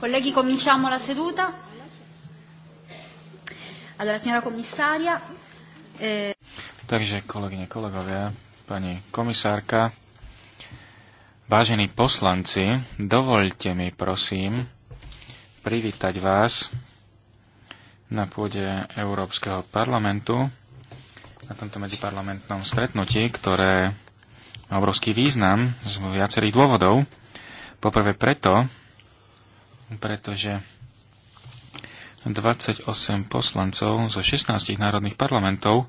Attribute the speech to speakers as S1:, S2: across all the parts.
S1: Colleghi, cominciamo la seduta. Allora, signora commissaria. Eh,
S2: Takže, kolegyne, kolegovia, pani komisárka, vážení poslanci, dovolte mi, prosím, privítať vás na pôde Európskeho parlamentu na tomto medziparlamentnom stretnutí, ktoré má obrovský význam z viacerých dôvodov. Poprvé preto, pretože 28 poslancov zo 16 národných parlamentov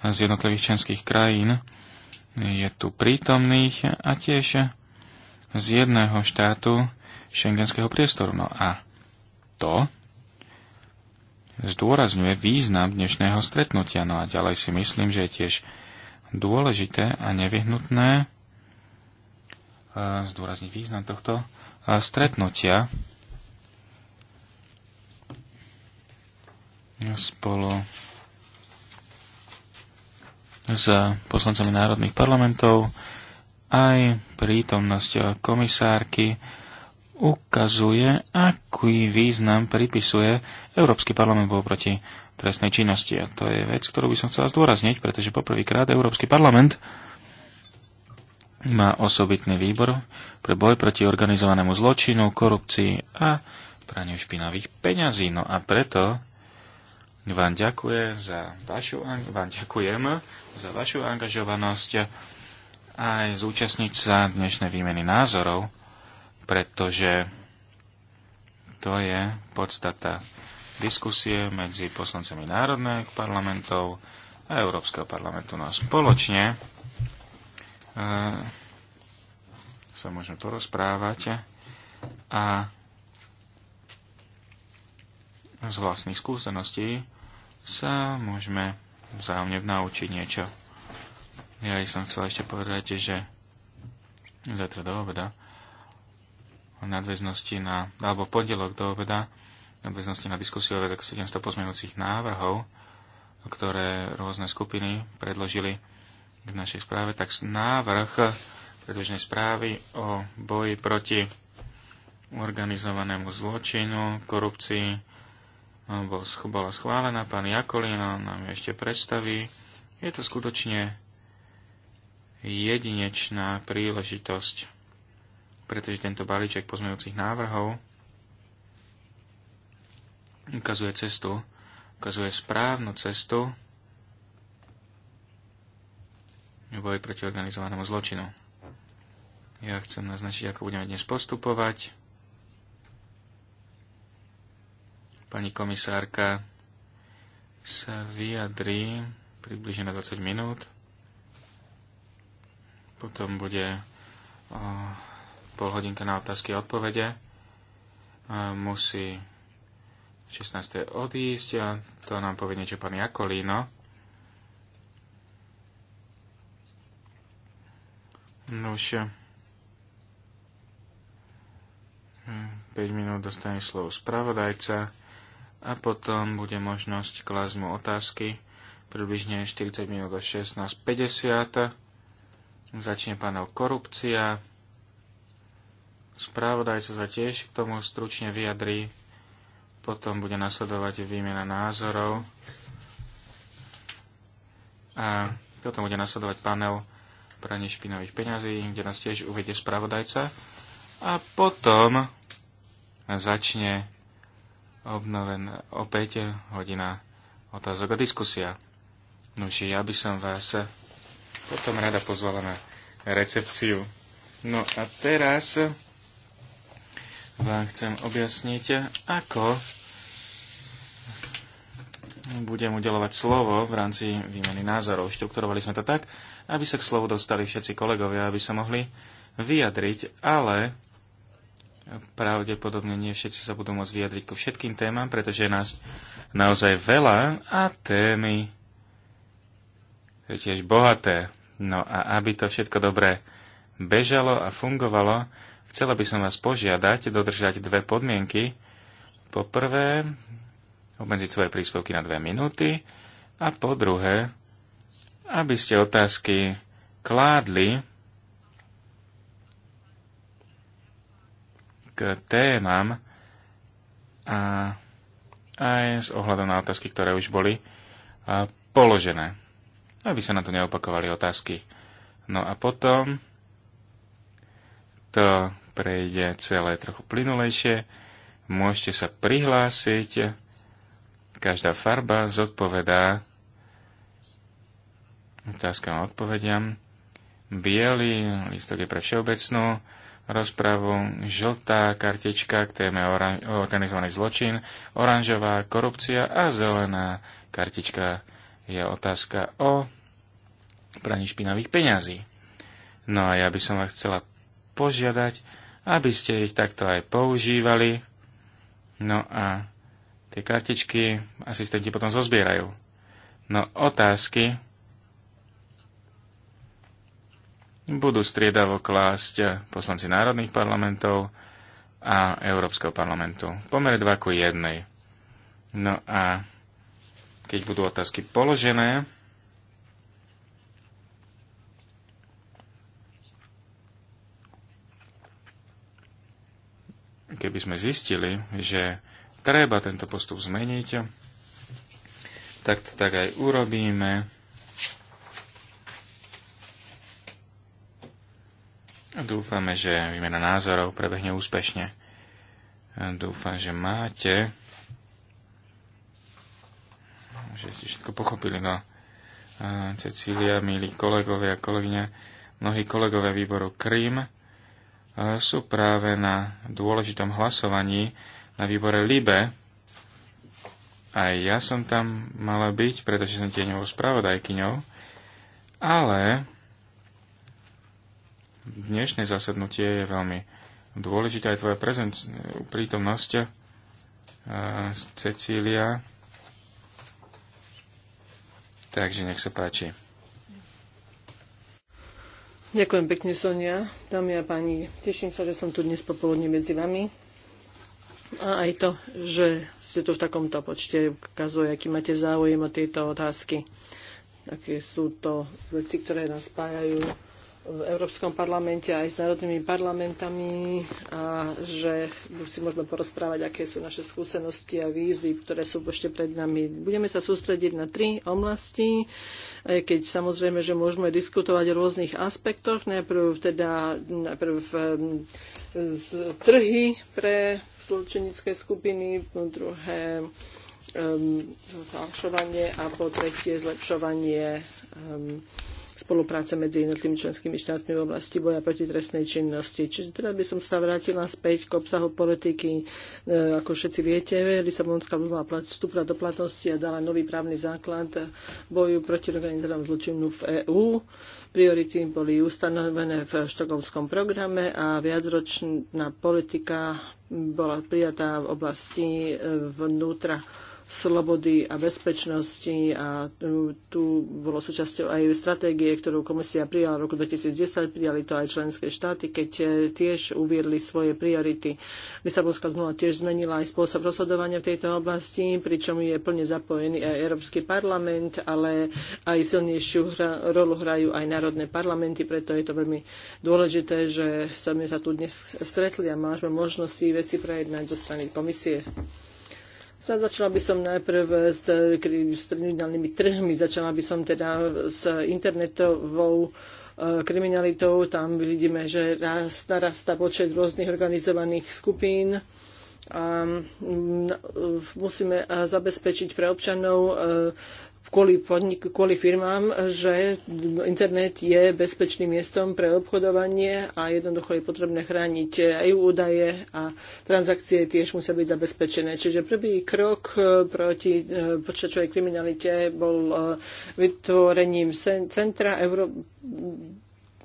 S2: z jednotlivých členských krajín je tu prítomných a tiež z jedného štátu šengenského priestoru. No a to zdôrazňuje význam dnešného stretnutia. No a ďalej si myslím, že je tiež dôležité a nevyhnutné e, zdôrazniť význam tohto e, stretnutia spolu s poslancami národných parlamentov aj prítomnosť komisárky ukazuje, aký význam pripisuje Európsky parlament bol proti trestnej činnosti. A to je vec, ktorú by som chcel zdôrazniť, pretože poprvýkrát Európsky parlament má osobitný výbor pre boj proti organizovanému zločinu, korupcii a praniu špinavých peňazí. No a preto vám, ďakuje za vašu, vám ďakujem za vašu angažovanosť aj zúčastniť sa dnešnej výmeny názorov, pretože to je podstata diskusie medzi poslancami národných parlamentov a Európskeho parlamentu. No a spoločne e, sa môžeme porozprávať a z vlastných skúseností sa môžeme vzájomne naučiť niečo. Ja som chcel ešte povedať, že zajtra do obeda nadväznosti na, alebo pondelok do obeda nadväznosti na diskusiu o viac 700 pozmeňujúcich návrhov, ktoré rôzne skupiny predložili k našej správe, tak návrh predložnej správy o boji proti organizovanému zločinu, korupcii, bol, bola schválená. Pán Jakolina nám ju ešte predstaví. Je to skutočne jedinečná príležitosť, pretože tento balíček pozmejúcich návrhov ukazuje cestu, ukazuje správnu cestu v boji proti organizovanému zločinu. Ja chcem naznačiť, ako budeme dnes postupovať. pani komisárka sa vyjadrí približne na 20 minút. Potom bude o pol hodinka na otázky a odpovede. Musí 16. odísť a to nám povie niečo pán Jakolíno. už 5 hm, minút dostane slovo spravodajca a potom bude možnosť klásť mu otázky približne 40 minút do 16.50. Začne panel korupcia. Správodajca sa tiež k tomu stručne vyjadrí. Potom bude nasledovať výmena názorov. A potom bude nasledovať panel pranie špinavých peňazí, kde nás tiež uvedie spravodajca. A potom začne obnoven opäť hodina otázok a diskusia. Nože ja by som vás potom rada pozvala na recepciu. No a teraz vám chcem objasniť, ako budem udelovať slovo v rámci výmeny názorov. Štrukturovali sme to tak, aby sa k slovu dostali všetci kolegovia, aby sa mohli vyjadriť, ale pravdepodobne nie všetci sa budú môcť vyjadriť ku všetkým témam, pretože je nás naozaj veľa a témy je tiež bohaté. No a aby to všetko dobre bežalo a fungovalo, chcela by som vás požiadať dodržať dve podmienky. Po prvé, obmedziť svoje príspevky na dve minúty a po druhé, aby ste otázky kládli témam a aj s ohľadom na otázky, ktoré už boli položené. Aby sa na to neopakovali otázky. No a potom to prejde celé trochu plynulejšie. Môžete sa prihlásiť. Každá farba zodpovedá otázkam a odpovediam. Bielý listok je pre všeobecnú rozpravu žltá kartička k téme oran- organizovaný zločin, oranžová korupcia a zelená kartička je otázka o praní špinavých peňazí. No a ja by som vás chcela požiadať, aby ste ich takto aj používali. No a tie kartičky asistenti potom zozbierajú. No otázky budú striedavo klásť poslanci národných parlamentov a Európskeho parlamentu. Pomer pomere 2 ku 1. No a keď budú otázky položené, keby sme zistili, že treba tento postup zmeniť, tak to tak aj urobíme. Dúfame, že výmena názorov prebehne úspešne. Dúfam, že máte, že ste všetko pochopili. No, Cecília, milí kolegovia a kolegyne, mnohí kolegovia výboru Krím sú práve na dôležitom hlasovaní na výbore LIBE. Aj ja som tam mala byť, pretože som tieňovou spravodajkyňou, ale dnešné zasadnutie je veľmi dôležité Aj tvoja prezenc- prítomnosť, e, Cecília. Takže nech sa páči.
S3: Ďakujem pekne, Sonia. Dámy a páni, teším sa, že som tu dnes popoludne medzi vami. A aj to, že ste tu v takomto počte, ukazuje, aký máte záujem o tieto otázky. Také sú to veci, ktoré nás spájajú v Európskom parlamente aj s národnými parlamentami a že si možno porozprávať, aké sú naše skúsenosti a výzvy, ktoré sú ešte pred nami. Budeme sa sústrediť na tri oblasti, eh, keď samozrejme, že môžeme diskutovať o rôznych aspektoch. Najprv teda najprv eh, z trhy pre zločinické skupiny, po druhé um, eh, falšovanie a po tretie zlepšovanie um, spolupráce medzi jednotlivými členskými štátmi v oblasti boja proti trestnej činnosti. Čiže teraz by som sa vrátila späť k obsahu politiky. E, ako všetci viete, Lisabonská zmluva vstúpila do platnosti a dala nový právny základ boju proti organizovanému zločinu v EÚ. Priority boli ustanovené v štokovskom programe a viacročná politika bola prijatá v oblasti e, vnútra slobody a bezpečnosti a tu bolo súčasťou aj stratégie, ktorú komisia prijala v roku 2010, prijali to aj členské štáty, keď e, tiež uviedli svoje priority. Lisabonská zmluva tiež zmenila aj spôsob rozhodovania v tejto oblasti, pričom je plne zapojený aj Európsky parlament, ale aj silnejšiu hra, rolu hrajú aj národné parlamenty, preto je to veľmi dôležité, že sme sa tu dnes stretli a máme možnosť si veci prejednať zo strany komisie. Začala by som najprv s, s kriminálnymi trhmi, začala by som teda s internetovou e, kriminalitou. Tam vidíme, že rast, narastá počet rôznych organizovaných skupín a musíme e, zabezpečiť pre občanov e, kvôli, podnik, kvôli firmám, že internet je bezpečným miestom pre obchodovanie a jednoducho je potrebné chrániť aj údaje a transakcie tiež musia byť zabezpečené. Čiže prvý krok eh, proti eh, počítačovej kriminalite bol eh, vytvorením centra Euró-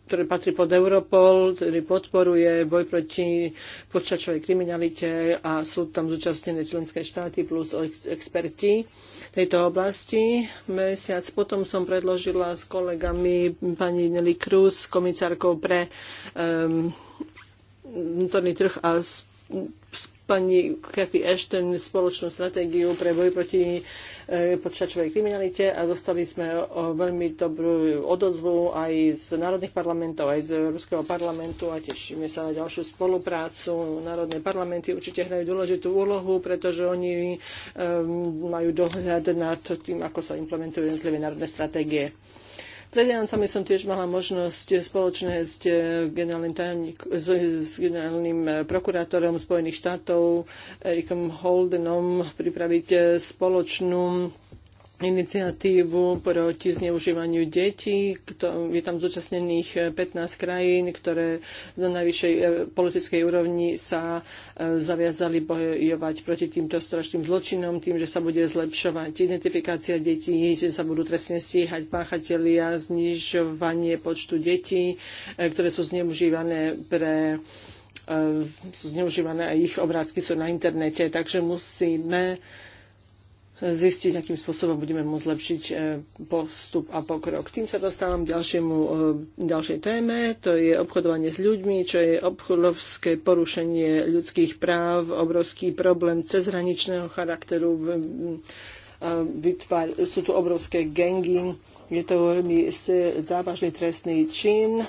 S3: ktoré patrí pod Europol, ktorý podporuje boj proti počačovej kriminalite a sú tam zúčastnené členské štáty plus experti tejto oblasti. Mesiac potom som predložila s kolegami pani Nelly Cruz, komisárkou pre um, vnútorný trh a pani Kathy Ashton spoločnú stratégiu pre boj proti e, počítačovej kriminalite a dostali sme o veľmi dobrú odozvu aj z národných parlamentov, aj z Ruského parlamentu a tešíme sa na ďalšiu spoluprácu. Národné parlamenty určite hrajú dôležitú úlohu, pretože oni e, majú dohľad nad tým, ako sa implementujú jednotlivé národné stratégie. Pred Vianocami som tiež mala možnosť spoločne s e, generálnym, tajomník, s, s generálnym e, prokurátorom Spojených štátov Erikom Holdenom pripraviť e, spoločnú iniciatívu proti zneužívaniu detí. Je tam zúčastnených 15 krajín, ktoré na najvyššej e, politickej úrovni sa e, zaviazali bojovať proti týmto strašným zločinom, tým, že sa bude zlepšovať identifikácia detí, že sa budú trestne stíhať páchatelia, znižovanie počtu detí, e, ktoré sú zneužívané pre sú zneužívané a ich obrázky sú na internete, takže musíme zistiť, akým spôsobom budeme môcť zlepšiť e, postup a pokrok. Tým sa dostávam k ďalšiemu, e, ďalšej téme, to je obchodovanie s ľuďmi, čo je obchodovské porušenie ľudských práv, obrovský problém cezhraničného charakteru, sú tu obrovské gengy, je to veľmi závažný trestný čin,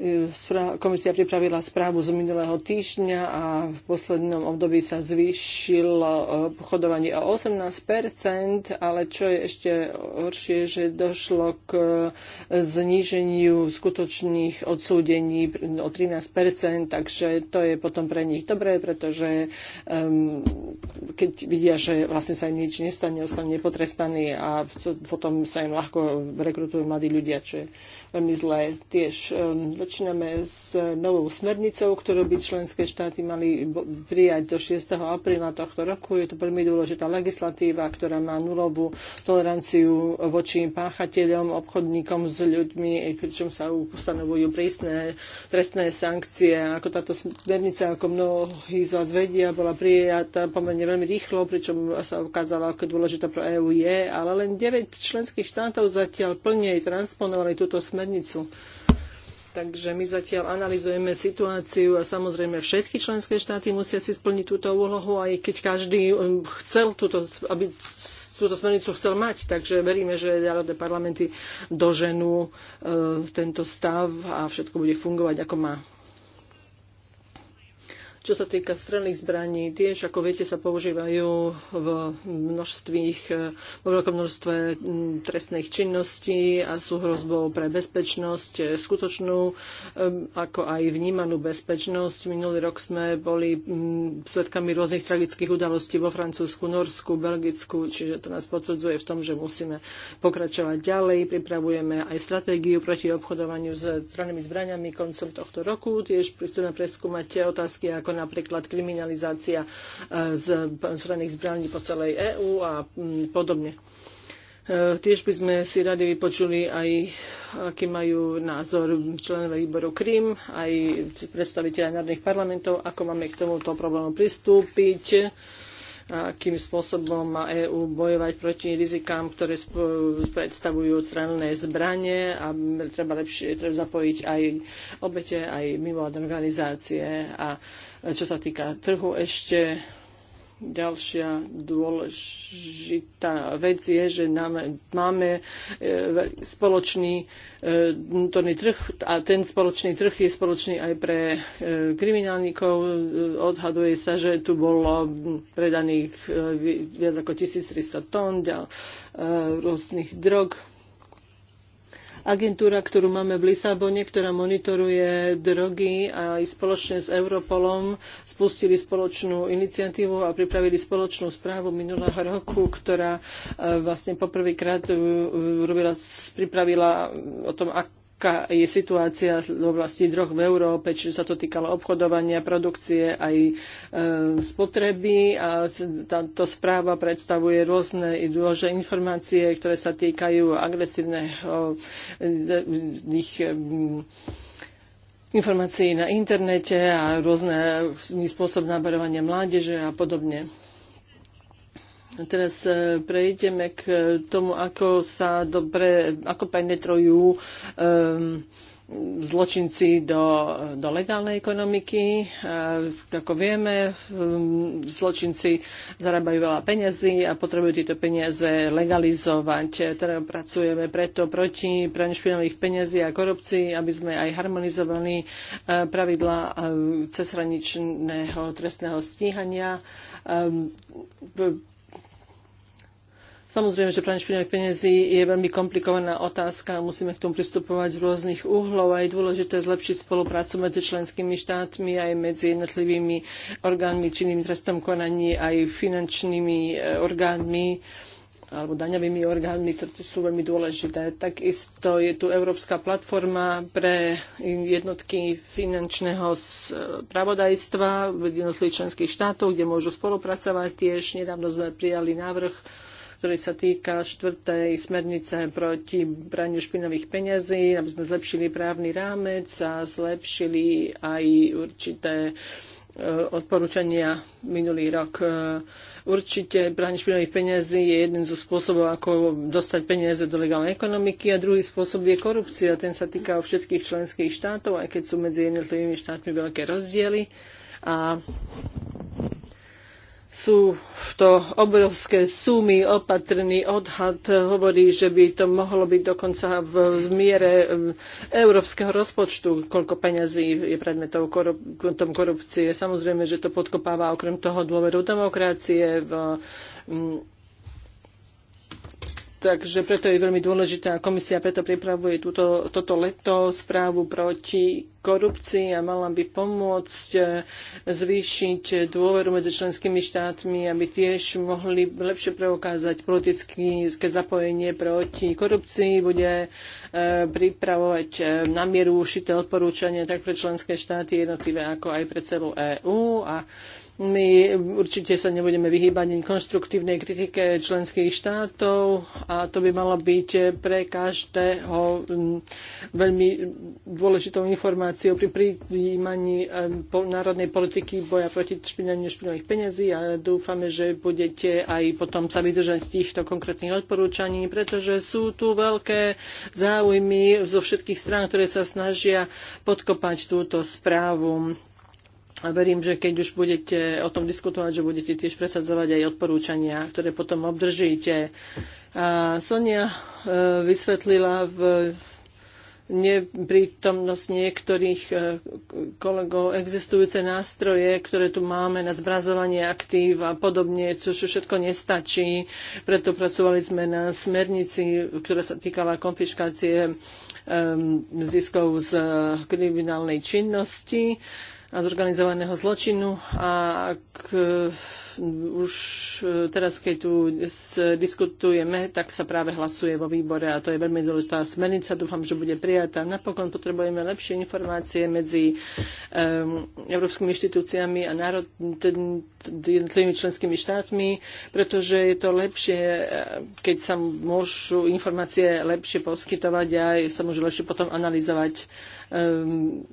S3: E, komisia pripravila správu z minulého týždňa a v poslednom období sa zvýšilo pochodovanie e, o 18 ale čo je ešte horšie, že došlo k e, zníženiu skutočných odsúdení o 13 takže to je potom pre nich dobré, pretože um, keď vidia, že vlastne sa im nič nestane, ostane nepotrestaný a potom sa im ľahko rekrutujú mladí ľudia, čo je veľmi zlé. Tiež um, začíname s novou smernicou, ktorú by členské štáty mali prijať do 6. apríla tohto roku. Je to veľmi dôležitá legislatíva, ktorá má nulovú toleranciu voči páchateľom, obchodníkom s ľuďmi, pričom sa ustanovujú prísne trestné sankcie. Ako táto smernica, ako mnohí z vás vedia, bola prijatá pomerne veľmi rýchlo, pričom sa ukázala, ako dôležitá pro EÚ je, ale len 9 členských štátov zatiaľ plne transponovali túto smernicu smernicu. Takže my zatiaľ analizujeme situáciu a samozrejme všetky členské štáty musia si splniť túto úlohu, aj keď každý um, chcel túto, aby túto smernicu chcel mať. Takže veríme, že národné parlamenty doženú e, tento stav a všetko bude fungovať ako má. Čo sa týka strelných zbraní, tiež, ako viete, sa používajú v množstvých, vo veľkom množstve mm, trestných činností a sú hrozbou pre bezpečnosť, eh, skutočnú, ehm, ako aj vnímanú bezpečnosť. Minulý rok sme boli mm, svetkami rôznych tragických udalostí vo Francúzsku, Norsku, Belgicku, čiže to nás potvrdzuje v tom, že musíme pokračovať ďalej. Pripravujeme aj stratégiu proti obchodovaniu s strelnými zbraniami koncom tohto roku. Tiež chceme preskúmať tie otázky ako ako napríklad kriminalizácia e, z zbraných zbraní po celej EÚ a mm, podobne. E, tiež by sme si radi vypočuli aj, aký majú názor členové výboru Krím, aj predstaviteľa národných parlamentov, ako máme k tomuto problému pristúpiť, akým spôsobom má EÚ bojovať proti rizikám, ktoré predstavujú strelné zbranie a treba lepšie treba zapojiť aj obete, aj mimovládne organizácie a čo sa týka trhu ešte, Ďalšia dôležitá vec je, že nám, máme e, spoločný e, vnútorný trh a ten spoločný trh je spoločný aj pre e, kriminálnikov. Odhaduje sa, že tu bolo predaných viac ako 1300 tón rôznych drog agentúra, ktorú máme v Lisabone, ktorá monitoruje drogy a aj spoločne s Europolom spustili spoločnú iniciatívu a pripravili spoločnú správu minulého roku, ktorá e, vlastne poprvýkrát e, pripravila o tom, ako aká je situácia v oblasti droh v Európe, či sa to týkalo obchodovania, produkcie aj e, spotreby. A táto správa predstavuje rôzne dôležité informácie, ktoré sa týkajú agresívneho e, ich, e, informácií na internete a rôzne spôsob naberovania mládeže a podobne. Teraz e, prejdeme k tomu, ako sa dobre, ako penetrujú um, zločinci do, do legálnej ekonomiky. Ako vieme, ehm, zločinci zarábajú veľa peniazy a potrebujú tieto peniaze legalizovať. Teda pracujeme preto proti praní špinavých peniazí a korupcii, aby sme aj harmonizovali e, pravidla e, cezhraničného trestného stíhania ehm, Samozrejme, že pranie špinavých peniazí je veľmi komplikovaná otázka, musíme k tomu pristupovať z rôznych uhlov a je dôležité zlepšiť spoluprácu medzi členskými štátmi aj medzi jednotlivými orgánmi činným trestom konaní aj finančnými e, orgánmi alebo daňovými orgánmi, ktoré sú veľmi dôležité. Takisto je tu Európska platforma pre jednotky finančného spravodajstva e, v jednotlivých členských štátoch, kde môžu spolupracovať tiež. Nedávno sme prijali návrh ktorý sa týka štvrtej smernice proti praniu špinavých peňazí, aby sme zlepšili právny rámec a zlepšili aj určité eh, odporúčania minulý rok. Eh, určite branie špinavých peniazí je jeden zo spôsobov, ako dostať peniaze do legálnej ekonomiky a druhý spôsob je korupcia. Ten sa týka všetkých členských štátov, aj keď sú medzi jednotlivými štátmi veľké rozdiely. A sú to obrovské sumy, opatrný odhad hovorí, že by to mohlo byť dokonca v miere európskeho rozpočtu, koľko peňazí je predmetov korup- korupcie. Samozrejme, že to podkopáva okrem toho dôveru demokracie v Takže preto je veľmi dôležitá komisia preto pripravuje túto, toto leto správu proti korupcii a mala by pomôcť e, zvýšiť dôveru medzi členskými štátmi, aby tiež mohli lepšie preukázať politické zapojenie proti korupcii. Bude e, pripravovať e, na mieru ušité odporúčania tak pre členské štáty jednotlivé, ako aj pre celú EÚ. A my určite sa nebudeme vyhýbať ani konštruktívnej kritike členských štátov a to by malo byť pre každého mm, veľmi dôležitou informáciou pri prijímaní národnej politiky boja proti špinaniu špinových peniazí a dúfame, že budete aj potom sa vydržať týchto konkrétnych odporúčaní, pretože sú tu veľké záujmy zo všetkých strán, ktoré sa snažia podkopať túto správu. A verím, že keď už budete o tom diskutovať, že budete tiež presadzovať aj odporúčania, ktoré potom obdržíte. A Sonia e, vysvetlila v neprítomnosť niektorých e, kolegov, existujúce nástroje, ktoré tu máme na zbrazovanie aktív a podobne, čo všetko nestačí. Preto pracovali sme na smernici, ktorá sa týkala konfiškácie e, ziskov z kriminálnej činnosti a zorganizovaného zločinu a ak eh, už eh, teraz, keď tu diskutujeme, tak sa práve hlasuje vo výbore a to je veľmi dôležitá smernica. Dúfam, že bude prijatá. Napokon potrebujeme lepšie informácie medzi um, európskymi inštitúciami a národ, jednotlivými členskými štátmi, pretože je to lepšie, keď sa môžu informácie lepšie poskytovať a aj sa môžu lepšie potom analyzovať um,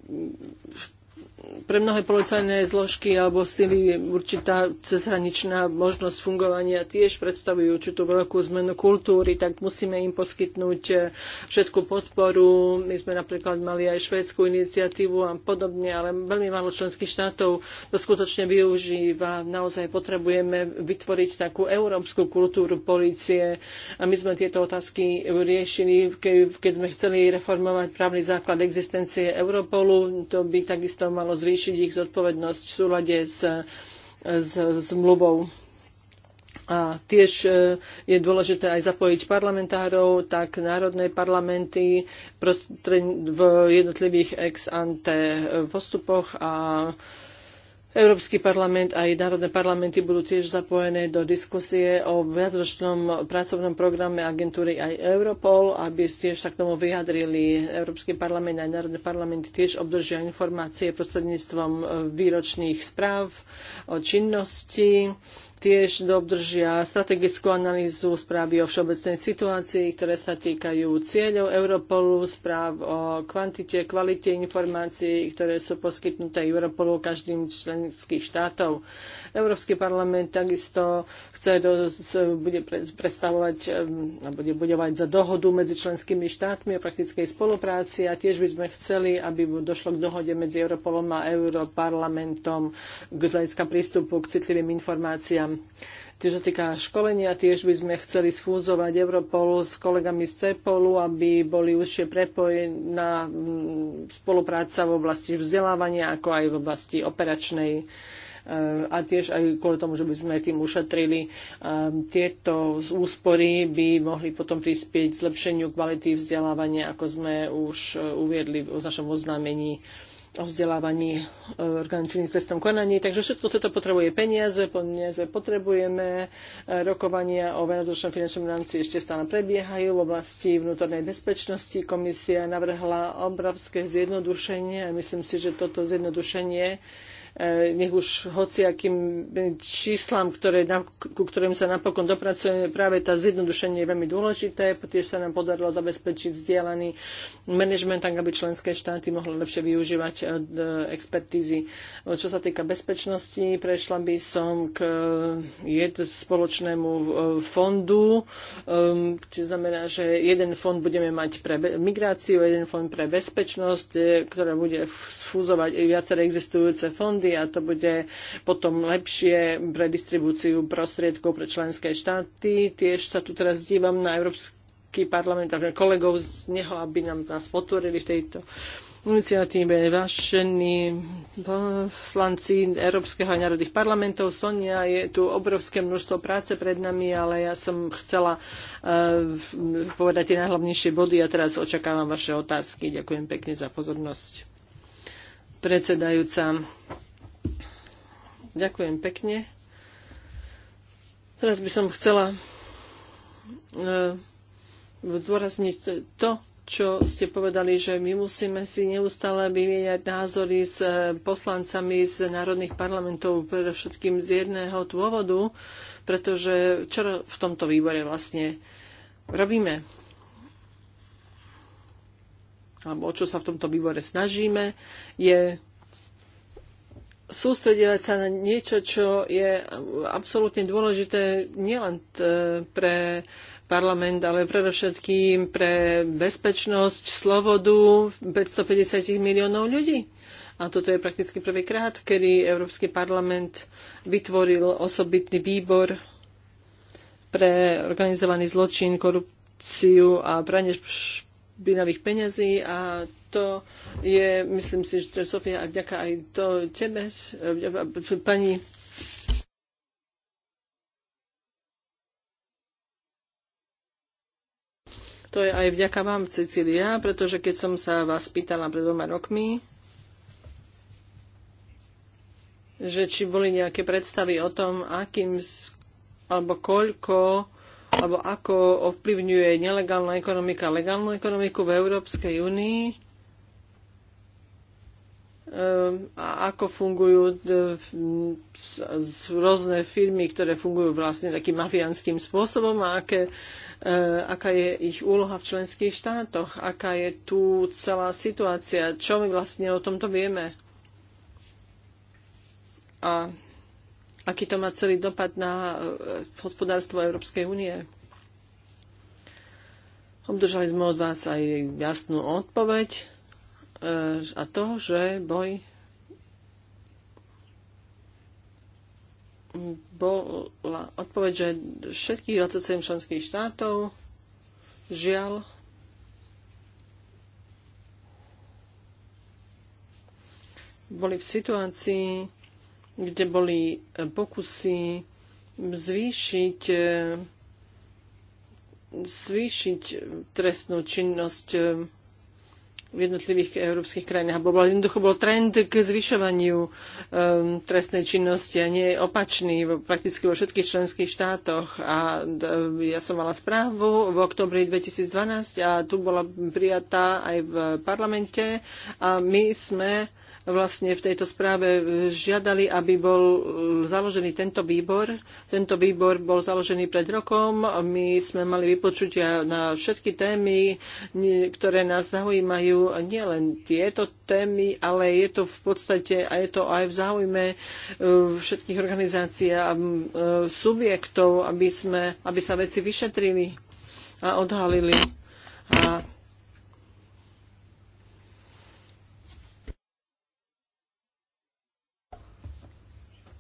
S3: pre mnohé policajné zložky alebo sily určitá cezhraničná možnosť fungovania tiež predstavujú určitú veľkú zmenu kultúry, tak musíme im poskytnúť e, všetku podporu. My sme napríklad mali aj švédskú iniciatívu a podobne, ale veľmi málo členských štátov to skutočne využíva. Naozaj potrebujeme vytvoriť takú európsku kultúru policie a my sme tieto otázky riešili, keď sme chceli reformovať právny základ existencie Europolu. To by takisto malo zvýšiť ich zodpovednosť v súlade s, s zmluvou. A tiež e, je dôležité aj zapojiť parlamentárov, tak národné parlamenty v jednotlivých ex ante e, postupoch a Európsky parlament aj národné parlamenty budú tiež zapojené do diskusie o viacročnom pracovnom programe agentúry aj Europol, aby tiež sa k tomu vyjadrili. Európsky parlament aj národné parlamenty tiež obdržia informácie prostredníctvom výročných správ o činnosti tiež dobržia strategickú analýzu správy o všeobecnej situácii, ktoré sa týkajú cieľov Europolu, správ o kvantite, kvalite informácií, ktoré sú poskytnuté Europolu každým členských štátov. Európsky parlament takisto chce do, bude predstavovať a bude budovať za dohodu medzi členskými štátmi o praktickej spolupráci a tiež by sme chceli, aby došlo k dohode medzi Europolom a Europarlamentom k hľadiska prístupu k citlivým informáciám. Tiež sa týka školenia, tiež by sme chceli sfúzovať Europolu s kolegami z CEPOLu, aby boli užšie prepojená spolupráca v oblasti vzdelávania, ako aj v oblasti operačnej a tiež aj kvôli tomu, že by sme tým ušetrili. Um, tieto úspory by mohli potom prispieť k zlepšeniu kvality vzdelávania, ako sme už uh, uviedli v našom oznámení o vzdelávaní uh, organizovaným trestom konaní. Takže všetko toto potrebuje peniaze, peniaze potrebujeme. Uh, rokovania o venadočnom finančnom rámci ešte stále prebiehajú. V oblasti vnútornej bezpečnosti komisia navrhla obrovské zjednodušenie a myslím si, že toto zjednodušenie E, nech už hociakým číslam, ktoré, ku ktorým sa napokon dopracujeme, práve tá zjednodušenie je veľmi dôležité. Tiež sa nám podarilo zabezpečiť vzdielaný manažment, tak aby členské štáty mohli lepšie využívať e, expertízy. E, čo sa týka bezpečnosti, prešla by som k spoločnému fondu, čo znamená, že jeden fond budeme mať pre migráciu, jeden fond pre bezpečnosť, ktorá bude sfúzovať viaceré existujúce fondy správy a to bude potom lepšie pre distribúciu prostriedkov pre členské štáty. Tiež sa tu teraz dívam na Európsky parlament a kolegov z neho, aby nám, nás potvorili v tejto iniciatíve vášení poslanci Európskeho a národných parlamentov. Sonia, je tu obrovské množstvo práce pred nami, ale ja som chcela uh, povedať tie najhlavnejšie body a teraz očakávam vaše otázky. Ďakujem pekne za pozornosť. Predsedajúca, Ďakujem pekne. Teraz by som chcela e, zdôrazniť to, čo ste povedali, že my musíme si neustále vymieňať názory s e, poslancami z národných parlamentov, predovšetkým z jedného dôvodu, pretože čo v tomto výbore vlastne robíme? Alebo o čo sa v tomto výbore snažíme, je sústredovať sa na niečo, čo je absolútne dôležité nielen e, pre parlament, ale predovšetkým pre bezpečnosť, slobodu 550 miliónov ľudí. A toto je prakticky prvýkrát, kedy Európsky parlament vytvoril osobitný výbor pre organizovaný zločin, korupciu a pranie špinavých peňazí a to je, myslím si, že Sofia, a vďaka aj to tebe, e, pani To je aj vďaka vám, Cecília, pretože keď som sa vás pýtala pred dvoma rokmi, že či boli nejaké predstavy o tom, akým alebo koľko alebo ako ovplyvňuje nelegálna ekonomika legálnu ekonomiku v Európskej únii, a ako fungujú rôzne firmy, ktoré fungujú vlastne takým mafiánským spôsobom a aké, e, aká je ich úloha v členských štátoch, aká je tu celá situácia, čo my vlastne o tomto vieme a aký to má celý dopad na e, hospodárstvo Európskej únie. Obdržali sme od vás aj jasnú odpoveď E, a to, že boj bola odpoveď, že všetkých 27 členských štátov žiaľ boli v situácii, kde boli pokusy zvýšiť e, zvýšiť trestnú činnosť e, v jednotlivých európskych krajinách. Bol, jednoducho bol trend k zvyšovaniu um, trestnej činnosti a nie je opačný prakticky vo všetkých členských štátoch. A d, ja som mala správu v oktobri 2012 a tu bola prijatá aj v parlamente a my sme vlastne v tejto správe e, žiadali, aby bol e, založený tento výbor. Tento výbor bol založený pred rokom. My sme mali vypočutia na všetky témy, ktoré nás zaujímajú. Nie len tieto témy, ale je to v podstate a je to aj v záujme e, všetkých organizácií a subjektov, aby, sme, aby sa veci vyšetrili a odhalili. A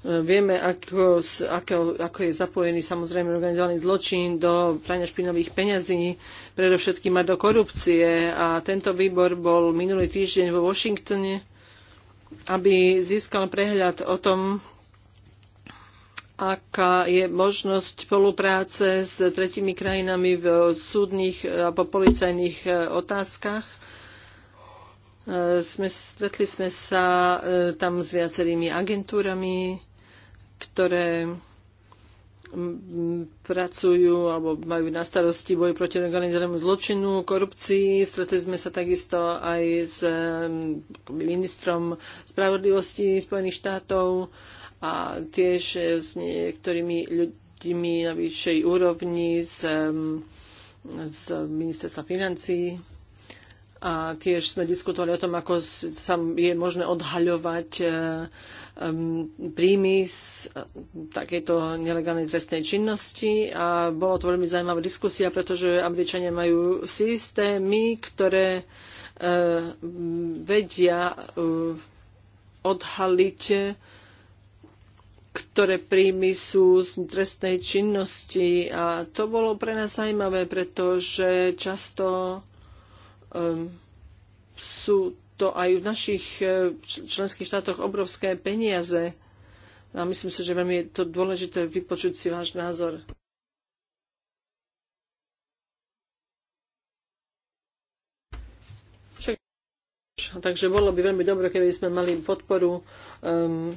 S3: Vieme, ako, ako, ako je zapojený samozrejme organizovaný zločin do prania špinových peňazí, predovšetkým a do korupcie. A tento výbor bol minulý týždeň vo Washingtone, aby získal prehľad o tom, aká je možnosť spolupráce s tretimi krajinami v súdnych alebo policajných e, otázkach. E, sme, stretli sme sa e, tam s viacerými agentúrami, ktoré pracujú alebo majú na starosti boj proti organizovanému zločinu, korupcii. Stretli sme sa takisto aj s ministrom spravodlivosti Spojených štátov a tiež s niektorými ľuďmi na vyššej úrovni z, z ministerstva financií. A tiež sme diskutovali o tom, ako sa je možné odhaľovať e, príjmy z takejto nelegálnej trestnej činnosti a bolo to veľmi zaujímavá diskusia, pretože Američania majú systémy, ktoré vedia odhaliť ktoré príjmy sú z trestnej činnosti. A to bolo pre nás zaujímavé, pretože často um, sú to aj v našich e, členských štátoch obrovské peniaze. A myslím si, že veľmi je to dôležité vypočuť si váš názor. Takže bolo by veľmi dobre, keby sme mali podporu um,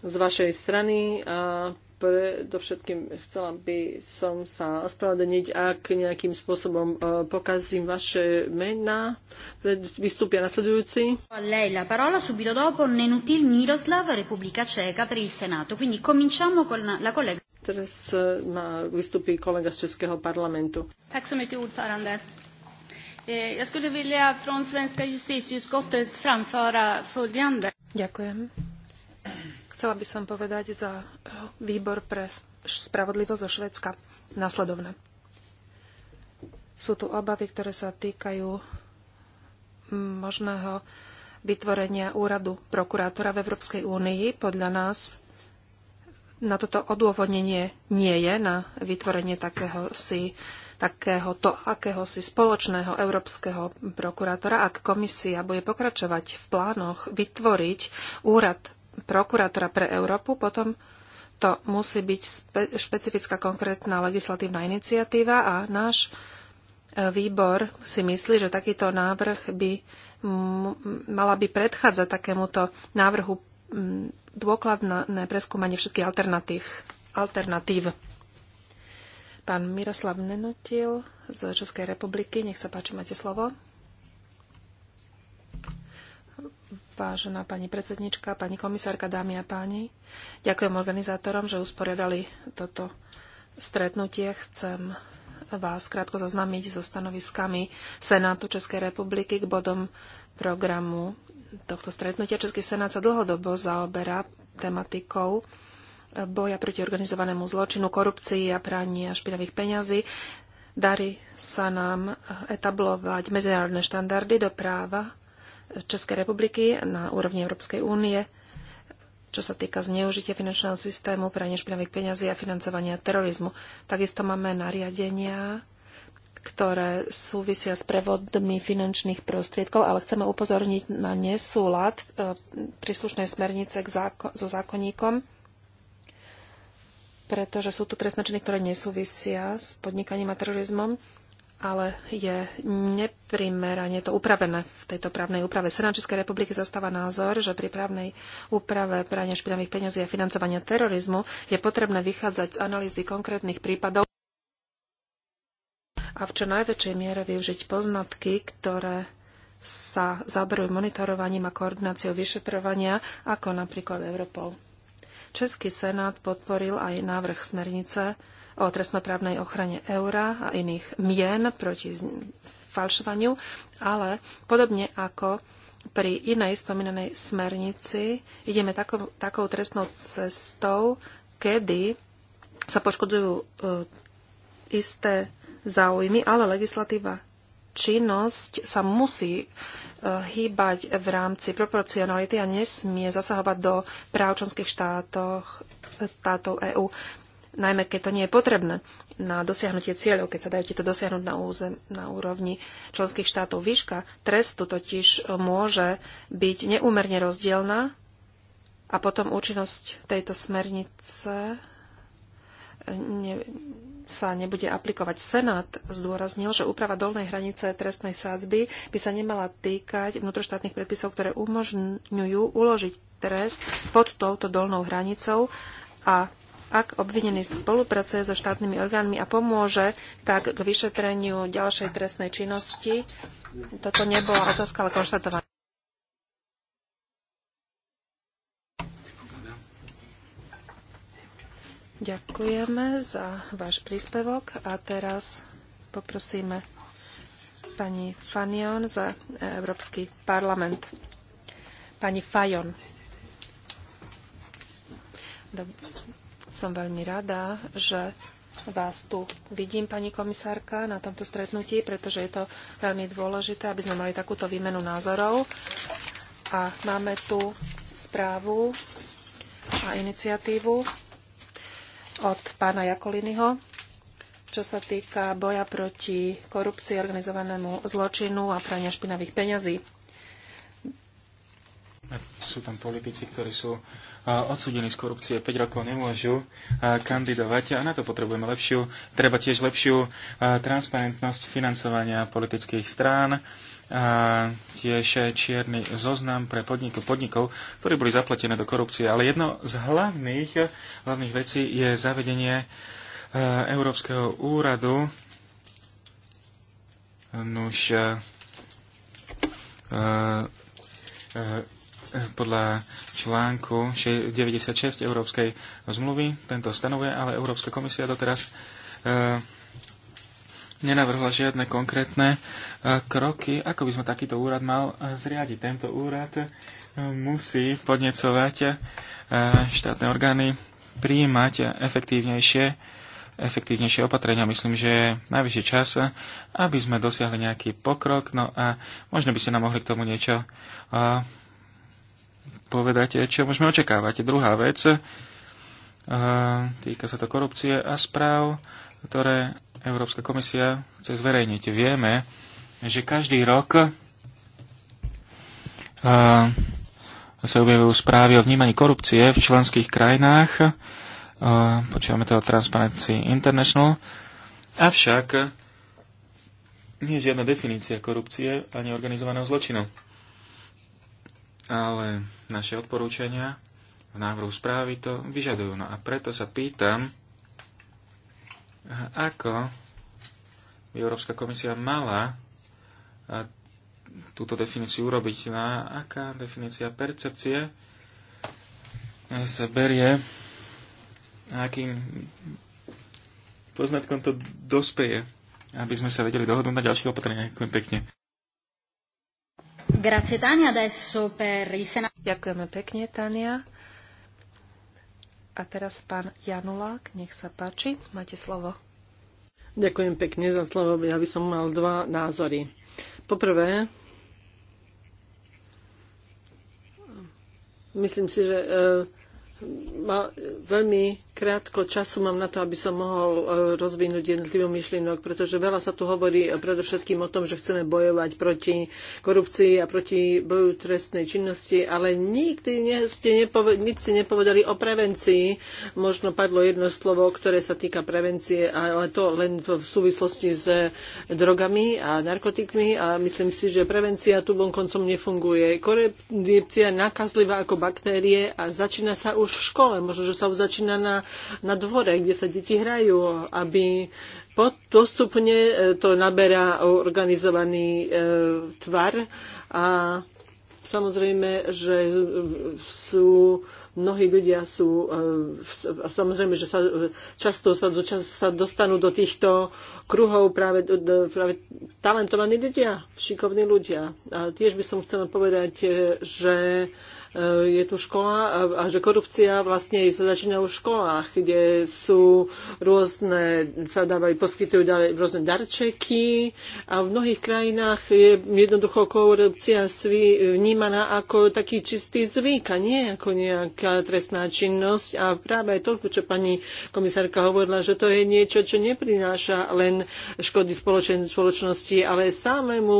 S3: z vašej strany a predovšetkým chcela by som sa ospravedlniť, ak nejakým spôsobom e, pokazím vaše mená. Vystúpia nasledujúci.
S1: A lei la parola subito dopo Nenutil Miroslav, Republika Čeka, per il Senato. Quindi cominciamo con la collega. Teraz e, má vystúpi
S3: kolega z Českého parlamentu.
S4: Tak som mycket ordförande. E, ja skulle vilja från svenska justitieutskottet framföra följande. Ďakujem. Chcela by som povedať za eh, výbor pre spravodlivosť zo Švedska nasledovné. Sú tu obavy, ktoré sa týkajú hm, možného vytvorenia úradu prokurátora v Európskej únii. Podľa nás na toto odôvodnenie nie je, na vytvorenie takého si akého si spoločného európskeho prokurátora, ak komisia bude pokračovať v plánoch vytvoriť úrad prokurátora pre Európu, potom to musí byť spe- špecifická konkrétna legislatívna iniciatíva a náš e, výbor si myslí, že takýto návrh by mala by predchádzať takémuto návrhu dôkladné preskúmanie všetkých alternatív. alternatív. Pán Miroslav Nenutil z Českej republiky, nech sa páči, máte slovo. Vážená pani predsednička, pani komisárka, dámy a páni, ďakujem organizátorom, že usporiadali toto stretnutie. Chcem vás krátko zoznámiť so stanoviskami Senátu Českej republiky k bodom programu tohto stretnutia. Český senát sa dlhodobo zaoberá tematikou boja proti organizovanému zločinu, korupcii a a špinavých peňazí. Darí sa nám etablovať medzinárodné štandardy do práva Českej republiky na úrovni Európskej únie, čo sa týka zneužitia finančného systému, pre špinavých peňazí a financovania terorizmu. Takisto máme nariadenia, ktoré súvisia s prevodmi finančných prostriedkov, ale chceme upozorniť na nesúlad e, príslušnej smernice k záko- so zákonníkom, pretože sú tu trestné činy, ktoré nesúvisia s podnikaním a terorizmom ale je neprimerane to upravené v tejto právnej úprave. Senát Českej republiky zastáva názor, že pri právnej úprave prania špinavých peniazí a financovania terorizmu je potrebné vychádzať z analýzy konkrétnych prípadov a v čo najväčšej miere využiť poznatky, ktoré sa zaberujú monitorovaním a koordináciou vyšetrovania, ako napríklad Europol. Český senát podporil aj návrh smernice o trestnoprávnej ochrane eura a iných mien proti falšovaniu, ale podobne ako pri inej spomínanej smernici ideme takou, takou trestnou cestou, kedy sa poškodzujú uh, isté záujmy, ale legislatíva činnosť sa musí uh, hýbať v rámci proporcionality a nesmie zasahovať do práv členských štátoch, e, štátov EÚ najmä keď to nie je potrebné na dosiahnutie cieľov, keď sa dajú tieto dosiahnuť na, územ, na úrovni členských štátov. Výška trestu totiž môže byť neúmerne rozdielna a potom účinnosť tejto smernice eh, ne, sa nebude aplikovať. Senát zdôraznil, že úprava dolnej hranice trestnej sádzby by sa nemala týkať vnútroštátnych predpisov, ktoré umožňujú uložiť trest pod touto dolnou hranicou a ak obvinený spolupracuje so štátnymi orgánmi a pomôže tak k vyšetreniu ďalšej trestnej činnosti. Toto nebola otázka, ale konštatovanie. Ďakujeme za váš príspevok a teraz poprosíme pani Fanion za Európsky parlament. Pani Fajon. Dobre. Som veľmi rada, že vás tu vidím, pani komisárka, na tomto stretnutí, pretože je to veľmi dôležité, aby sme mali takúto výmenu názorov. A máme tu správu a iniciatívu od pána Jakoliniho, čo sa týka boja proti korupcii, organizovanému zločinu a prania špinavých peňazí.
S2: Sú tam politici, ktorí sú odsudení z korupcie 5 rokov nemôžu kandidovať a na to potrebujeme lepšiu, treba tiež lepšiu transparentnosť financovania politických strán a tiež čierny zoznam pre podnikov, podnikov, ktorí boli zapletené do korupcie. Ale jedno z hlavných, hlavných vecí je zavedenie Európskeho úradu. Nuž, podľa článku 96 Európskej zmluvy. Tento stanovuje, ale Európska komisia doteraz e, nenavrhla žiadne konkrétne e, kroky, ako by sme takýto úrad mal e, zriadiť. Tento úrad e, musí podnecovať e, štátne orgány prijímať efektívnejšie efektívnejšie opatrenia. Myslím, že je najvyšší čas, e, aby sme dosiahli nejaký pokrok. No a možno by ste nám mohli k tomu niečo e, povedať, čo môžeme očakávať. Druhá vec, eh, týka sa to korupcie a správ, ktoré Európska komisia chce zverejniť. Vieme, že každý rok eh, sa objavujú správy o vnímaní korupcie v členských krajinách. Eh, Počívame to o Transparency International. Avšak nie je žiadna definícia korupcie ani organizovaného zločinu ale naše odporúčania v návrhu správy to vyžadujú. No a preto sa pýtam, ako by Európska komisia mala túto definíciu urobiť. Na no aká definícia percepcie sa berie a akým poznatkom to dospeje, aby sme sa vedeli dohodnúť na ďalších opatreniach. Ďakujem pekne.
S4: Grazie, Tania. Adesso per il Senato. Ďakujeme pekne, Tania. A teraz pán Janulák, nech sa páči, máte slovo.
S3: Ďakujem pekne za slovo. Ja by som mal dva názory. Poprvé, myslím si, že e, ma, veľmi krátko času mám na to, aby som mohol e, rozvinúť jednotlivú myšlienok, pretože veľa sa tu hovorí predovšetkým o tom, že chceme bojovať proti korupcii a proti boju trestnej činnosti, ale nikdy ne, ste nepove, nič ste nepovedali o prevencii. Možno padlo jedno slovo, ktoré sa týka prevencie, ale to len v súvislosti s drogami a narkotikmi a myslím si, že prevencia tu koncom nefunguje. Korupcia je nakazlivá ako baktérie a začína sa už už v škole, možno, že sa už začína na, na dvore, kde sa deti hrajú, aby postupne e, to naberá organizovaný e, tvar a Samozrejme, že sú mnohí ľudia sú, e, samozrejme, že sa, často sa, do, čas, sa dostanú do týchto kruhov práve, práve talentovaní ľudia, šikovní ľudia. A tiež by som chcela povedať, e, že Eh, je tu škola a že korupcia vlastne sa začína v školách, kde sú rôzne, sa dávajú, poskytujú rôzne darčeky a v mnohých krajinách je jednoducho korupcia vnímaná ako taký čistý zvyk a nie ako nejaká trestná činnosť a práve to, čo pani komisárka hovorila, že to je niečo, čo neprináša len škody spoločnosti, ale samému,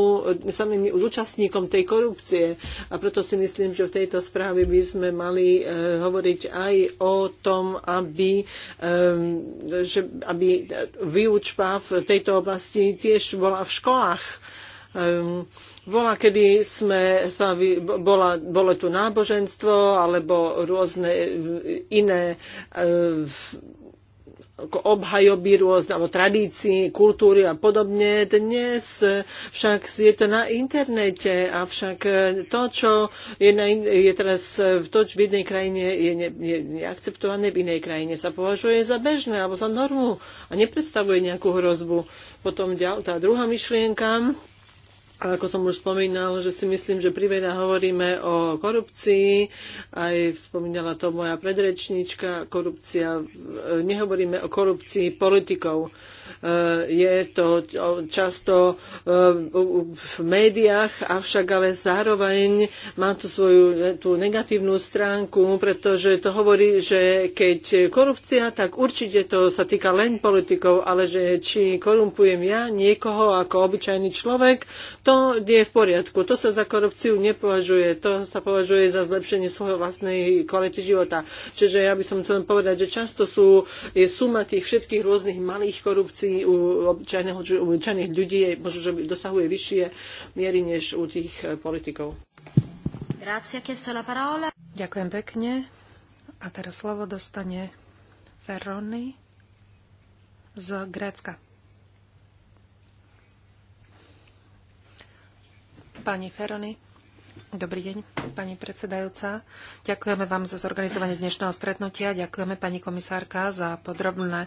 S3: samým účastníkom tej korupcie. A preto si myslím, že v tejto tejto správy by sme mali e, hovoriť aj o tom, aby, e, že, aby výučba v tejto oblasti tiež bola v školách. Um, Bola, kedy sme sa, vy, bola, bolo tu náboženstvo alebo rôzne iné obhajoby rôzne, alebo tradícií, kultúry a podobne. Dnes však je to na internete, avšak to, čo je, na, je teraz to, čo v jednej krajine je, ne, je neakceptované, v inej krajine sa považuje za bežné alebo za normu a nepredstavuje nejakú hrozbu. Potom ďal, tá druhá myšlienka, a ako som už spomínal, že si myslím, že priveľa hovoríme o korupcii, aj spomínala to moja predrečníčka, korupcia, e, nehovoríme o korupcii politikov. Eh, je to často eh, v médiách, avšak ale zároveň má tu svoju tú negatívnu stránku, pretože to hovorí, že keď korupcia, tak určite to sa týka len politikov, ale že či korumpujem ja niekoho ako obyčajný človek, to je v poriadku. To sa za korupciu nepovažuje. To sa považuje za zlepšenie svojho vlastnej kvality života. Čiže ja by som chcel povedať, že často sú, je suma tých všetkých rôznych malých korupcií korupcii u obyčajného, u obyčajných ľudí možno, že dosahuje vyššie miery než u tých e, politikov.
S4: Ďakujem pekne. A teraz slovo dostane Ferroni z Grécka. Pani Ferroni, Dobrý deň, pani predsedajúca. Ďakujeme vám za zorganizovanie dnešného stretnutia. Ďakujeme pani komisárka za podrobné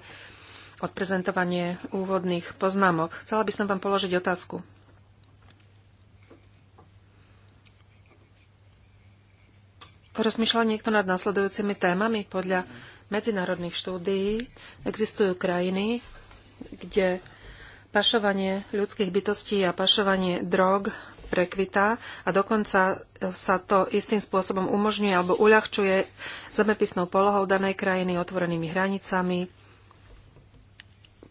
S4: odprezentovanie úvodných poznámok. Chcela by som vám položiť otázku. Rozmýšľal niekto nad následujúcimi témami? Podľa medzinárodných štúdií existujú krajiny, kde pašovanie ľudských bytostí a pašovanie drog prekvitá a dokonca sa to istým spôsobom umožňuje alebo uľahčuje zemepisnou polohou danej krajiny, otvorenými hranicami,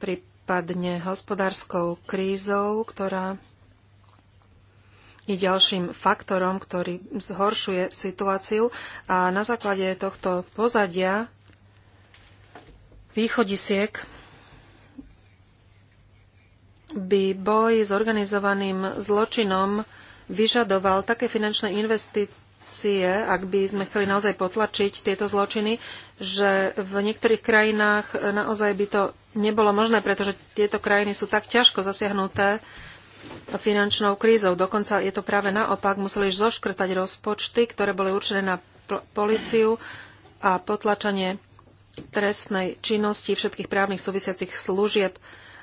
S4: prípadne hospodárskou krízou, ktorá je ďalším faktorom, ktorý zhoršuje situáciu. A na základe tohto pozadia východisiek by boj s organizovaným zločinom vyžadoval také finančné investície, ak by sme chceli naozaj potlačiť tieto zločiny, že v niektorých krajinách naozaj by to nebolo možné, pretože tieto krajiny sú tak ťažko zasiahnuté finančnou krízou. Dokonca je to práve naopak. Museli už zoškrtať rozpočty, ktoré boli určené na policiu a potlačanie trestnej činnosti všetkých právnych súvisiacich služieb.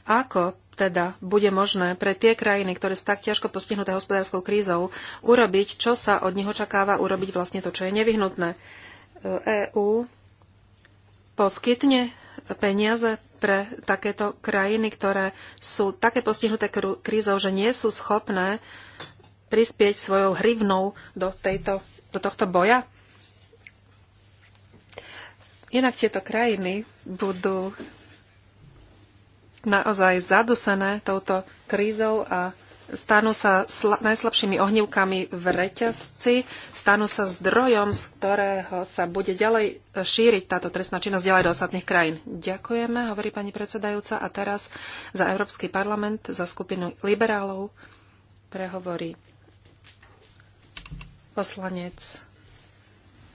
S4: Ako teda bude možné pre tie krajiny, ktoré sú tak ťažko postihnuté hospodárskou krízou, urobiť, čo sa od nich očakáva, urobiť vlastne to, čo je nevyhnutné. EÚ e poskytne peniaze pre takéto krajiny, ktoré sú také postihnuté krízou, že nie sú schopné prispieť svojou hrivnou do, tejto, do tohto boja? Inak tieto krajiny budú naozaj zadusené touto krízou a stanú sa najslabšími ohnívkami v reťazci, stanú sa zdrojom, z ktorého sa bude ďalej šíriť táto trestná činnosť ďalej do ostatných krajín. Ďakujeme, hovorí pani predsedajúca. A teraz za Európsky parlament, za skupinu liberálov prehovorí poslanec,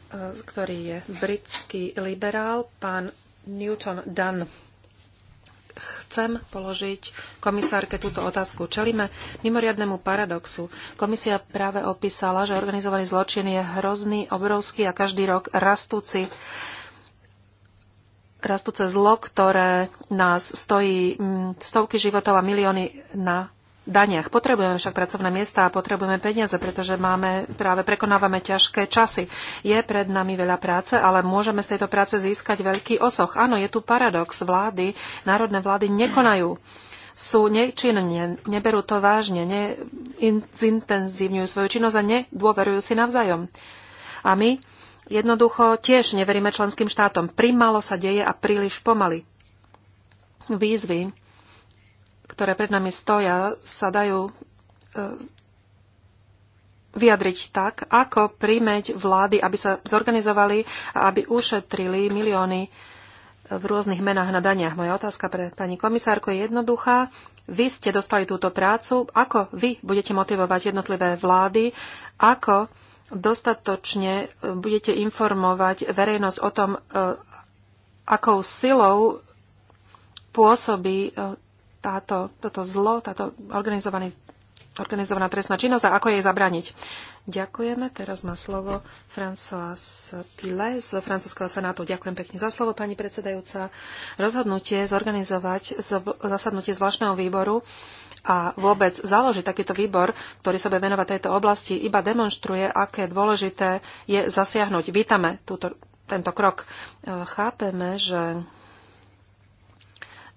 S4: e, ktorý je britský liberál, pán Newton Dunn chcem položiť komisárke túto otázku. Čelíme mimoriadnemu paradoxu. Komisia práve opísala, že organizovaný zločin je hrozný, obrovský a každý rok rastúci rastúce zlo, ktoré nás stojí mm, stovky životov a milióny na daniach. Potrebujeme však pracovné miesta a potrebujeme peniaze, pretože máme, práve prekonávame ťažké časy. Je pred nami veľa práce, ale môžeme z tejto práce získať veľký osoch. Áno, je tu paradox. Vlády, národné vlády nekonajú sú nečinné, neberú to vážne, nezintenzívňujú svoju činnosť a nedôverujú si navzájom. A my jednoducho tiež neveríme členským štátom. Primalo sa deje a príliš pomaly. Výzvy ktoré pred nami stoja, sa dajú e, vyjadriť tak, ako prímeť vlády, aby sa zorganizovali a aby ušetrili milióny e, v rôznych menách na daniach. Moja otázka pre pani komisárku je jednoduchá. Vy ste dostali túto prácu. Ako vy budete motivovať jednotlivé vlády? Ako dostatočne e, budete informovať verejnosť o tom, akou silou pôsobí táto, toto zlo, táto organizovaný, organizovaná trestná činnosť a ako jej zabraniť. Ďakujeme. Teraz má slovo François Pile z francúzského senátu. Ďakujem pekne za slovo, pani predsedajúca. Rozhodnutie zorganizovať zasadnutie zvláštneho výboru a vôbec založiť takýto výbor, ktorý sa bude venovať tejto oblasti, iba demonstruje, aké dôležité je zasiahnuť. Vítame túto, tento krok. E, chápeme, že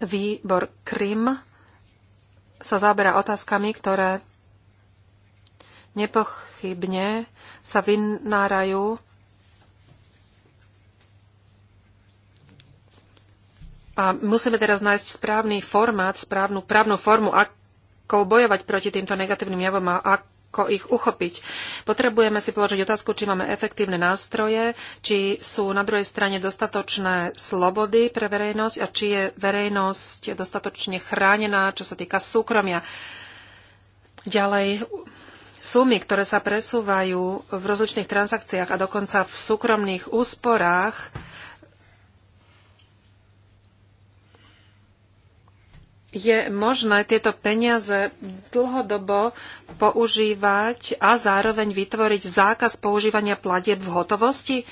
S4: Výbor Krym sa zaberá otázkami, ktoré nepochybne sa vynárajú A musíme teraz nájsť správny formát, správnu právnu formu, ako bojovať proti týmto negatívnym javom a ako ako ich uchopiť. Potrebujeme si položiť otázku, či máme efektívne nástroje, či sú na druhej strane dostatočné slobody pre verejnosť a či je verejnosť dostatočne chránená, čo sa týka súkromia. Ďalej, sumy, ktoré sa presúvajú v rozličných transakciách a dokonca v súkromných úsporách, je možné tieto peniaze dlhodobo používať a zároveň vytvoriť zákaz používania platieb v hotovosti?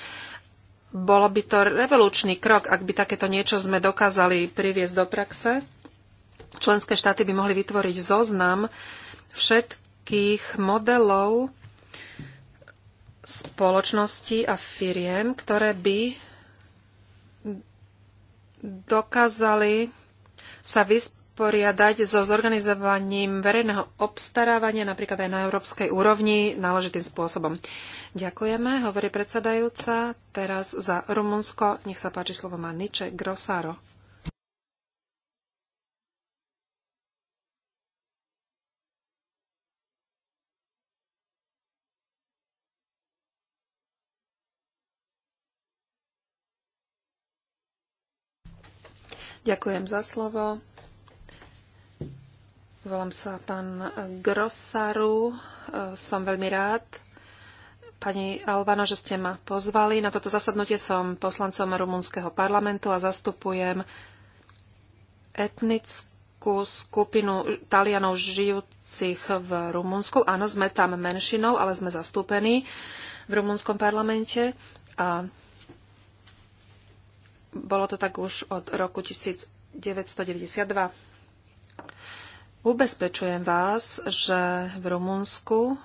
S4: Bolo by to revolučný krok, ak by takéto niečo sme dokázali priviesť do praxe. Členské štáty by mohli vytvoriť zoznam všetkých modelov spoločnosti a firiem, ktoré by dokázali sa vyspovedať vysporiadať so zorganizovaním verejného obstarávania napríklad aj na európskej úrovni náležitým spôsobom. Ďakujeme, hovorí predsedajúca. Teraz za Rumunsko, nech sa páči slovo má Niče Grosaro. Ďakujem za slovo. Volám sa pán Grossaru. E, som veľmi rád, pani Alvano, že ste ma pozvali. Na toto zasadnutie som poslancom rumunského parlamentu a zastupujem etnickú skupinu Talianov žijúcich v Rumunsku. Áno, sme tam menšinou, ale sme zastúpení v rumunskom parlamente a bolo to tak už od roku 1992. Ubezpečujem vás, že v Rumunsku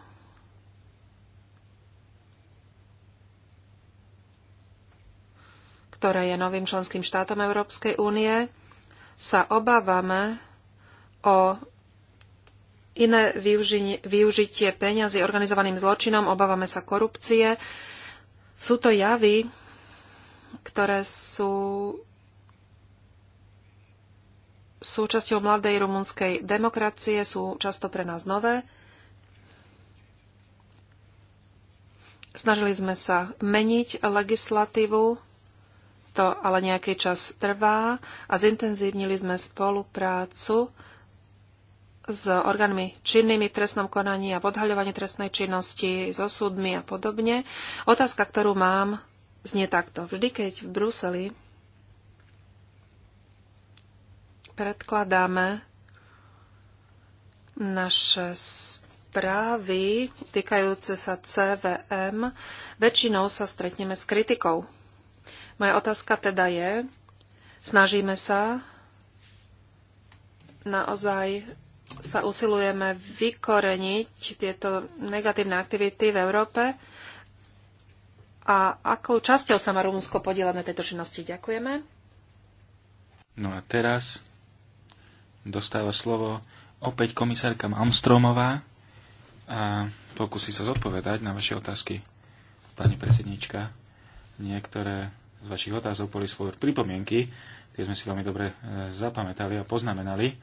S4: ktoré je novým členským štátom Európskej únie, sa obávame o iné využitie peňazí organizovaným zločinom, obávame sa korupcie. Sú to javy, ktoré sú súčasťou mladej rumunskej demokracie, sú často pre nás nové. Snažili sme sa meniť legislatívu, to ale nejaký čas trvá a zintenzívnili sme spoluprácu s orgánmi činnými v trestnom konaní a v odhaľovaní trestnej činnosti, so súdmi a podobne. Otázka, ktorú mám, znie takto. Vždy, keď v Bruseli predkladáme naše správy týkajúce sa CVM, väčšinou sa stretneme s kritikou. Moja otázka teda je, snažíme sa, naozaj sa usilujeme vykoreniť tieto negatívne aktivity v Európe a akou časťou sa má Rumunsko podielať na tejto činnosti? Ďakujeme.
S2: No a teraz dostáva slovo opäť komisárka Malmstromová a pokusí sa zodpovedať na vaše otázky. Pani predsednička, niektoré z vašich otázok boli svoje pripomienky, tie sme si veľmi dobre e, zapamätali a poznamenali.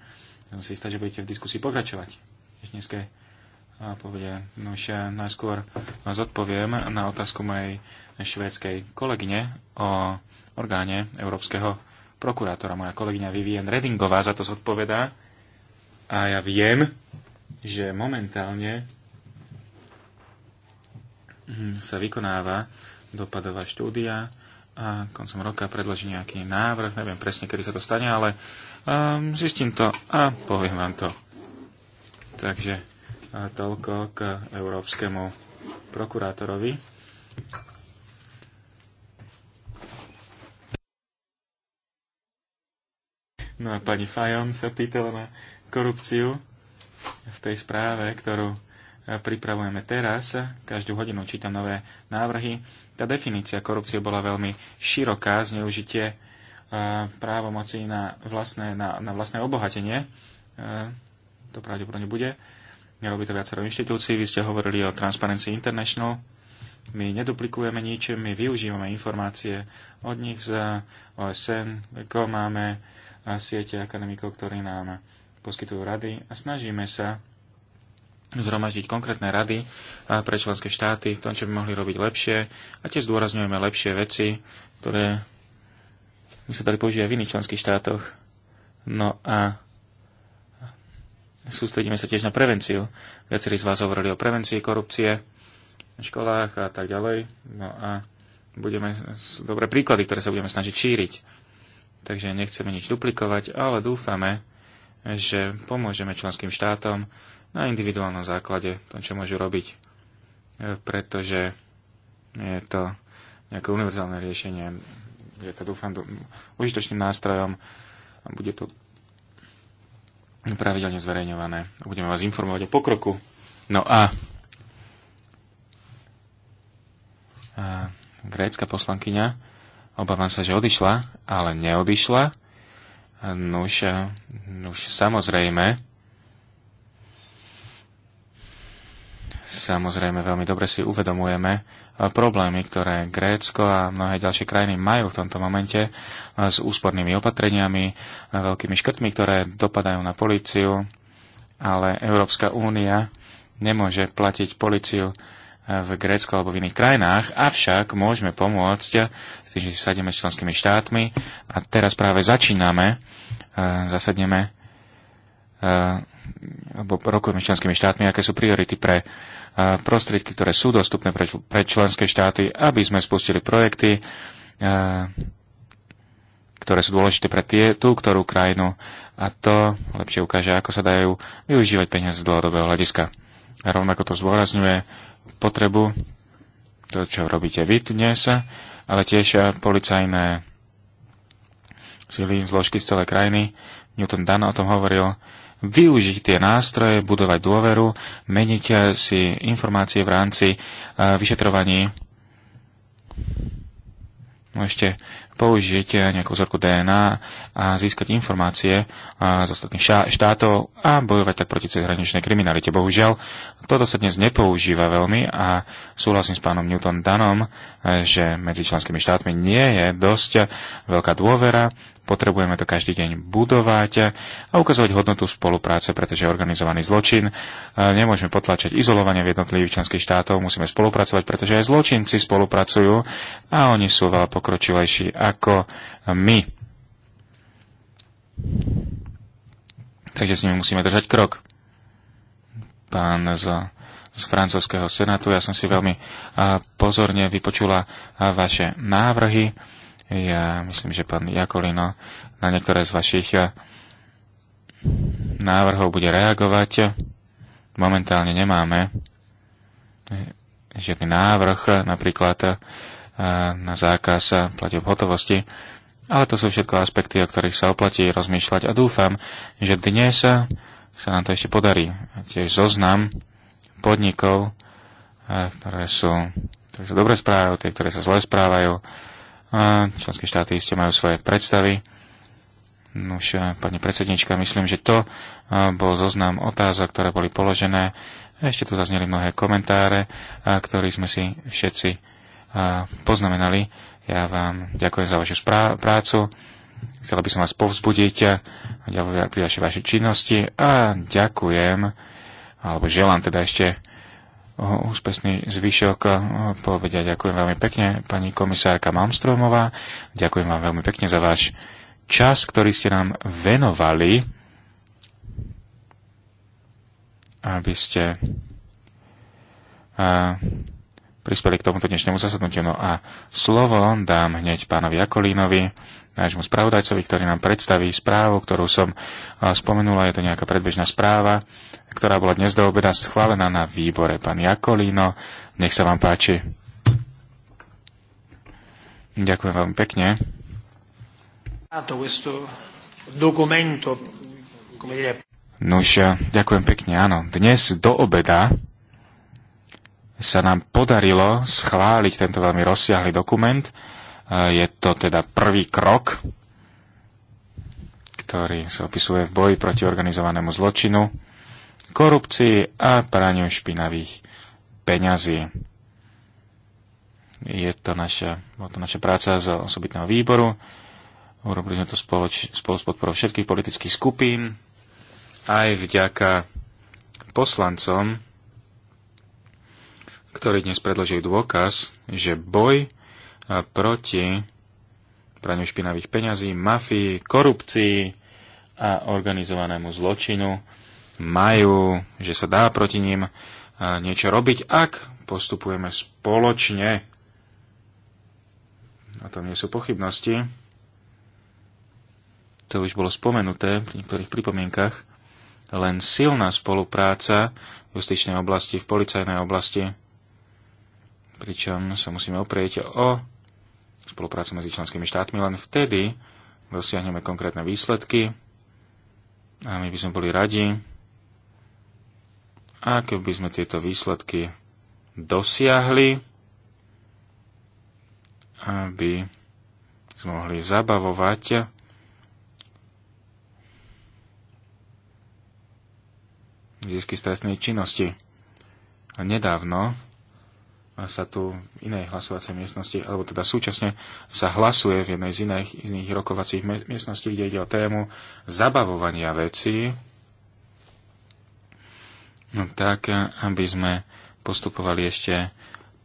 S2: Som si istá, že budete v diskusii pokračovať. Dneské povede, no už najskôr zodpoviem na otázku mojej švédskej kolegyne o orgáne Európskeho prokurátora. Moja kolegyňa Vivien Redingová za to zodpovedá. A ja viem, že momentálne hm, sa vykonáva dopadová štúdia a koncom roka predloží nejaký návrh, neviem presne, kedy sa to stane, ale um, zistím to a poviem vám to. Takže toľko k európskemu prokurátorovi. No a pani Fajon sa pýtala na korupciu v tej správe, ktorú e, pripravujeme teraz. Každú hodinu čítam nové návrhy. Tá definícia korupcie bola veľmi široká, zneužitie e, právomocí na vlastné, na, na vlastné obohatenie. E, to pravdepodobne bude. Nerobí to viacero inštitúcií. Vy ste hovorili o Transparency International. My neduplikujeme nič, my využívame informácie od nich z OSN, ako máme siete akademikov, ktorí nám poskytujú rady a snažíme sa zhromaždiť konkrétne rady pre členské štáty v tom, čo by mohli robiť lepšie a tiež zdôrazňujeme lepšie veci, ktoré my sa dali používajú aj v iných členských štátoch. No a sústredíme sa tiež na prevenciu. Viacerí z vás hovorili o prevencii korupcie v školách a tak ďalej. No a budeme dobré príklady, ktoré sa budeme snažiť šíriť takže nechceme nič duplikovať, ale dúfame, že pomôžeme členským štátom na individuálnom základe tom, čo môžu robiť, e, pretože je to nejaké univerzálne riešenie, je to dúfam užitočným nástrojom a bude to pravidelne zverejňované. Budeme vás informovať o pokroku. No a, a grécka poslankyňa Obávam sa, že odišla, ale neodišla. Nuž, nuž samozrejme, samozrejme veľmi dobre si uvedomujeme problémy, ktoré Grécko a mnohé ďalšie krajiny majú v tomto momente s úspornými opatreniami, veľkými škrtmi, ktoré dopadajú na políciu, ale Európska únia nemôže platiť políciu v Grécku alebo v iných krajinách, avšak môžeme pomôcť s tým, že si sadieme s členskými štátmi a teraz práve začíname, e, zasadneme e, alebo rokujeme s členskými štátmi, aké sú priority pre e, prostriedky, ktoré sú dostupné pre, pre členské štáty, aby sme spustili projekty, ktoré sú dôležité pre tie, tú, ktorú krajinu a to lepšie ukáže, ako sa dajú využívať peniaze z dlhodobého hľadiska. A rovnako to zdôrazňuje potrebu, to, čo robíte vy dnes, ale tiež policajné sily, zložky z celej krajiny. Newton Dan o tom hovoril. Využiť tie nástroje, budovať dôveru, meniť si informácie v rámci vyšetrovaní. No, ešte použiť eh, nejakú vzorku DNA a získať informácie eh, z ostatných štátov a bojovať tak proti cezhraničnej kriminalite. Bohužiaľ, toto sa dnes nepoužíva veľmi a súhlasím s pánom Newton Danom, eh, že medzi členskými štátmi nie je dosť veľká dôvera, potrebujeme to každý deň budovať a ukazovať hodnotu spolupráce, pretože organizovaný zločin nemôžeme potlačať izolovanie v jednotlivých členských štátov, musíme spolupracovať, pretože aj zločinci spolupracujú a oni sú veľa pokročilejší ako my. Takže s nimi musíme držať krok. Pán z, z francúzského senátu, ja som si veľmi pozorne vypočula vaše návrhy. Ja myslím, že pán Jakolino na niektoré z vašich návrhov bude reagovať. Momentálne nemáme e, žiadny návrh, napríklad na zákaz platieb hotovosti, ale to sú všetko aspekty, o ktorých sa oplatí rozmýšľať a dúfam, že dnes sa nám to ešte podarí. Tiež zoznam podnikov, ktoré sú, ktoré sú dobre správajú, tie, ktoré sa zle správajú. členské štáty iste majú svoje predstavy. Už pani predsednička, myslím, že to bol zoznam otázok, ktoré boli položené. Ešte tu zazneli mnohé komentáre, ktoré sme si všetci poznamenali. Ja vám ďakujem za vašu prácu. Chcela by som vás povzbudiť pri vašej vašej činnosti a ďakujem, alebo želám teda ešte úspešný zvyšok povedia. Ďakujem veľmi pekne, pani komisárka Malmstromová. Ďakujem vám veľmi pekne za váš čas, ktorý ste nám venovali, aby ste prispeli k tomuto dnešnému zasadnutiu. No a slovo dám hneď pánovi Jakolínovi, nášmu spravodajcovi, ktorý nám predstaví správu, ktorú som eh, spomenula. Je to nejaká predbežná správa, ktorá bola dnes do obeda schválená na výbore. Pán Jakolíno, nech sa vám páči. Ďakujem veľmi pekne. Nuž, eh, ďakujem pekne, áno. Dnes do obeda sa nám podarilo schváliť tento veľmi rozsiahly dokument. E, je to teda prvý krok, ktorý sa opisuje v boji proti organizovanému zločinu, korupcii a praniu špinavých peňazí. Je to naša, bola to naša práca z osobitného výboru. Urobili sme to spoloč, spolu s podporou všetkých politických skupín, aj vďaka poslancom, ktorý dnes predložil dôkaz, že boj proti praniu špinavých peňazí, mafii, korupcii a organizovanému zločinu majú, že sa dá proti ním niečo robiť, ak postupujeme spoločne. A to nie sú pochybnosti. To už bolo spomenuté v niektorých pripomienkach. Len silná spolupráca v justičnej oblasti, v policajnej oblasti, pričom sa musíme oprieť o spoluprácu medzi členskými štátmi. Len vtedy dosiahneme konkrétne výsledky a my by sme boli radi, ak by sme tieto výsledky dosiahli, aby sme mohli zabavovať zisky z trestnej činnosti. A nedávno sa tu v inej hlasovacej miestnosti, alebo teda súčasne sa hlasuje v jednej z iných, iných rokovacích miestností, kde ide o tému zabavovania vecí, no, tak aby sme postupovali ešte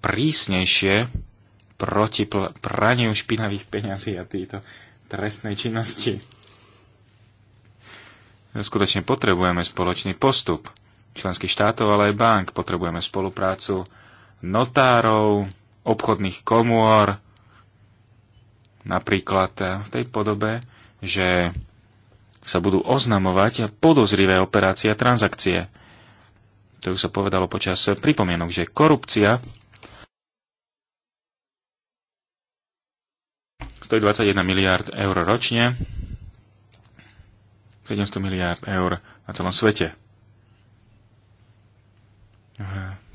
S2: prísnejšie proti praniu špinavých peňazí a tejto trestnej činnosti. Skutočne potrebujeme spoločný postup členských štátov, ale aj bank. Potrebujeme spoluprácu notárov, obchodných komôr, napríklad v tej podobe, že sa budú oznamovať podozrivé operácie a transakcie. To už sa povedalo počas pripomienok, že korupcia 121 miliard eur ročne, 700 miliard eur na celom svete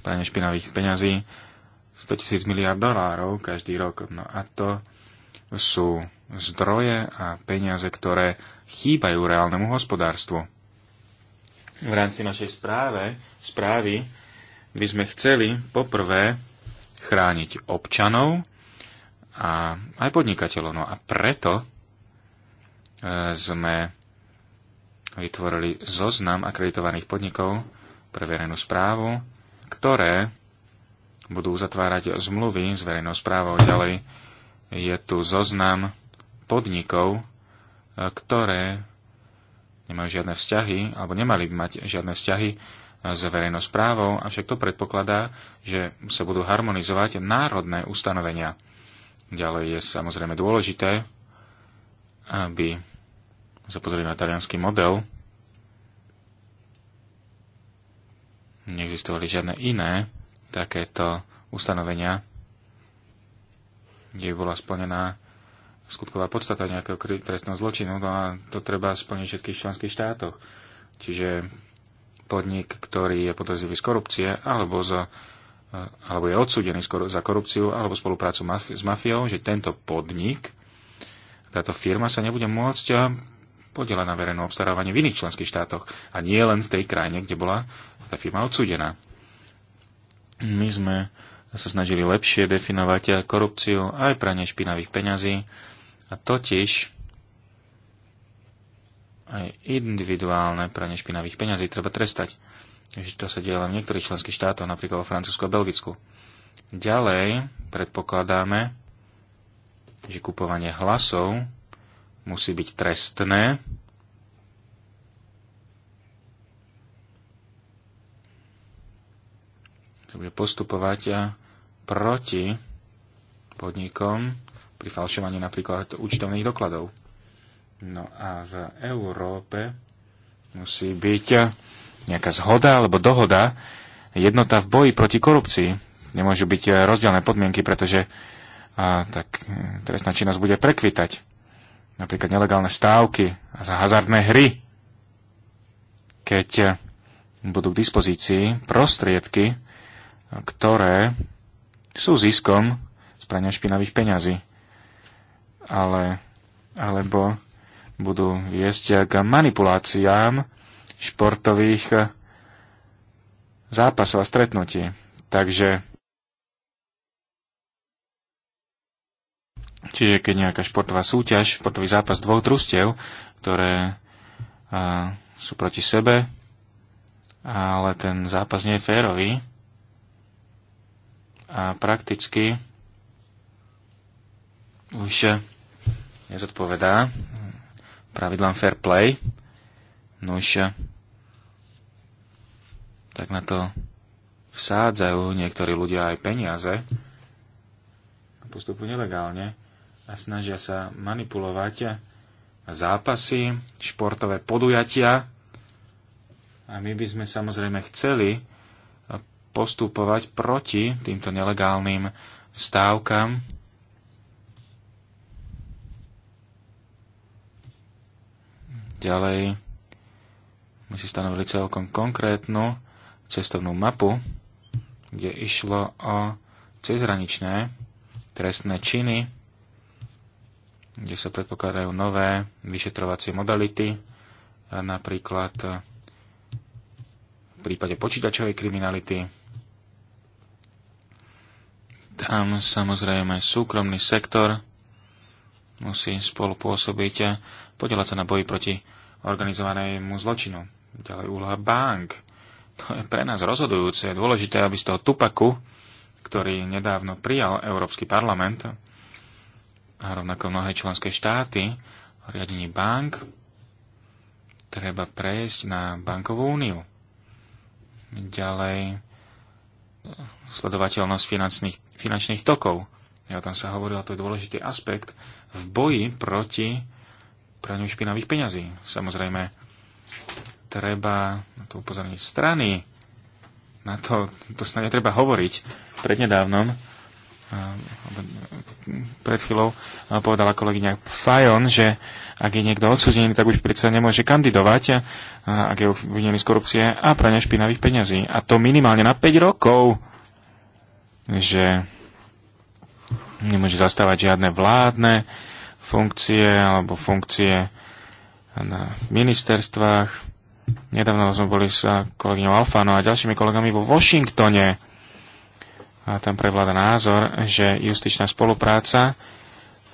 S2: pranie špinavých peňazí 100 tisíc miliard dolárov každý rok. No a to sú zdroje a peniaze, ktoré chýbajú reálnemu hospodárstvu. V rámci našej správe, správy by sme chceli poprvé chrániť občanov a aj podnikateľov. No a preto e, sme vytvorili zoznam akreditovaných podnikov pre verejnú správu, ktoré budú uzatvárať zmluvy s verejnou správou. Ďalej je tu zoznam podnikov, e, ktoré nemajú žiadne vzťahy, alebo nemali by mať žiadne vzťahy e, s verejnou správou, avšak to predpokladá, že sa budú harmonizovať národné ustanovenia. Ďalej je samozrejme dôležité, aby sa pozreli na talianský model, neexistovali žiadne iné takéto ustanovenia, kde bola splnená skutková podstata nejakého trestného zločinu, no a to treba splniť v všetkých členských štátoch. Čiže podnik, ktorý je podozrivý z korupcie, alebo, za, eh, alebo je odsúdený za korupciu, alebo spoluprácu s mafiou, že tento podnik, táto firma sa nebude môcť eh, podiela na verejnom obstarávaní v iných členských štátoch a nie len v tej krajine, kde bola tá firma odsudená. My sme sa snažili lepšie definovať korupciu aj pranie špinavých peňazí a totiž aj individuálne pranie špinavých peňazí treba trestať. Takže to sa deje len v niektorých členských štátoch, napríklad vo Francúzsku a Belgicku. Ďalej predpokladáme, že kupovanie hlasov musí byť trestné. To bude postupovať proti podnikom pri falšovaní napríklad účtovných dokladov. No a v Európe musí byť nejaká zhoda alebo dohoda, jednota v boji proti korupcii. Nemôžu byť rozdielne podmienky, pretože a, tak trestná činnosť bude prekvitať napríklad nelegálne stávky a za hazardné hry, keď eh, budú k dispozícii prostriedky, ktoré sú ziskom z prania špinavých peňazí, ale, alebo budú viesť k manipuláciám športových eh, zápasov a stretnutí. Takže Čiže keď nejaká športová súťaž, športový zápas dvoch družstiev, ktoré a, sú proti sebe, ale ten zápas nie je férový a prakticky už nezodpovedá pravidlám fair play. no už tak na to vsádzajú niektorí ľudia aj peniaze a postupujú nelegálne a snažia sa manipulovať zápasy, športové podujatia. A my by sme samozrejme chceli postupovať proti týmto nelegálnym stávkam. Ďalej my si stanovili celkom konkrétnu cestovnú mapu, kde išlo o cezhraničné trestné činy, kde sa predpokladajú nové vyšetrovacie modality, napríklad e, v prípade počítačovej kriminality. Tam samozrejme súkromný sektor musí spolupôsobiť a podielať sa na boji proti organizovanému zločinu. Ďalej úloha bank. To je pre nás rozhodujúce. Je dôležité, aby z toho tupaku, ktorý nedávno prijal Európsky parlament, a rovnako mnohé členské štáty o riadení bank treba prejsť na bankovú úniu. Ďalej sledovateľnosť finančných, finančných tokov. Ja tam sa hovoril, to je dôležitý aspekt v boji proti praniu špinavých peňazí. Samozrejme, treba na to upozorniť strany. Na to, to sa netreba hovoriť. Prednedávnom pred chvíľou povedala kolegyňa Fajon, že ak je niekto odsudený, tak už predsa nemôže kandidovať, ak je obvinený z korupcie a prania špinavých peňazí. A to minimálne na 5 rokov, že nemôže zastávať žiadne vládne funkcie alebo funkcie na ministerstvách. Nedávno sme boli s kolegyňou Alfano a ďalšími kolegami vo Washingtone a tam prevláda názor, že justičná spolupráca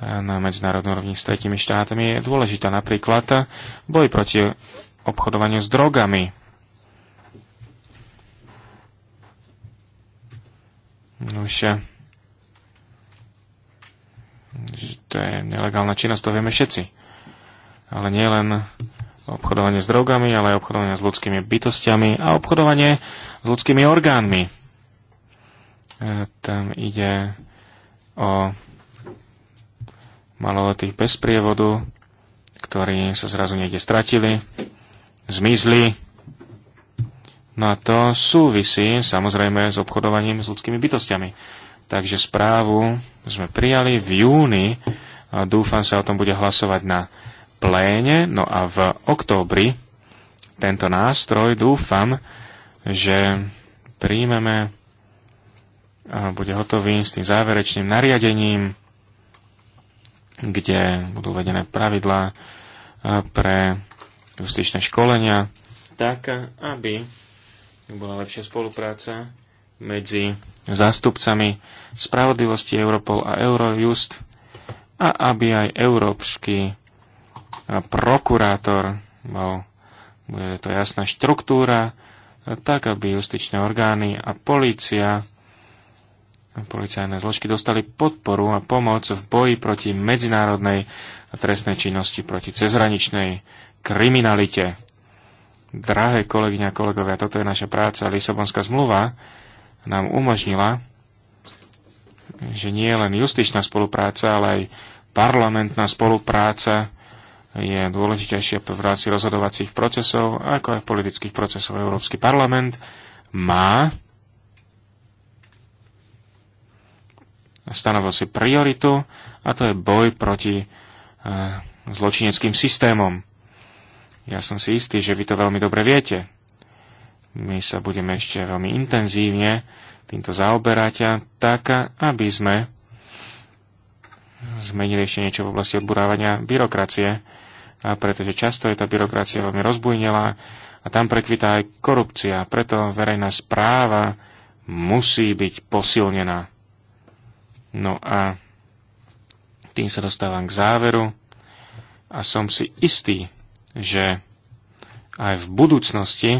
S2: e, na medzinárodnú rovni s tretimi štátami je dôležitá napríklad e, boj proti obchodovaniu s drogami. No už e, to je nelegálna činnosť, to vieme všetci. Ale nie len obchodovanie s drogami, ale aj obchodovanie s ľudskými bytostiami a obchodovanie s ľudskými orgánmi. Tam ide o maloletých bez prievodu, ktorí sa zrazu niekde stratili, zmizli. No a to súvisí samozrejme s obchodovaním s ľudskými bytostiami. Takže správu sme prijali v júni a dúfam sa o tom bude hlasovať na pléne. No a v októbri tento nástroj dúfam, že príjmeme bude hotový s tým záverečným nariadením, kde budú uvedené pravidlá e, pre justičné školenia, tak e, aby bola lepšia spolupráca medzi zástupcami spravodlivosti Europol a Eurojust a aby aj európsky e, prokurátor bol, bude to jasná štruktúra, tak aby justičné orgány a polícia policajné zložky dostali podporu a pomoc v boji proti medzinárodnej a trestnej činnosti, proti cezhraničnej kriminalite. Drahé kolegyňa a kolegovia, toto je naša práca. Lisabonská zmluva nám umožnila, že nie je len justičná spolupráca, ale aj parlamentná spolupráca je dôležitejšia v rámci rozhodovacích procesov, ako aj v politických procesoch. Európsky parlament má stanovil si prioritu a to je boj proti e, zločineckým systémom. Ja som si istý, že vy to veľmi dobre viete. My sa budeme ešte veľmi intenzívne týmto zaoberať, tak aby sme zmenili ešte niečo v oblasti odburávania byrokracie, a pretože často je tá byrokracia veľmi rozbujnila a tam prekvitá aj korupcia. Preto verejná správa musí byť posilnená. No a tým sa dostávam k záveru a som si istý, že aj v budúcnosti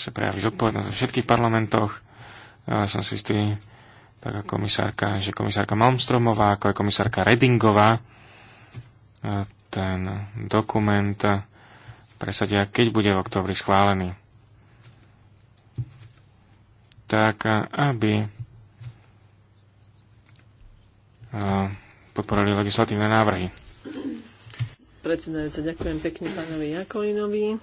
S2: sa prejaví zodpovednosť vo všetkých parlamentoch. Ja som si istý, tak ako komisárka, že komisárka Malmstromová, ako aj komisárka Redingová, ten dokument presadia, keď bude v oktobri schválený tak aby podporili legislatívne návrhy.
S3: Predsedajúce, ďakujem pekne pánovi Jakolinovi.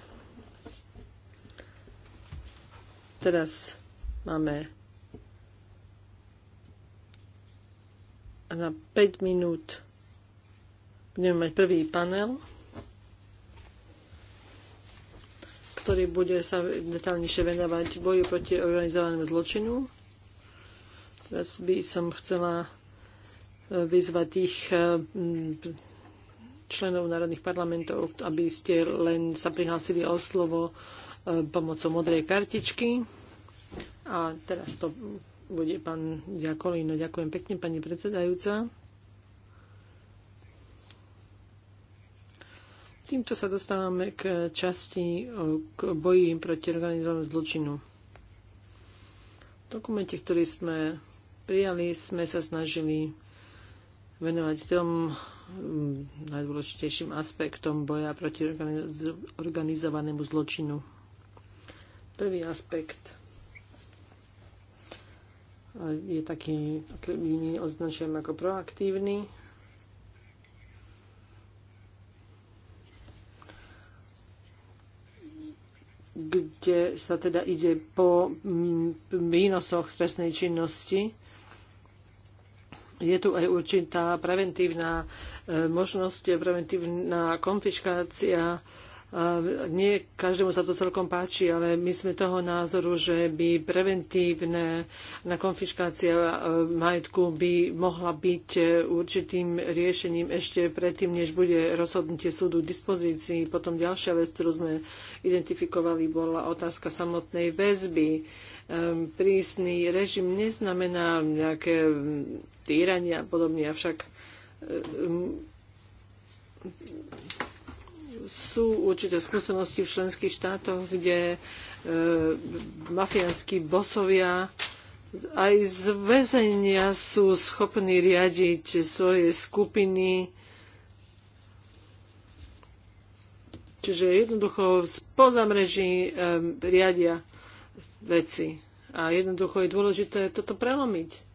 S3: Teraz máme na 5 minút budeme mať prvý panel. ktorý bude sa detálnejšie venovať boju proti organizovanému zločinu. Teraz by som chcela e, vyzvať tých e, členov národných parlamentov, aby ste len sa prihlásili o slovo e, pomocou modrej kartičky. A teraz to bude pán Ďakolino. Ďakujem pekne, pani predsedajúca. Týmto sa dostávame k časti k boji proti organizovanému zločinu. V dokumente, ktorý sme prijali, sme sa snažili venovať tom najdôležitejším aspektom boja proti organizovanému zločinu. Prvý aspekt je taký, ktorý my označujem ako proaktívny, kde sa teda ide po mm, výnosoch stresnej činnosti. Je tu aj určitá preventívna e, možnosť, preventívna konfiškácia nie každému sa to celkom páči, ale my sme toho názoru, že by preventívne na konfiškácia majetku by mohla byť e, určitým riešením ešte predtým, než bude rozhodnutie súdu k dispozícii. Potom ďalšia vec, ktorú sme identifikovali, bola otázka samotnej väzby. Ehm, prísny režim neznamená nejaké mm, týrania a podobne, avšak ehm, sú určité skúsenosti v členských štátoch, kde e, mafiánsky bosovia aj z väzenia sú schopní riadiť svoje skupiny. Čiže jednoducho spoza mreží e, riadia veci. A jednoducho je dôležité toto prelomiť.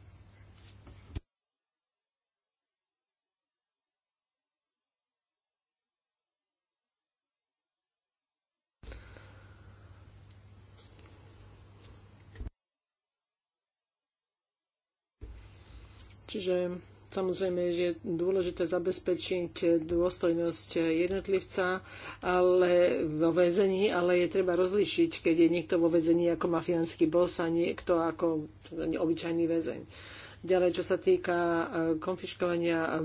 S3: Čiže Samozrejme, že je dôležité zabezpečiť dôstojnosť jednotlivca ale vo väzení, ale je treba rozlišiť, keď je niekto vo väzení ako mafiánsky bos a niekto ako obyčajný väzeň. Ďalej, čo sa týka e, konfiškovania e, e,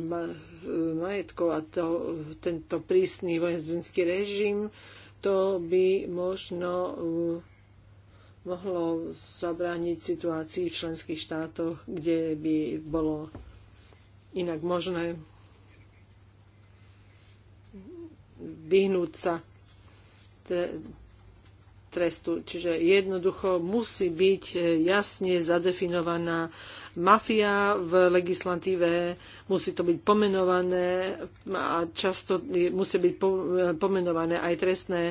S3: majetkov a to, tento prísny vojenský režim, to by možno mohlo zabrániť situácii v členských štátoch, kde by bolo inak možné vyhnúť sa trestu. Čiže jednoducho musí byť eh, jasne zadefinovaná mafia v legislatíve, musí to byť pomenované a často musí byť pomenované aj trestné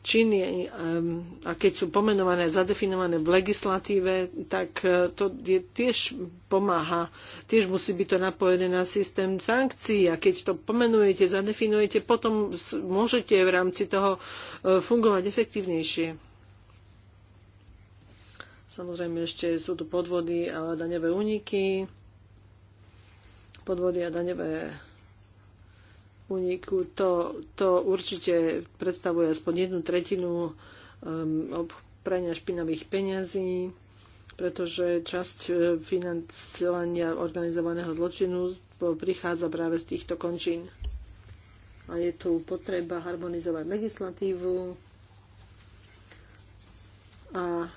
S3: činy. Ehm, a keď sú pomenované, zadefinované v legislatíve, tak e, to je, tiež pomáha. Tiež musí byť to napojené na systém sankcií a keď to pomenujete, zadefinujete, potom môžete v rámci toho e, fungovať efektívnejšie. Samozrejme ešte sú tu podvody a daňové úniky, podvody a daňové úniku, to, to určite predstavuje aspoň jednu tretinu um, prania špinavých peňazí, pretože časť e, financovania organizovaného zločinu prichádza práve z týchto končín. A je tu potreba harmonizovať legislatívu a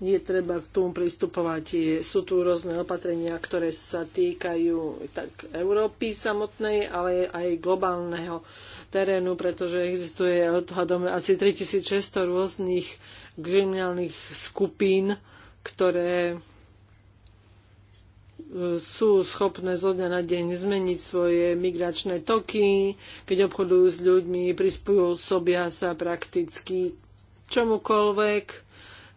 S3: nie treba k tomu pristupovať. Sú tu rôzne opatrenia, ktoré sa týkajú tak Európy samotnej, ale aj globálneho terénu, pretože existuje odhadom asi 3600 rôznych kriminálnych skupín, ktoré e, sú schopné zo dňa na deň zmeniť svoje migračné toky, keď obchodujú s ľuďmi, prispôsobia sa prakticky čomukoľvek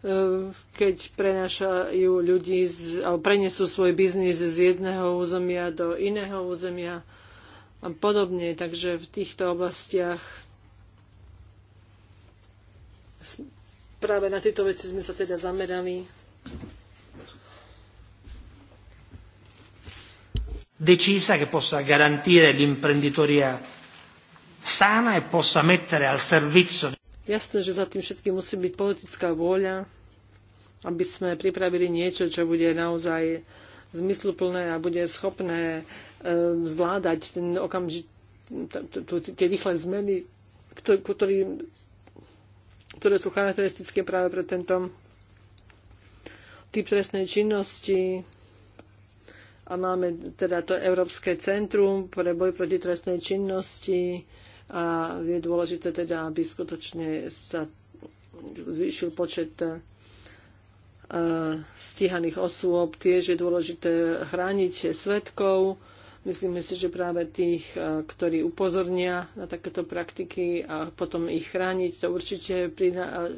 S3: Ehm, keď prenášajú ľudí, z, alebo prenesú svoj biznis z jedného územia do iného územia a podobne. Takže v týchto oblastiach práve na tieto veci sme sa teda zamerali.
S1: Decisa che possa garantire l'imprenditoria sana e possa mettere al servizio Jasné,
S3: že za tým všetkým musí byť politická vôľa, aby sme pripravili niečo, čo bude naozaj zmysluplné a bude schopné e, zvládať ten okamžik, tie rýchle zmeny, ktoré sú charakteristické práve pre tento typ trestnej činnosti. A máme teda to Európske centrum pre boj proti trestnej činnosti, a je dôležité teda, aby skutočne sa zvýšil počet e, stíhaných osôb. Tiež je dôležité chrániť svetkov. Myslíme si, že práve tých, e, ktorí upozornia na takéto praktiky a potom ich chrániť, to určite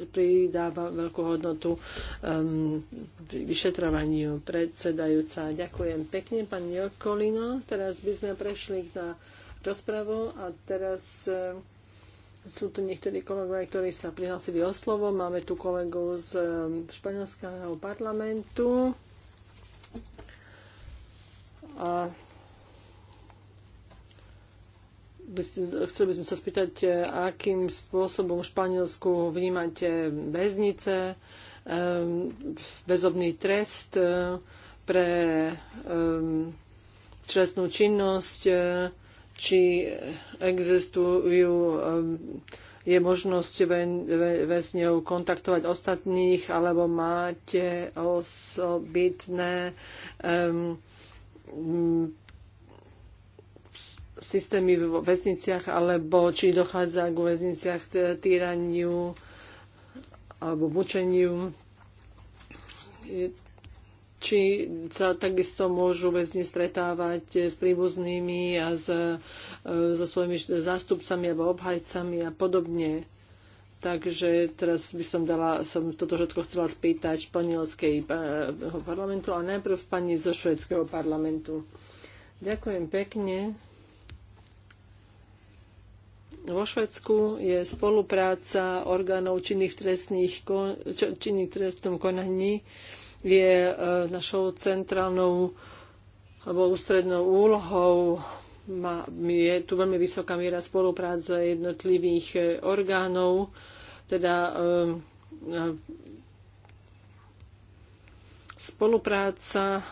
S3: pridáva veľkú hodnotu ehm, vyšetrovaniu predsedajúca. Ďakujem pekne, pani Jokolino. Teraz by sme prešli na rozpravu a teraz e, sú tu niektorí kolegovia, ktorí sa prihlásili o slovo. Máme tu kolegov z e, španielského parlamentu. A chceli by sme sa spýtať, e, akým spôsobom v Španielsku vnímate väznice, väzobný trest pre trestnú činnosť, či existujú um, je možnosť väzňov kontaktovať ostatných, alebo máte osobitné um, systémy v väzniciach, alebo či dochádza k väzniciach týraniu alebo mučeniu či sa takisto môžu väzni stretávať s príbuznými a s, e, so svojimi zástupcami alebo obhajcami a podobne. Takže teraz by som dala, som toto všetko chcela spýtať španielského e, parlamentu, a najprv pani zo švedského parlamentu. Ďakujem pekne. Vo Švedsku je spolupráca orgánov činných v trestných, činných trestnom konaní je e, našou centrálnou alebo ústrednou úlohou. Má, je tu veľmi vysoká miera spolupráce jednotlivých e, orgánov, teda e, spolupráca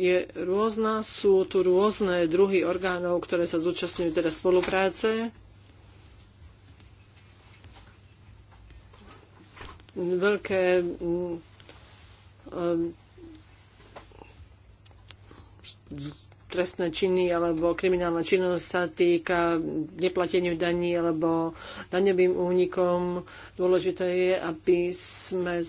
S3: je rôzna, sú tu rôzne druhy orgánov, ktoré sa zúčastňujú teda spolupráce veľké mm, e, trestné činy alebo kriminálna činnosť sa týka neplateniu daní alebo daňovým únikom. Dôležité je, aby sme e,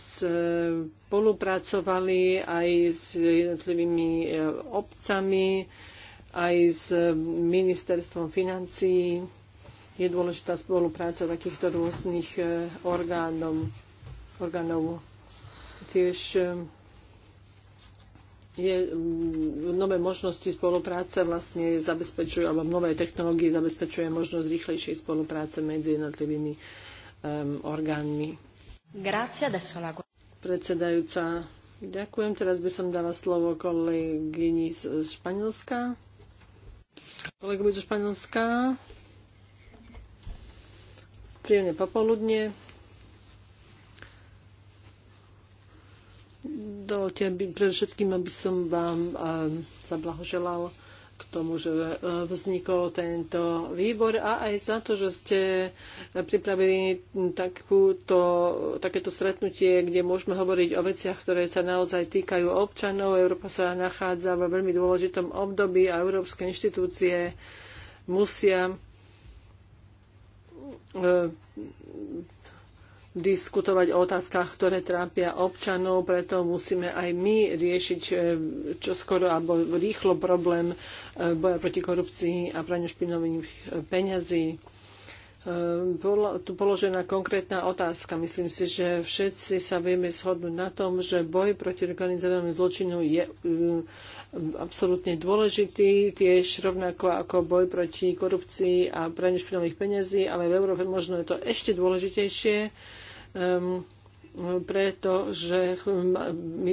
S3: spolupracovali aj s jednotlivými e, obcami, aj s ministerstvom financií. Je dôležitá spolupráca takýchto rôznych orgánov orgánov. Tiež ehm, je mm, nové možnosti spolupráce vlastne zabezpečujú, alebo nové technológie zabezpečuje možnosť rýchlejšej spolupráce medzi jednotlivými um, orgánmi. Grazie, adesso la... Predsedajúca, ďakujem. Teraz by som dala slovo kolegyni z Španielska. Kolegovi zo Španielska. Príjemne popoludne. Dovolte by, pre všetkým, aby som vám eh, zablahoželal k tomu, že eh, vznikol tento výbor a aj za to, že ste pripravili takúto, takéto stretnutie, kde môžeme hovoriť o veciach, ktoré sa naozaj týkajú občanov. Európa sa nachádza vo veľmi dôležitom období a európske inštitúcie musia eh, diskutovať o otázkach, ktoré trápia občanov, preto musíme aj my riešiť e, čo skoro alebo rýchlo problém e, boja proti korupcii a praniu špinových e, peňazí. Bola tu položená konkrétna otázka. Myslím si, že všetci sa vieme shodnúť na tom, že boj proti organizovanému zločinu je absolútne dôležitý, tiež rovnako ako boj proti korupcii a praniu špinových peňazí, ale v Európe možno je to ešte dôležitejšie um, ehm, pretože my,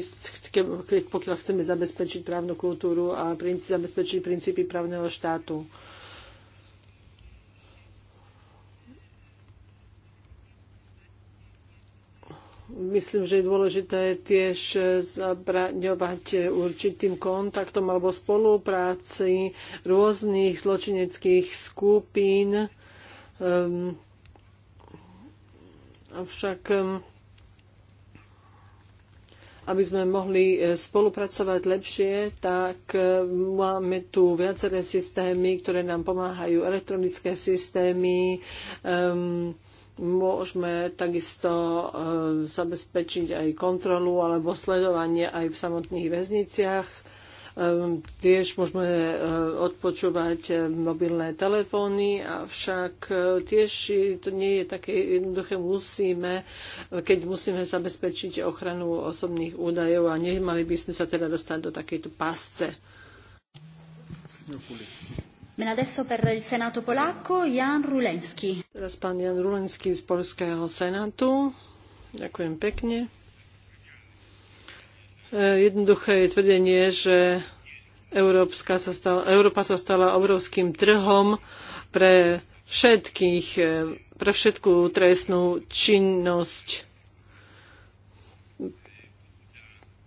S3: pokiaľ chceme zabezpečiť právnu kultúru a princí, zabezpečiť princípy právneho štátu. Myslím, že je dôležité tiež zabraňovať určitým kontaktom alebo spolupráci rôznych zločineckých skupín, um, Avšak aby sme mohli e, spolupracovať lepšie, tak e, máme tu viaceré systémy, ktoré nám pomáhajú, elektronické systémy, um, môžeme takisto e, zabezpečiť aj kontrolu alebo sledovanie aj v samotných väzniciach Ehm, tiež môžeme eh, odpočúvať eh, mobilné telefóny, avšak eh, tiež to nie je také jednoduché. Musíme, keď musíme zabezpečiť ochranu osobných údajov a nemali by sme sa teda dostať do takejto pásce. Teraz pán Jan Rulenský z Polského senátu. Ďakujem pekne. E, jednoduché je tvrdenie, že Európska sa stala, Európa sa stala obrovským trhom pre všetkých, e, pre všetkú trestnú činnosť.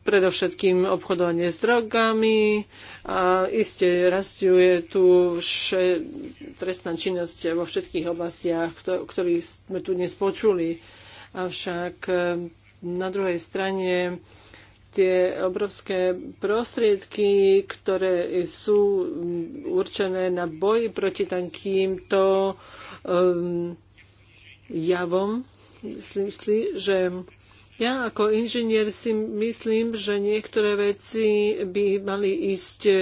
S3: Predovšetkým obchodovanie s drogami a iste rastuje tu vše, trestná činnosť vo všetkých oblastiach, o ktorých sme tu dnes počuli. Avšak e, na druhej strane tie obrovské prostriedky, ktoré sú mm, určené na boj proti takýmto um, javom, myslím si, že ja ako inžinier si myslím, že niektoré veci by mali ísť e,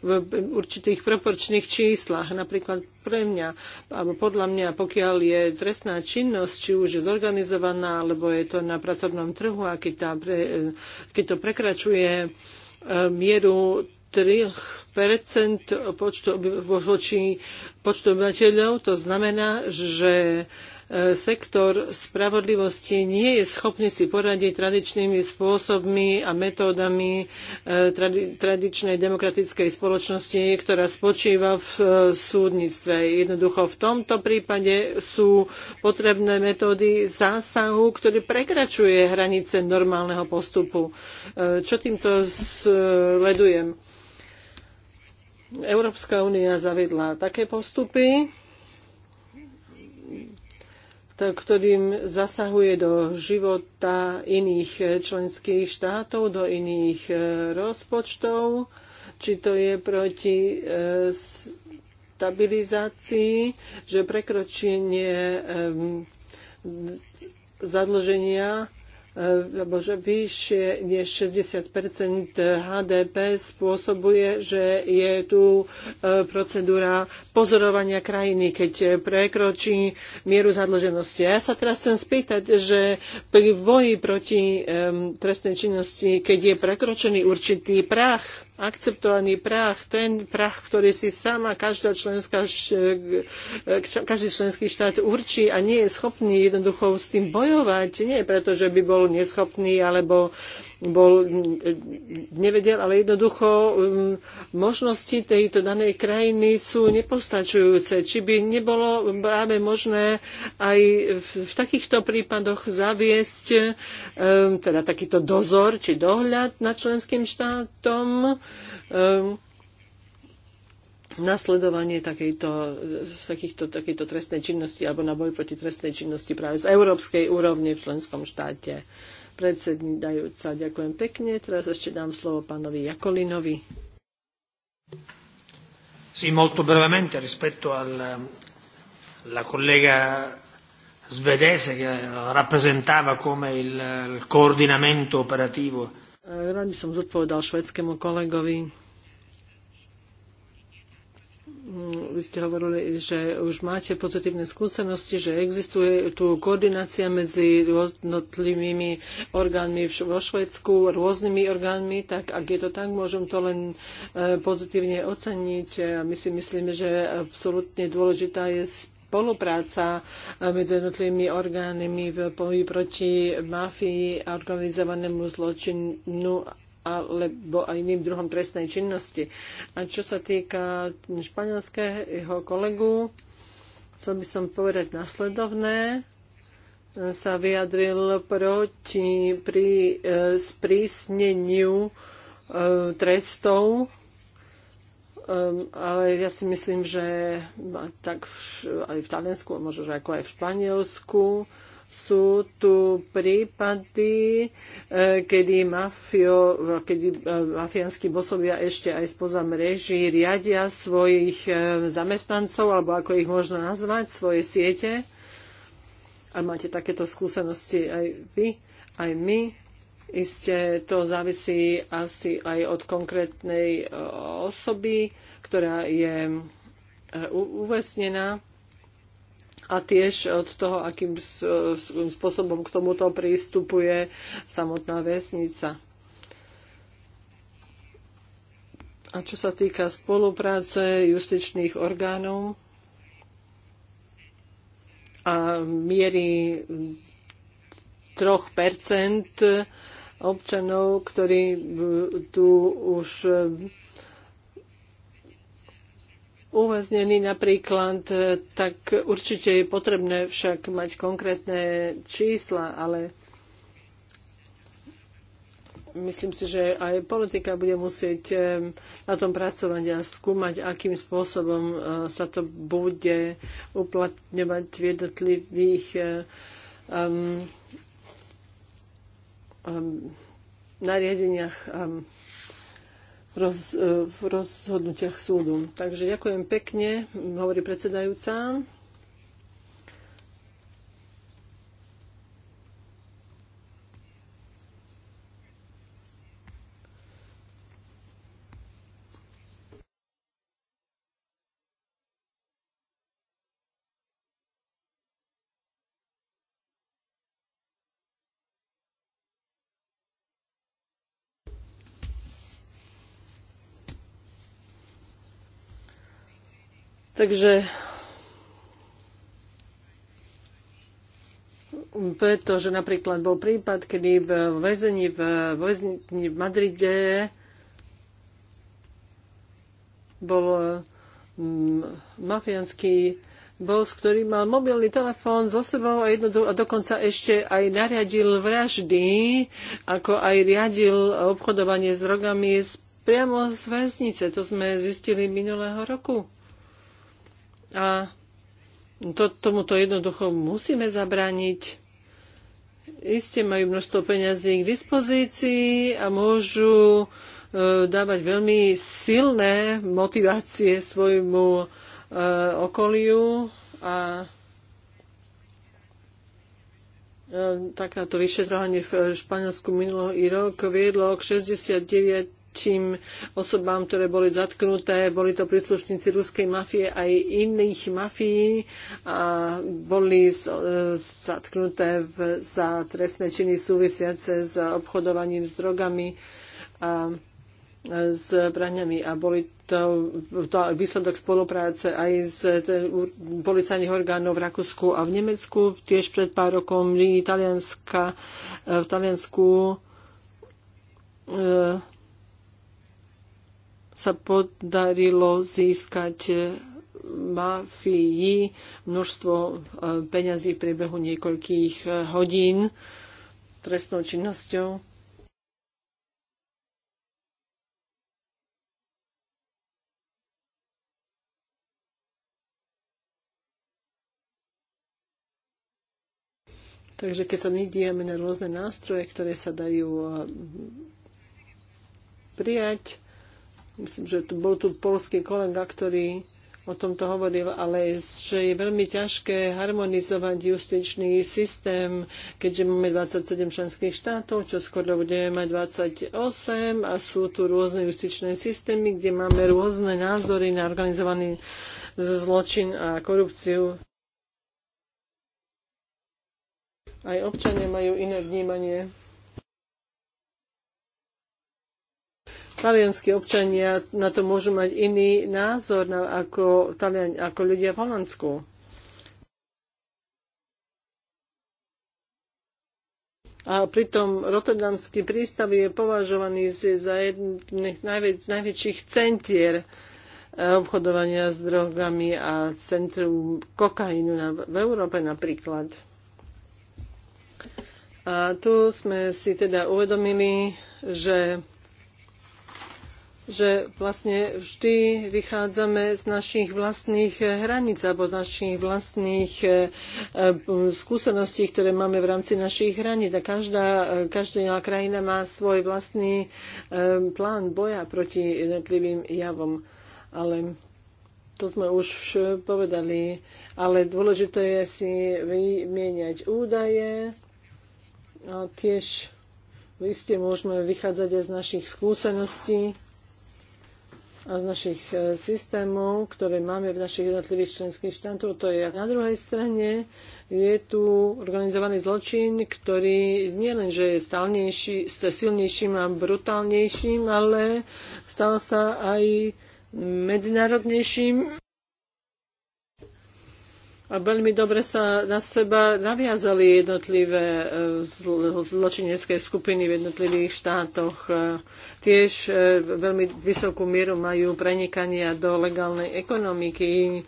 S3: v určitých proporčných číslach. Napríklad pre mňa, alebo podľa mňa, pokiaľ je trestná činnosť, či už je zorganizovaná, alebo je to na pracovnom trhu a keď, tá pre, e, keď to prekračuje e, mieru 3 počtu, voči počtu obyvateľov, to znamená, že E, sektor spravodlivosti nie je schopný si poradiť tradičnými spôsobmi a metódami e, tradi tradičnej demokratickej spoločnosti, ktorá spočíva v e, súdnictve. Jednoducho v tomto prípade sú potrebné metódy zásahu, ktorý prekračuje hranice normálneho postupu. Čo týmto sledujem? Európska únia zavedla také postupy, ktorým zasahuje do života iných členských štátov, do iných e, rozpočtov, či to je proti e, stabilizácii, že prekročenie e, zadlženia E, alebo že vyššie než 60 HDP spôsobuje, že je tu e, procedúra pozorovania krajiny, keď prekročí mieru zadlženosti. Ja sa teraz chcem spýtať, že v boji proti trestnej činnosti, keď je prekročený určitý prach, akceptovaný prach, ten prach, ktorý si sama každá členská, e, e, každý členský štát určí a nie je schopný jednoducho s tým bojovať. Nie preto, že by bol neschopný alebo bol, nevedel, ale jednoducho um, možnosti tejto danej krajiny sú nepostačujúce. Či by nebolo práve možné aj v takýchto prípadoch zaviesť um, teda takýto dozor či dohľad nad členským štátom, um, nasledovanie takejto, takýchto, takejto trestnej činnosti alebo na boj proti trestnej činnosti práve z európskej úrovne v členskom štáte predsednídajúca. Ďakujem pekne. Teraz ešte dám slovo pánovi Jakolinovi.
S1: Sì, molto brevemente rispetto alla collega svedese che rappresentava come il, il coordinamento operativo.
S3: Eh, Rád by som zodpovedal švedskému kolegovi vy ste hovorili, že už máte pozitívne skúsenosti, že existuje tu koordinácia medzi rôznotlivými orgánmi vo Švedsku, rôznymi orgánmi, tak ak je to tak, môžem to len e, pozitívne oceniť. My si myslíme, že absolútne dôležitá je spolupráca e, medzi jednotlivými orgánmi v boji proti mafii a organizovanému zločinu alebo aj iným druhom trestnej činnosti. A čo sa týka španielského kolegu, chcel by som povedať nasledovné sa vyjadril proti pri e, sprísneniu e, trestov, e, ale ja si myslím, že tak v, aj v Taliansku, možno že ako aj v Španielsku, e, sú tu prípady, e, kedy, mafio, e, kedy e, mafiánsky bosovia ešte aj spoza mreží riadia svojich zamestnancov, alebo ako ich možno nazvať, svoje siete. A máte takéto skúsenosti aj vy, aj my. Isté to závisí asi aj od konkrétnej osoby, ktorá je uväznená a tiež od toho, akým spôsobom k tomuto prístupuje samotná vesnica. A čo sa týka spolupráce justičných orgánov a miery 3 občanov, ktorí tu už uväznení napríklad, e, tak určite je potrebné však mať konkrétne čísla, ale myslím si, že aj politika bude musieť e, na tom pracovať a skúmať, akým spôsobom e, sa to bude uplatňovať v jednotlivých um, um, nariadeniach. Um, roz, eh, v rozhodnutiach súdu. Takže ďakujem pekne, hovorí predsedajúca. Takže pretože napríklad bol prípad, kedy v väzení v, väzení v Madride bol mm, mafiánsky boss, ktorý mal mobilný telefón so sebou a, jedno, a dokonca ešte aj nariadil vraždy, ako aj riadil obchodovanie s drogami z, priamo z väznice. To sme zistili minulého roku. A to, tomuto jednoducho musíme zabrániť. Isté majú množstvo peňazí k dispozícii a môžu e, dávať veľmi silné motivácie svojmu e, okoliu a e, takáto vyšetrovanie v Španielsku minulý rok viedlo k 69 tým osobám, ktoré boli zatknuté. Boli to príslušníci ruskej mafie aj iných mafií a boli e, zatknuté v, za trestné činy súvisiace s obchodovaním s drogami a e, s braňami a boli to, to výsledok spolupráce aj z policajných orgánov v Rakúsku a v Nemecku. Tiež pred pár rokom e, v Taliansku sa podarilo získať eh, mafii množstvo eh, peňazí v priebehu niekoľkých eh, hodín trestnou činnosťou. Takže keď sa my dívame na rôzne nástroje, ktoré sa dajú prijať, Myslím, že tu bol tu polský kolega, ktorý o tomto hovoril, ale že je veľmi ťažké harmonizovať justičný systém, keďže máme 27 členských štátov, čo skoro budeme mať 28 a sú tu rôzne justičné systémy, kde máme rôzne názory na organizovaný zločin a korupciu. Aj občania majú iné vnímanie. talianskí občania na to môžu mať iný názor na, ako, talian, ako ľudia v Holandsku. A pritom Rotterdamský prístav je považovaný za jedných najväč- najväčších centier e, obchodovania s drogami a centrum kokainu na, v Európe napríklad. A tu sme si teda uvedomili, že že vlastne vždy vychádzame z našich vlastných hraníc alebo našich vlastných e, e, skúseností, ktoré máme v rámci našich hraníc. A každá, e, každá krajina má svoj vlastný plán boja proti jednotlivým javom. Ale to sme už povedali. Ale dôležité je si vymieňať údaje a tiež v iste môžeme vychádzať aj z našich skúseností a z našich e, systémov, ktoré máme v našich jednotlivých členských štátoch. To je na druhej strane je tu organizovaný zločin, ktorý nie len, že je stálnejší, silnejším a brutálnejším, ale stal sa aj medzinárodnejším a veľmi dobre sa na seba naviazali jednotlivé eh, zločinecké skupiny v jednotlivých štátoch. Eh, tiež eh, veľmi vysokú mieru majú prenikania do legálnej ekonomiky,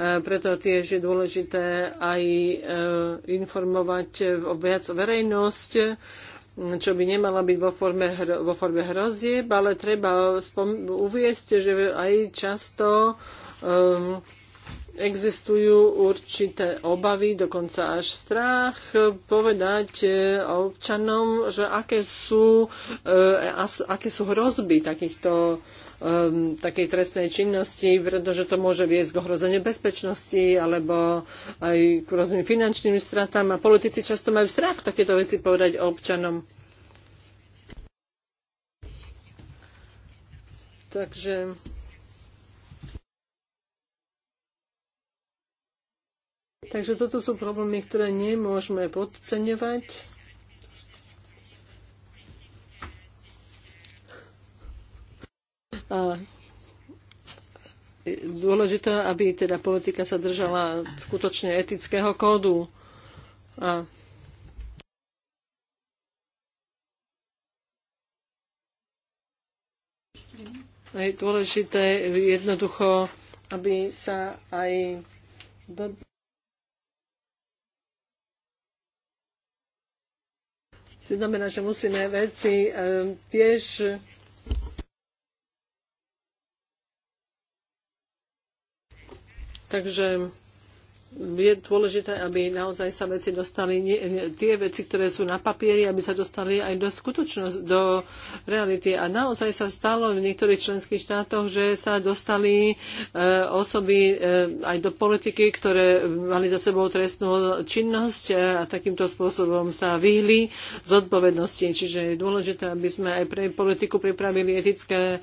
S3: preto tiež je dôležité aj informovať o viac verejnosť, čo by nemala byť vo forme, vo forme hrozieb, ale treba uviesť, že aj často um, existujú určité obavy, dokonca až strach, eh, povedať eh, občanom, že aké sú, eh, aké sú hrozby takýchto ehm, takej trestnej činnosti, pretože to môže viesť k ohrozeniu bezpečnosti alebo aj k rôznym finančným stratám a politici často majú strach takéto veci povedať občanom. Takže Takže toto sú problémy, ktoré nemôžeme podceňovať. A dôležité, aby teda politika sa držala skutočne etického kódu. A je dôležité jednoducho, aby sa aj do... To znamená, že musíme veci ehm, tiež Takže je dôležité, aby naozaj sa veci dostali, nie, tie veci, ktoré sú na papieri, aby sa dostali aj do skutočnosti do reality. A naozaj sa stalo v niektorých členských štátoch, že sa dostali e, osoby e, aj do politiky, ktoré mali za sebou trestnú činnosť e, a takýmto spôsobom sa vyhli z odpovednosti. Čiže je dôležité, aby sme aj pre politiku pripravili etické e,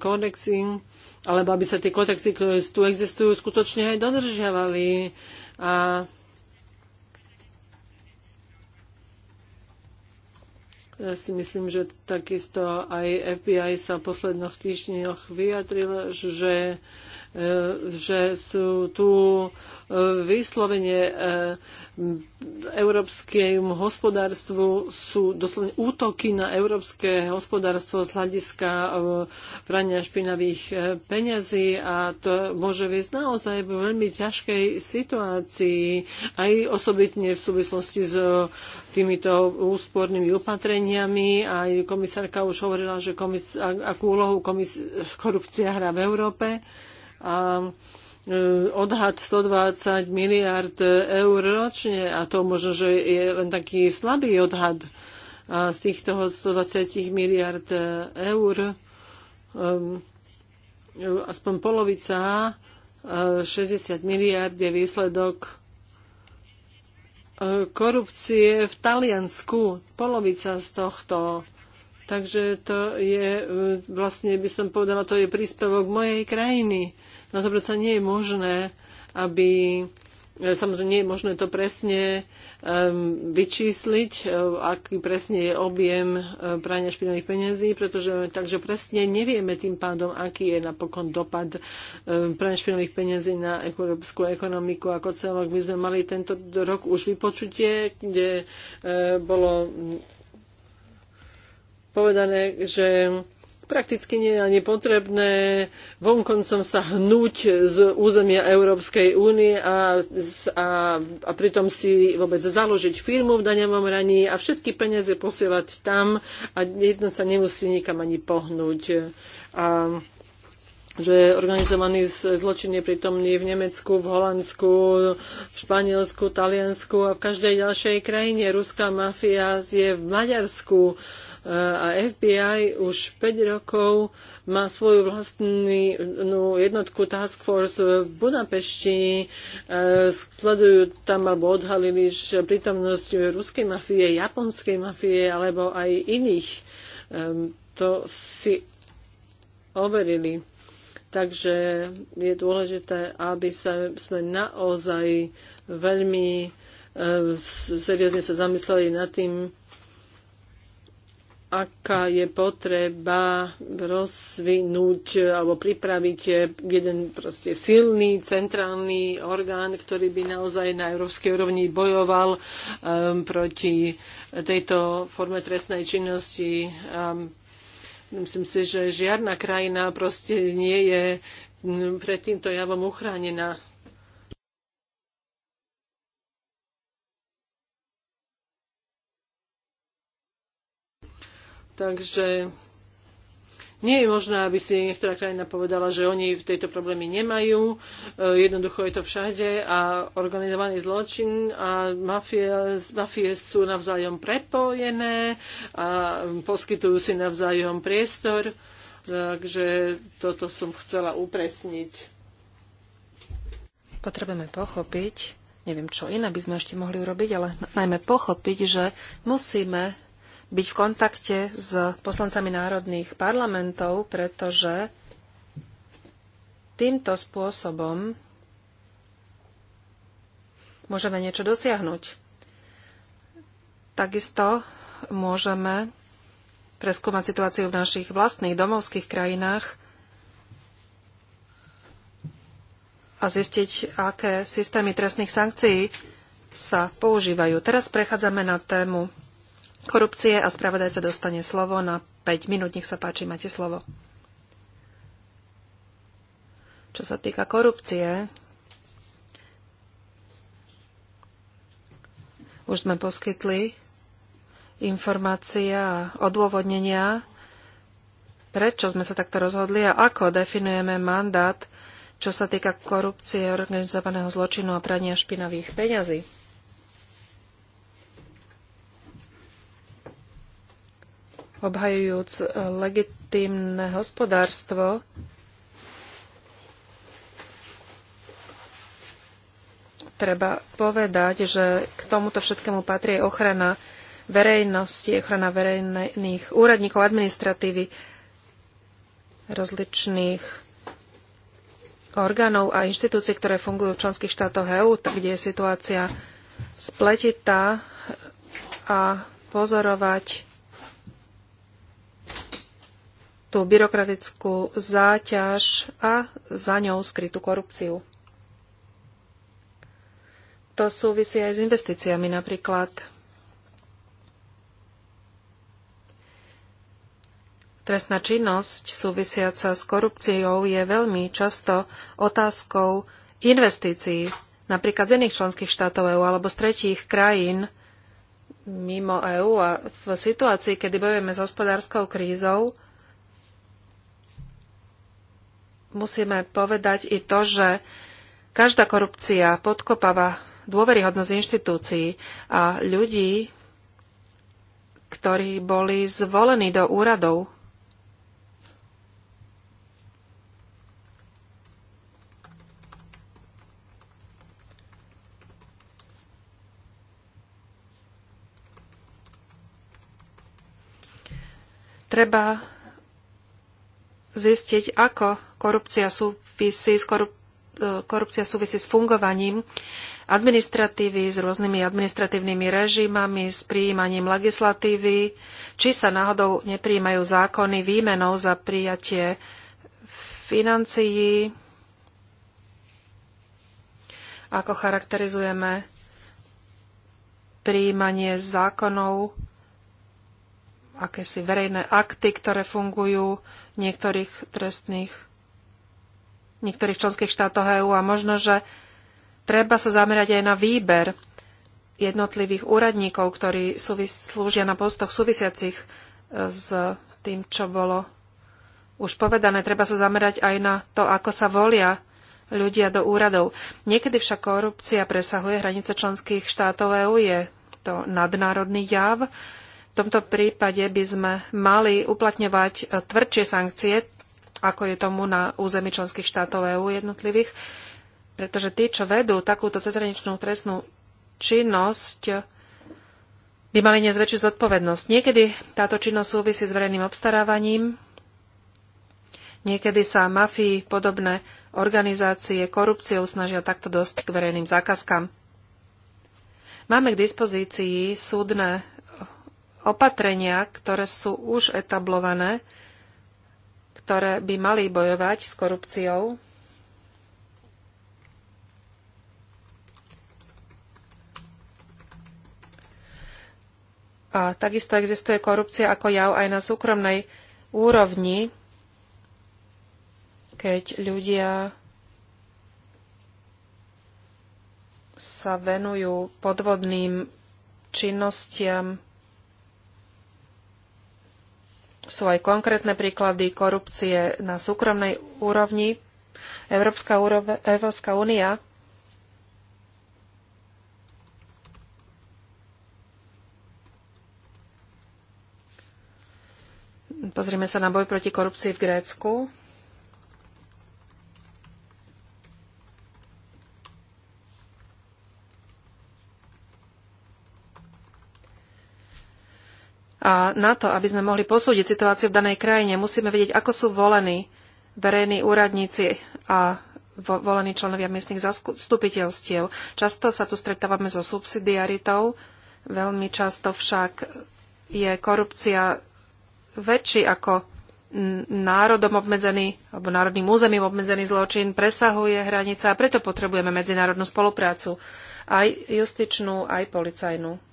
S3: kódexy alebo aby sa tie kodexy, ktoré tu existujú, skutočne aj dodržiavali. A Ja si myslím, že takisto aj FBI sa v posledných týždňoch vyjadril, že E, že sú tu e, vyslovene e, európskym hospodárstvu sú doslovne útoky na európske hospodárstvo z hľadiska prania špinavých peňazí a to môže viesť naozaj v veľmi ťažkej situácii aj osobitne v súvislosti s týmito úspornými opatreniami. Aj komisárka už hovorila, že komis- akú úlohu komis- korupcia hrá v Európe a e, odhad 120 miliard eur ročne a to možno, že je len taký slabý odhad a z týchto 120 miliard eur um, aspoň polovica 60 e, miliard je výsledok e, korupcie v Taliansku. Polovica z tohto. Takže to je, vlastne by som povedala, to je príspevok mojej krajiny. No to predsa nie je možné, aby e, Samozrejme, nie je možné to presne um, vyčísliť, um, aký presne je objem um, prania špinavých peniazí, pretože takže presne nevieme tým pádom, aký je napokon dopad um, prania špinavých peniazí na európsku ekonomiku ako celok. My sme mali tento rok už vypočutie, kde uh, bolo povedané, že prakticky nie je ani potrebné vonkoncom sa hnúť z územia Európskej únie a, a, a pritom si vôbec založiť firmu v daňovom raní a všetky peniaze posielať tam a jedno sa nemusí nikam ani pohnúť. A že organizovaný zločin je prítomný v Nemecku, v Holandsku, v Španielsku, Taliansku a v každej ďalšej krajine. Ruská mafia je v Maďarsku a FBI už 5 rokov má svoju vlastnú jednotku Task Force v Budapešti. E, sledujú tam alebo odhalili prítomnosť ruskej mafie, japonskej mafie alebo aj iných. To si overili. Takže je dôležité, aby sa, sme naozaj veľmi e, seriózne sa zamysleli nad tým, aká je potreba rozvinúť alebo pripraviť jeden proste silný centrálny orgán, ktorý by naozaj na európskej úrovni bojoval um, proti tejto forme trestnej činnosti. Um, myslím si, že žiadna krajina proste nie je pred týmto javom uchránená. Takže nie je možné, aby si niektorá krajina povedala, že oni v tejto problémy nemajú. E, jednoducho je to všade a organizovaný zločin a mafie, mafie sú navzájom prepojené a poskytujú si navzájom priestor. Takže toto som chcela
S4: upresniť. Potrebujeme pochopiť, neviem čo iné by sme ešte mohli urobiť, ale najmä pochopiť, že musíme byť v kontakte s poslancami národných parlamentov, pretože týmto spôsobom môžeme niečo dosiahnuť. Takisto môžeme preskúmať situáciu v našich vlastných domovských krajinách a zistiť, aké systémy trestných sankcií sa používajú. Teraz prechádzame na tému korupcie a spravodajca dostane slovo na 5 minút. Nech sa páči, máte slovo. Čo sa týka korupcie, už sme poskytli informácie a odôvodnenia, prečo sme sa takto rozhodli a ako definujeme mandát, čo sa týka korupcie, organizovaného zločinu a prania špinavých peňazí. obhajujúc eh, legitímne hospodárstvo, treba povedať, že k tomuto všetkému patrí ochrana verejnosti, ochrana verejných úradníkov, administratívy, rozličných orgánov a inštitúcií, ktoré fungujú v členských štátoch EÚ, kde je situácia spletitá a pozorovať tú byrokratickú záťaž a za ňou skrytú korupciu. To súvisí aj s investíciami napríklad. Trestná činnosť súvisiaca s korupciou je veľmi často otázkou investícií napríklad z iných členských štátov EÚ alebo z tretích krajín mimo EÚ a v situácii, kedy bojujeme s hospodárskou krízou, musíme povedať i to, že každá korupcia podkopáva dôveryhodnosť inštitúcií a ľudí, ktorí boli zvolení do úradov treba zistiť, ako korupcia súvisí s, korup- e, korupcia súvisí s fungovaním administratívy, s rôznymi administratívnymi režimami, s prijímaním legislatívy, či sa náhodou nepríjmajú zákony výmenou za prijatie financií, ako charakterizujeme prijímanie zákonov, akési verejné akty, ktoré fungujú niektorých trestných niektorých členských štátoch EÚ a možno, že treba sa zamerať aj na výber jednotlivých úradníkov, ktorí slúžia na postoch súvisiacich e, s tým, čo bolo už povedané. Treba sa zamerať aj na to, ako sa volia ľudia do úradov. Niekedy však korupcia presahuje hranice členských štátov EÚ, je to nadnárodný jav v tomto prípade by sme mali uplatňovať e, tvrdšie sankcie, ako je tomu na území členských štátov EÚ jednotlivých, pretože tí, čo vedú takúto cezhraničnú trestnú činnosť, by mali nezväčšiu zodpovednosť. Niekedy táto činnosť súvisí s verejným obstarávaním, niekedy sa mafii podobné organizácie korupciou snažia takto dosť k verejným zákazkám. Máme k dispozícii súdne opatrenia, ktoré sú už etablované, ktoré by mali bojovať s korupciou, A takisto existuje korupcia ako jav aj na súkromnej úrovni, keď ľudia sa venujú podvodným činnostiam sú aj konkrétne príklady korupcie na súkromnej úrovni. Európska, úrove, Európska únia Pozrieme sa na boj proti korupcii v Grécku. A na to, aby sme mohli posúdiť situáciu v danej krajine, musíme vedieť, ako sú volení verejní úradníci a vo, volení členovia miestnych zastupiteľstiev. Často sa tu stretávame so subsidiaritou, veľmi často však je korupcia väčší ako národom obmedzený alebo národným územím obmedzený zločin presahuje hranice a preto potrebujeme medzinárodnú spoluprácu aj justičnú, aj policajnú.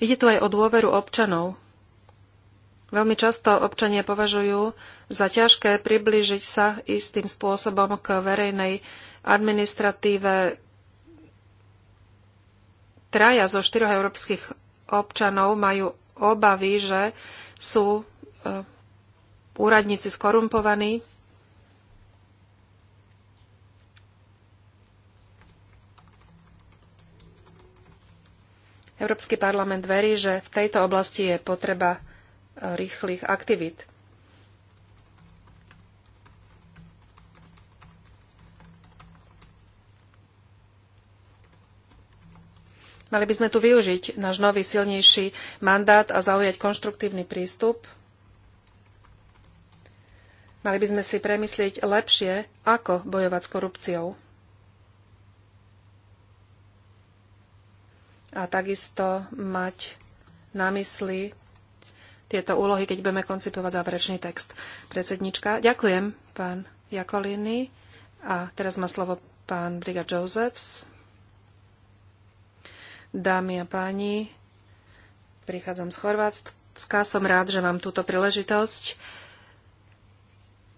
S4: Ide tu aj o dôveru občanov. Veľmi často občania považujú za ťažké priblížiť sa istým spôsobom k verejnej administratíve. Traja zo štyroch európskych občanov majú obavy, že sú e, úradníci skorumpovaní Európsky parlament verí, že v tejto oblasti je potreba e, rýchlych aktivít. Mali by sme tu využiť náš nový silnejší mandát a zaujať konštruktívny prístup. Mali by sme si premyslieť lepšie, ako bojovať s korupciou. a takisto mať na mysli tieto úlohy, keď budeme koncipovať záverečný text. Predsednička, ďakujem, pán Jakoliny. A teraz má slovo pán Briga Josephs. Dámy a páni, prichádzam z Chorvátska. Som rád, že mám túto príležitosť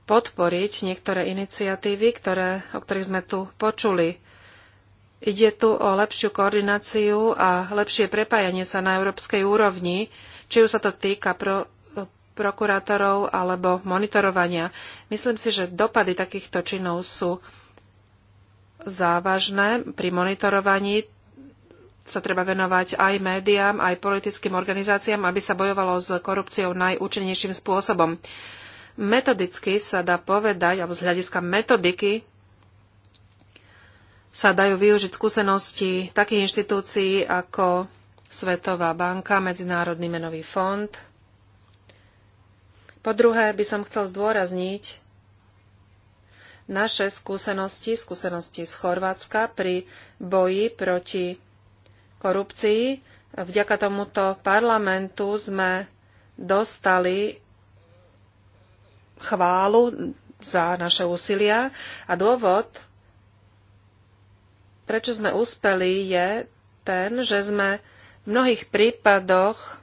S4: podporiť niektoré iniciatívy, ktoré, o ktorých sme tu počuli. Ide tu o lepšiu koordináciu a lepšie prepájanie sa na európskej úrovni, či už sa to týka pro, prokurátorov alebo monitorovania. Myslím si, že dopady takýchto činov sú závažné. Pri monitorovaní sa treba venovať aj médiám, aj politickým organizáciám, aby sa bojovalo s korupciou najúčinnejším spôsobom. Metodicky sa dá povedať, alebo z hľadiska metodiky sa dajú využiť skúsenosti takých inštitúcií ako Svetová banka, Medzinárodný menový fond. Po druhé by som chcel zdôrazniť naše skúsenosti, skúsenosti z Chorvátska pri boji proti korupcii. Vďaka tomuto parlamentu sme dostali chválu za naše úsilia a dôvod, prečo sme úspeli, je ten, že sme v mnohých prípadoch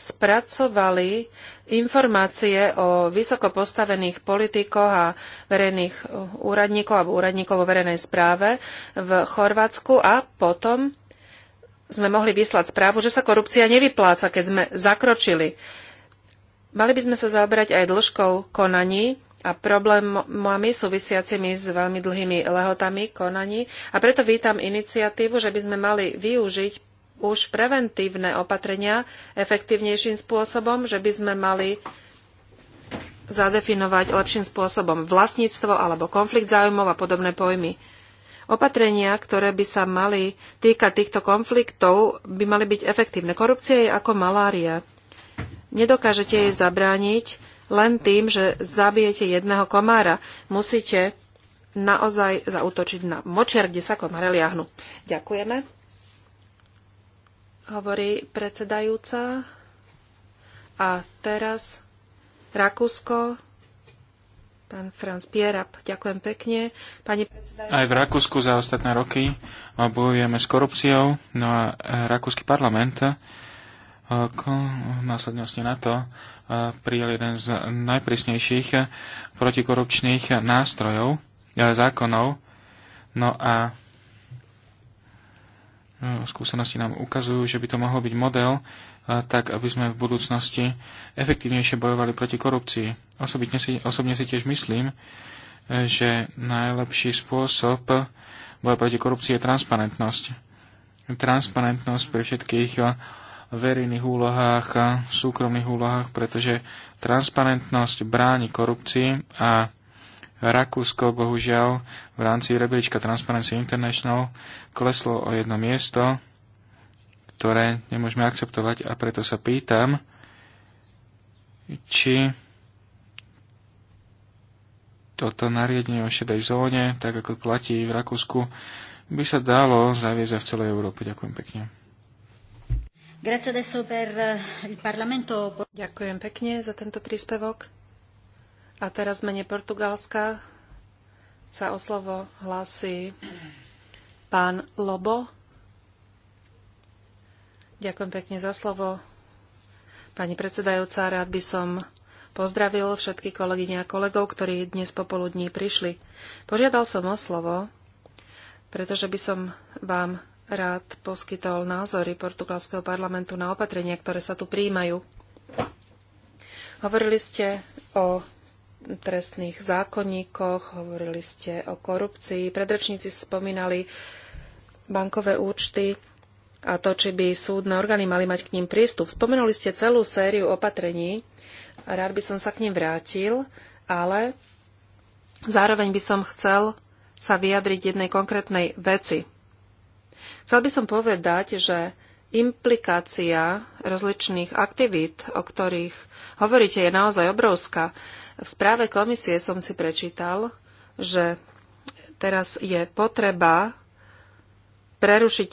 S4: spracovali informácie o vysoko postavených politikoch a verejných úradníkov alebo úradníkov vo verejnej správe v Chorvátsku a potom sme mohli vyslať správu, že sa korupcia nevypláca, keď sme zakročili. Mali by sme sa zaoberať aj dĺžkou konaní, a problémami súvisiacimi s veľmi dlhými lehotami konaní. A preto vítam iniciatívu, že by sme mali využiť už preventívne opatrenia efektívnejším spôsobom, že by sme mali zadefinovať lepším spôsobom vlastníctvo alebo konflikt záujmov a podobné pojmy. Opatrenia, ktoré by sa mali týkať týchto konfliktov, by mali byť efektívne. Korupcia je ako malária. Nedokážete jej zabrániť, len tým, že zabijete jedného komára. Musíte naozaj zautočiť na močiar, kde sa komáre liahnu. Ďakujeme. Hovorí predsedajúca. A teraz Rakúsko, pán Franz Pierab. Ďakujem pekne. Pani predsedajúca...
S2: Aj v Rakúsku za ostatné roky bojujeme s korupciou. No a Rakúsky parlament eh, následne vlastne na to prijal jeden z najprísnejších protikorupčných nástrojov, e, zákonov. No a e, skúsenosti nám ukazujú, že by to mohol byť model, e, tak aby sme v budúcnosti efektívnejšie bojovali proti korupcii. Osobitne si, osobne si tiež myslím, že najlepší spôsob boja proti korupcii je transparentnosť. Transparentnosť pre všetkých verejných úlohách a súkromných úlohách, pretože transparentnosť bráni korupcii a Rakúsko bohužiaľ v rámci rebríčka Transparency International kleslo o jedno miesto, ktoré nemôžeme akceptovať a preto sa pýtam, či toto nariadenie o šedej zóne, tak ako platí v Rakúsku, by sa dalo zaviesť aj v celej Európe. Ďakujem
S4: pekne. Eh, Ďakujem pekne za tento príspevok. A teraz mene Portugalska sa o slovo hlási pán Lobo. Ďakujem pekne za slovo. Pani predsedajúca, rád by som pozdravil všetky kolegyne a kolegov, ktorí dnes popoludní prišli. Požiadal som o slovo, pretože by som vám rád poskytol názory portugalského parlamentu na opatrenia, ktoré sa tu príjmajú. Hovorili ste o trestných zákonníkoch, hovorili ste o korupcii. Predrečníci spomínali bankové účty a to, či by súdne orgány mali mať k ním prístup. Spomenuli ste celú sériu opatrení. Rád by som sa k ním vrátil, ale zároveň by som chcel sa vyjadriť jednej konkrétnej veci. Chcel by som povedať, že implikácia rozličných aktivít, o ktorých hovoríte, je naozaj obrovská. V správe komisie som si prečítal, že teraz je potreba prerušiť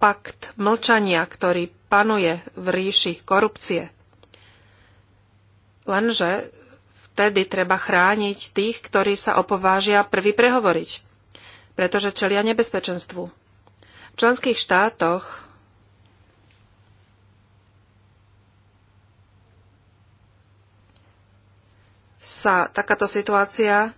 S4: pakt mlčania, ktorý panuje v ríši korupcie. Lenže vtedy treba chrániť tých, ktorí sa opovážia prvý prehovoriť, pretože čelia nebezpečenstvu. V členských štátoch sa takáto situácia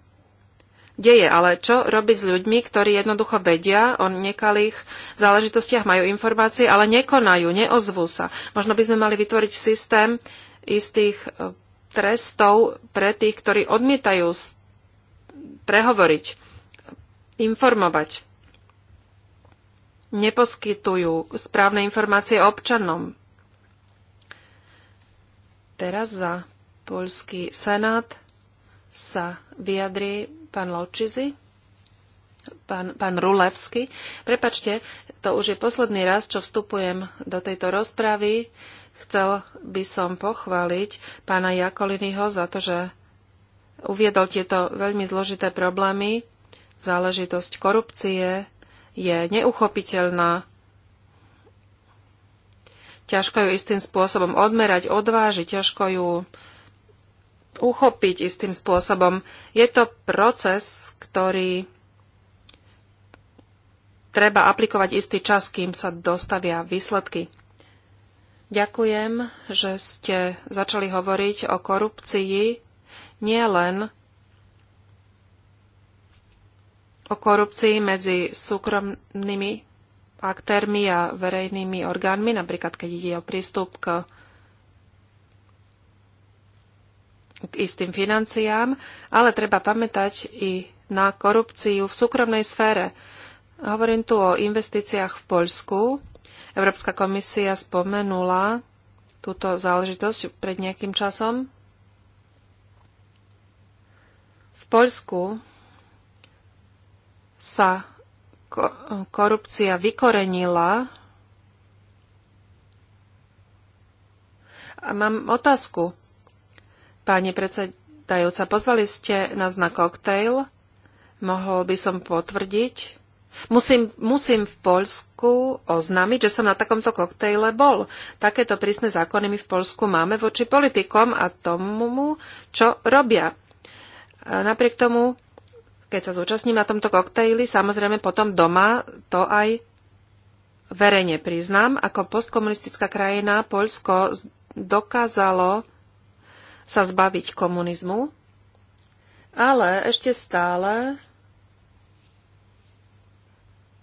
S4: deje, ale čo robiť s ľuďmi, ktorí jednoducho vedia o nekalých záležitostiach, majú informácie, ale nekonajú, neozvú sa. Možno by sme mali vytvoriť systém istých e, trestov pre tých, ktorí odmietajú prehovoriť, informovať neposkytujú správne informácie občanom. Teraz za Polský senát sa vyjadrí pán Lovčizi, pán, pán Rulevsky. Prepačte, to už je posledný raz, čo vstupujem do tejto rozpravy. Chcel by som pochváliť pána Jakoliniho za to, že uviedol tieto veľmi zložité problémy, záležitosť korupcie, je neuchopiteľná. Ťažko ju istým spôsobom odmerať, odvážiť, ťažko ju uchopiť istým spôsobom. Je to proces, ktorý treba aplikovať istý čas, kým sa dostavia výsledky. Ďakujem, že ste začali hovoriť o korupcii nie len o korupcii medzi súkromnými aktérmi a verejnými orgánmi, napríklad keď ide o prístup k, k istým financiám, ale treba pamätať i na korupciu v súkromnej sfére. Hovorím tu o investíciách v Poľsku. Európska komisia spomenula túto záležitosť pred nejakým časom. V Poľsku sa korupcia vykorenila. A mám otázku. Páni predsedajúca, pozvali ste nás na koktejl. Mohol by som potvrdiť, Musím, musím v Poľsku oznámiť, že som na takomto koktejle bol. Takéto prísne zákony my v Poľsku máme voči politikom a tomu, čo robia. Napriek tomu keď sa zúčastním na tomto koktejli, samozrejme potom doma to aj verejne priznám, ako postkomunistická krajina Poľsko dokázalo sa zbaviť komunizmu, ale ešte stále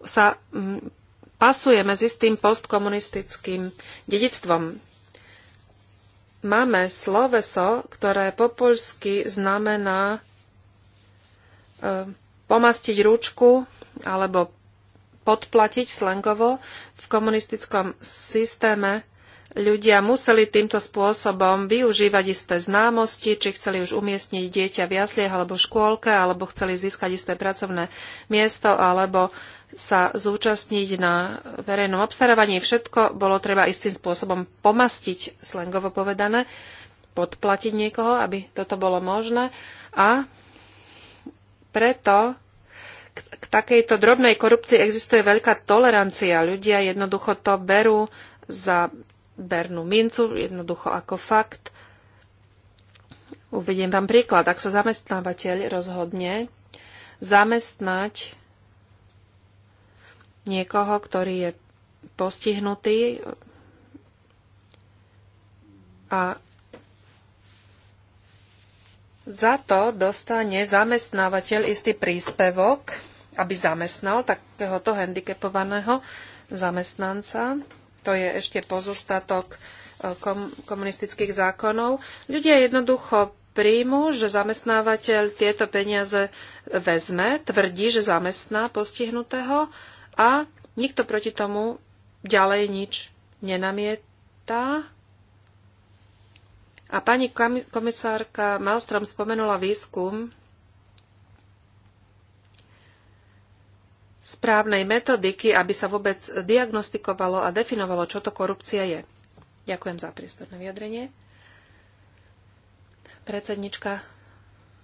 S4: sa mm, pasujeme s istým postkomunistickým dedictvom. Máme sloveso, ktoré po poľsky znamená E, pomastiť ručku alebo podplatiť slangovo. V komunistickom systéme ľudia museli týmto spôsobom využívať isté známosti, či chceli už umiestniť dieťa v jasliach alebo v škôlke, alebo chceli získať isté pracovné miesto, alebo sa zúčastniť na verejnom obstarávaní. Všetko bolo treba istým spôsobom pomastiť, slangovo povedané, podplatiť niekoho, aby toto bolo možné. A preto k, k takejto drobnej korupcii existuje veľká tolerancia. Ľudia jednoducho to berú za bernú mincu, jednoducho ako fakt. Uvediem vám príklad. Ak sa zamestnávateľ rozhodne zamestnať niekoho, ktorý je postihnutý a za to dostane zamestnávateľ istý príspevok, aby zamestnal takéhoto handicapovaného zamestnanca. To je ešte pozostatok e, komunistických zákonov. Ľudia jednoducho príjmu, že zamestnávateľ tieto peniaze vezme, tvrdí, že zamestná postihnutého a nikto proti tomu ďalej nič nenamietá. A pani komisárka Malstrom spomenula výskum správnej metodiky, aby sa vôbec diagnostikovalo a definovalo, čo to korupcia je. Ďakujem za priestor na vyjadrenie. Predsednička,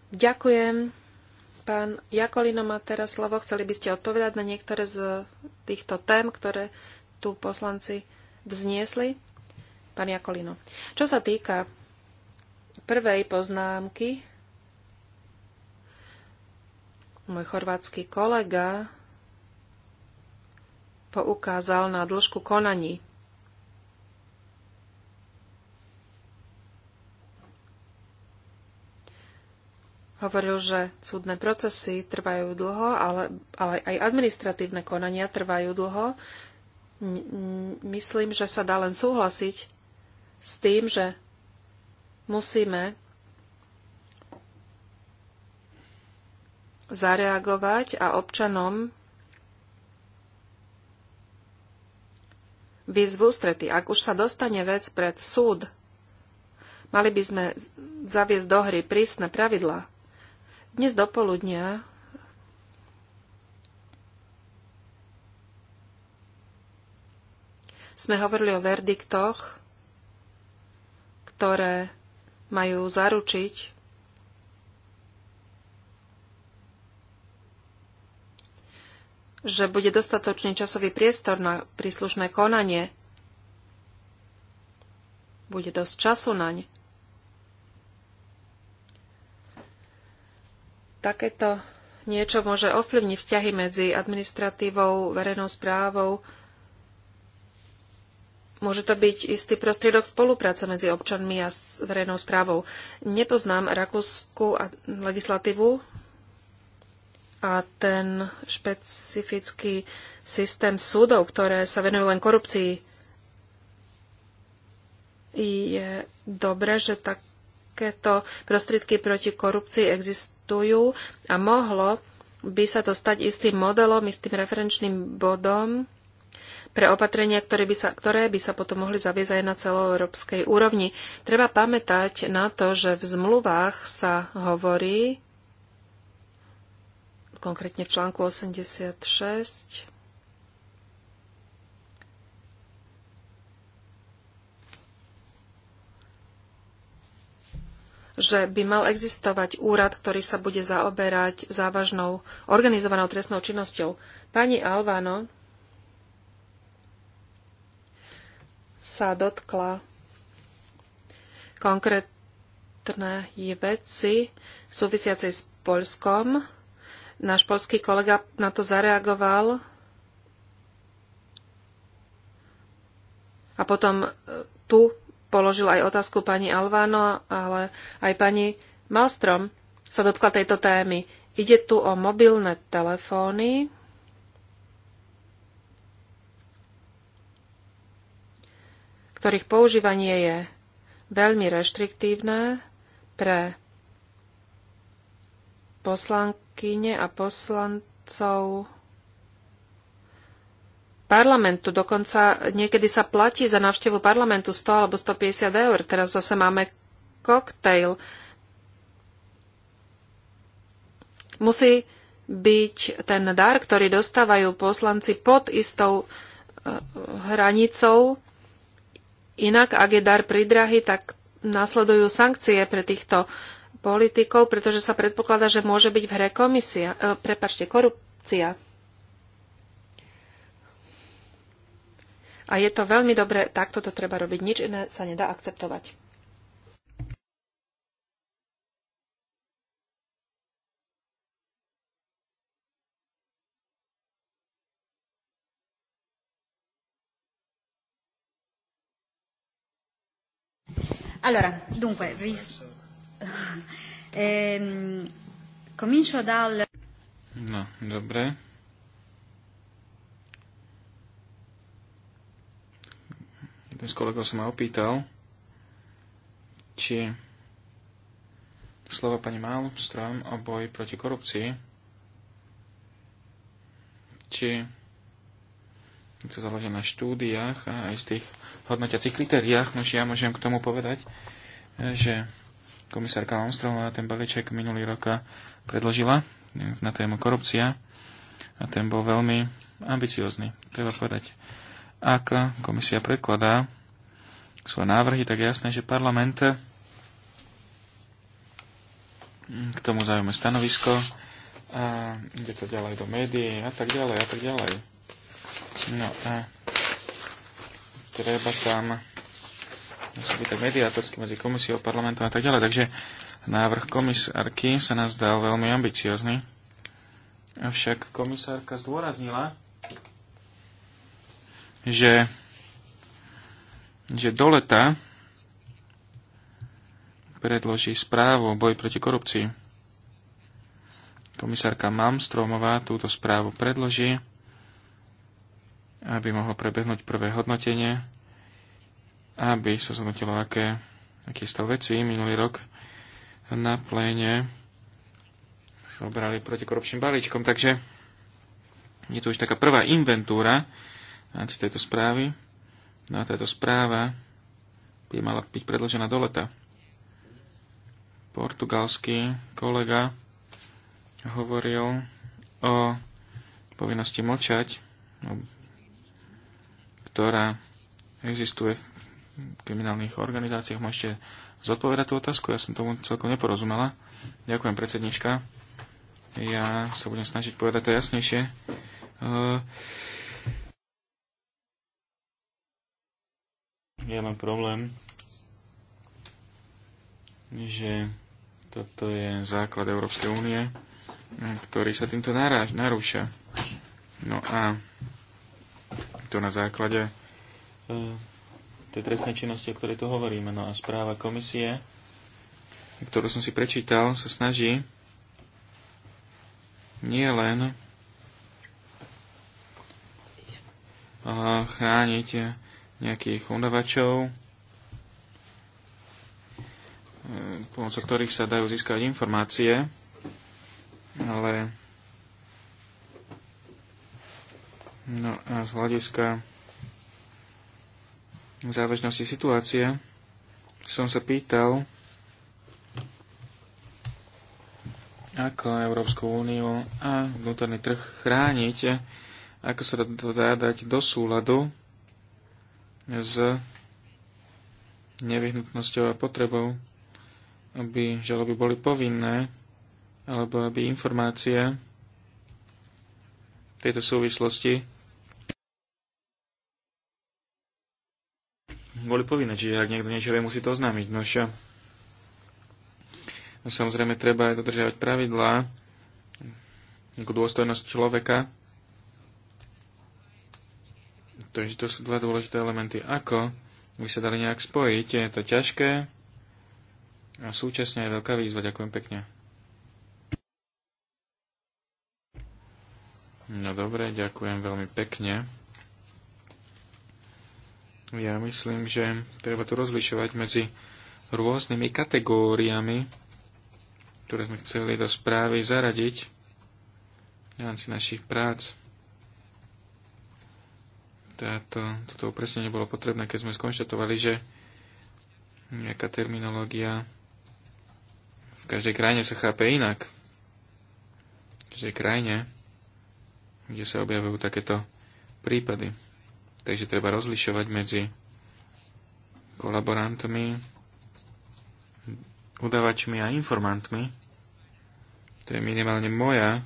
S4: ďakujem. Pán Jakolino má teraz slovo. Chceli by ste odpovedať na niektoré z týchto tém, ktoré tu poslanci vzniesli? Pán Jakolino. Čo sa týka prvej poznámky môj chorvátsky kolega poukázal na dĺžku konaní. Hovoril, že súdne procesy trvajú dlho, ale, ale aj administratívne konania trvajú dlho. Myslím, že sa dá len súhlasiť s tým, že musíme zareagovať a občanom výzvu strety. Ak už sa dostane vec pred súd, mali by sme zaviesť do hry prísne pravidlá. Dnes do poludnia sme hovorili o verdiktoch, ktoré majú zaručiť že bude dostatočný časový priestor na príslušné konanie. Bude dosť času naň. Takéto niečo môže ovplyvniť vzťahy medzi administratívou, verejnou správou, Môže to byť istý prostriedok spolupráce medzi občanmi a verejnou správou. Nepoznám rakúsku legislatívu a ten špecifický systém súdov, ktoré sa venujú len korupcii. Je dobré, že takéto prostriedky proti korupcii existujú a mohlo by sa to stať istým modelom, istým referenčným bodom pre opatrenia, ktoré by sa, ktoré by sa potom mohli zaviesť aj na celoeurópskej úrovni. Treba pamätať na to, že v zmluvách sa hovorí, konkrétne v článku 86, že by mal existovať úrad, ktorý sa bude zaoberať závažnou organizovanou trestnou činnosťou. Pani Alvano sa dotkla konkrétnej veci súvisiacej s Polskom. Náš polský kolega na to zareagoval a potom e, tu položil aj otázku pani Alvano, ale aj pani Malstrom sa dotkla tejto témy. Ide tu o mobilné telefóny, ktorých používanie je veľmi reštriktívne pre poslankyne a poslancov parlamentu. Dokonca niekedy sa platí za návštevu parlamentu 100 alebo 150 eur. Teraz zase máme koktejl. Musí byť ten dar, ktorý dostávajú poslanci pod istou eh, hranicou Inak, ak je dar pridrahy, tak nasledujú sankcie pre týchto politikov, pretože sa predpokladá, že môže byť v hre komisia, e, prepačte, korupcia. A je to veľmi dobre, takto to treba robiť, nič iné sa nedá akceptovať.
S1: Allora, dunque, ris- ehm, comincio dal...
S2: No, dobre. Jeden z kolegov sa ma opýtal, či slova pani Malmström o boji proti korupcii, či je to založené na štúdiách a aj z tých hodnotiacich kritériách, no ja môžem k tomu povedať, že komisárka Malmstromová ten balíček minulý roka predložila na tému korupcia a ten bol veľmi ambiciózny. treba povedať. Ak komisia predkladá svoje návrhy, tak je jasné, že parlament k tomu zaujme stanovisko a ide to ďalej do médií a tak ďalej a tak ďalej No a treba tam musí byť tak mediátorský medzi komisiou, parlamentom a tak ďalej. Takže návrh komisárky sa nás dal veľmi ambiciozný. Avšak komisárka zdôraznila, že, že do leta predloží správu o boji proti korupcii. Komisárka Malmstromová túto správu predloží aby mohlo prebehnúť prvé hodnotenie, aby sa zhodnotilo, aké, aký stav veci minulý rok na pléne sa obrali protikorupčným balíčkom. Takže je tu už taká prvá inventúra z tejto správy. No a táto správa by mala byť predložená do leta. Portugalský kolega hovoril o povinnosti mlčať, no, ktorá existuje v kriminálnych organizáciách. Môžete zodpovedať tú otázku? Ja som tomu celkom neporozumela. Ďakujem, predsednička. Ja sa budem snažiť povedať to jasnejšie. Eh, ja mám problém, že toto je základ Európskej únie, ktorý sa týmto narúša. No a to na základe e, tej trestnej činnosti, o ktorej tu hovoríme. No a správa komisie, ktorú som si prečítal, sa snaží nie len chrániť nejakých udavačov, e, pomocou ktorých sa dajú získať informácie, ale No a z hľadiska závažnosti situácie som sa pýtal, ako Európsku úniu a vnútorný trh chrániť, ako sa to dá dať do súladu s nevyhnutnosťou a potrebou, aby žaloby boli povinné, alebo aby informácie v tejto súvislosti boli povinné, čiže ak niekto niečo vie, musí to oznámiť. No samozrejme treba aj dodržiavať pravidlá, ako dôstojnosť človeka. Takže to sú dva dôležité elementy. Ako by sa dali nejak spojiť, je to ťažké a súčasne je veľká výzva. Ďakujem pekne. No dobre, ďakujem veľmi pekne. Ja myslím, že treba tu rozlišovať medzi rôznymi kategóriami, ktoré sme chceli do správy zaradiť v rámci našich prác. Táto, toto presne nebolo potrebné, keď sme skonštatovali, že nejaká terminológia v každej krajine sa chápe inak. V každej krajine, kde sa objavujú takéto prípady. Takže treba rozlišovať medzi kolaborantmi, udavačmi a informantmi. To je minimálne moja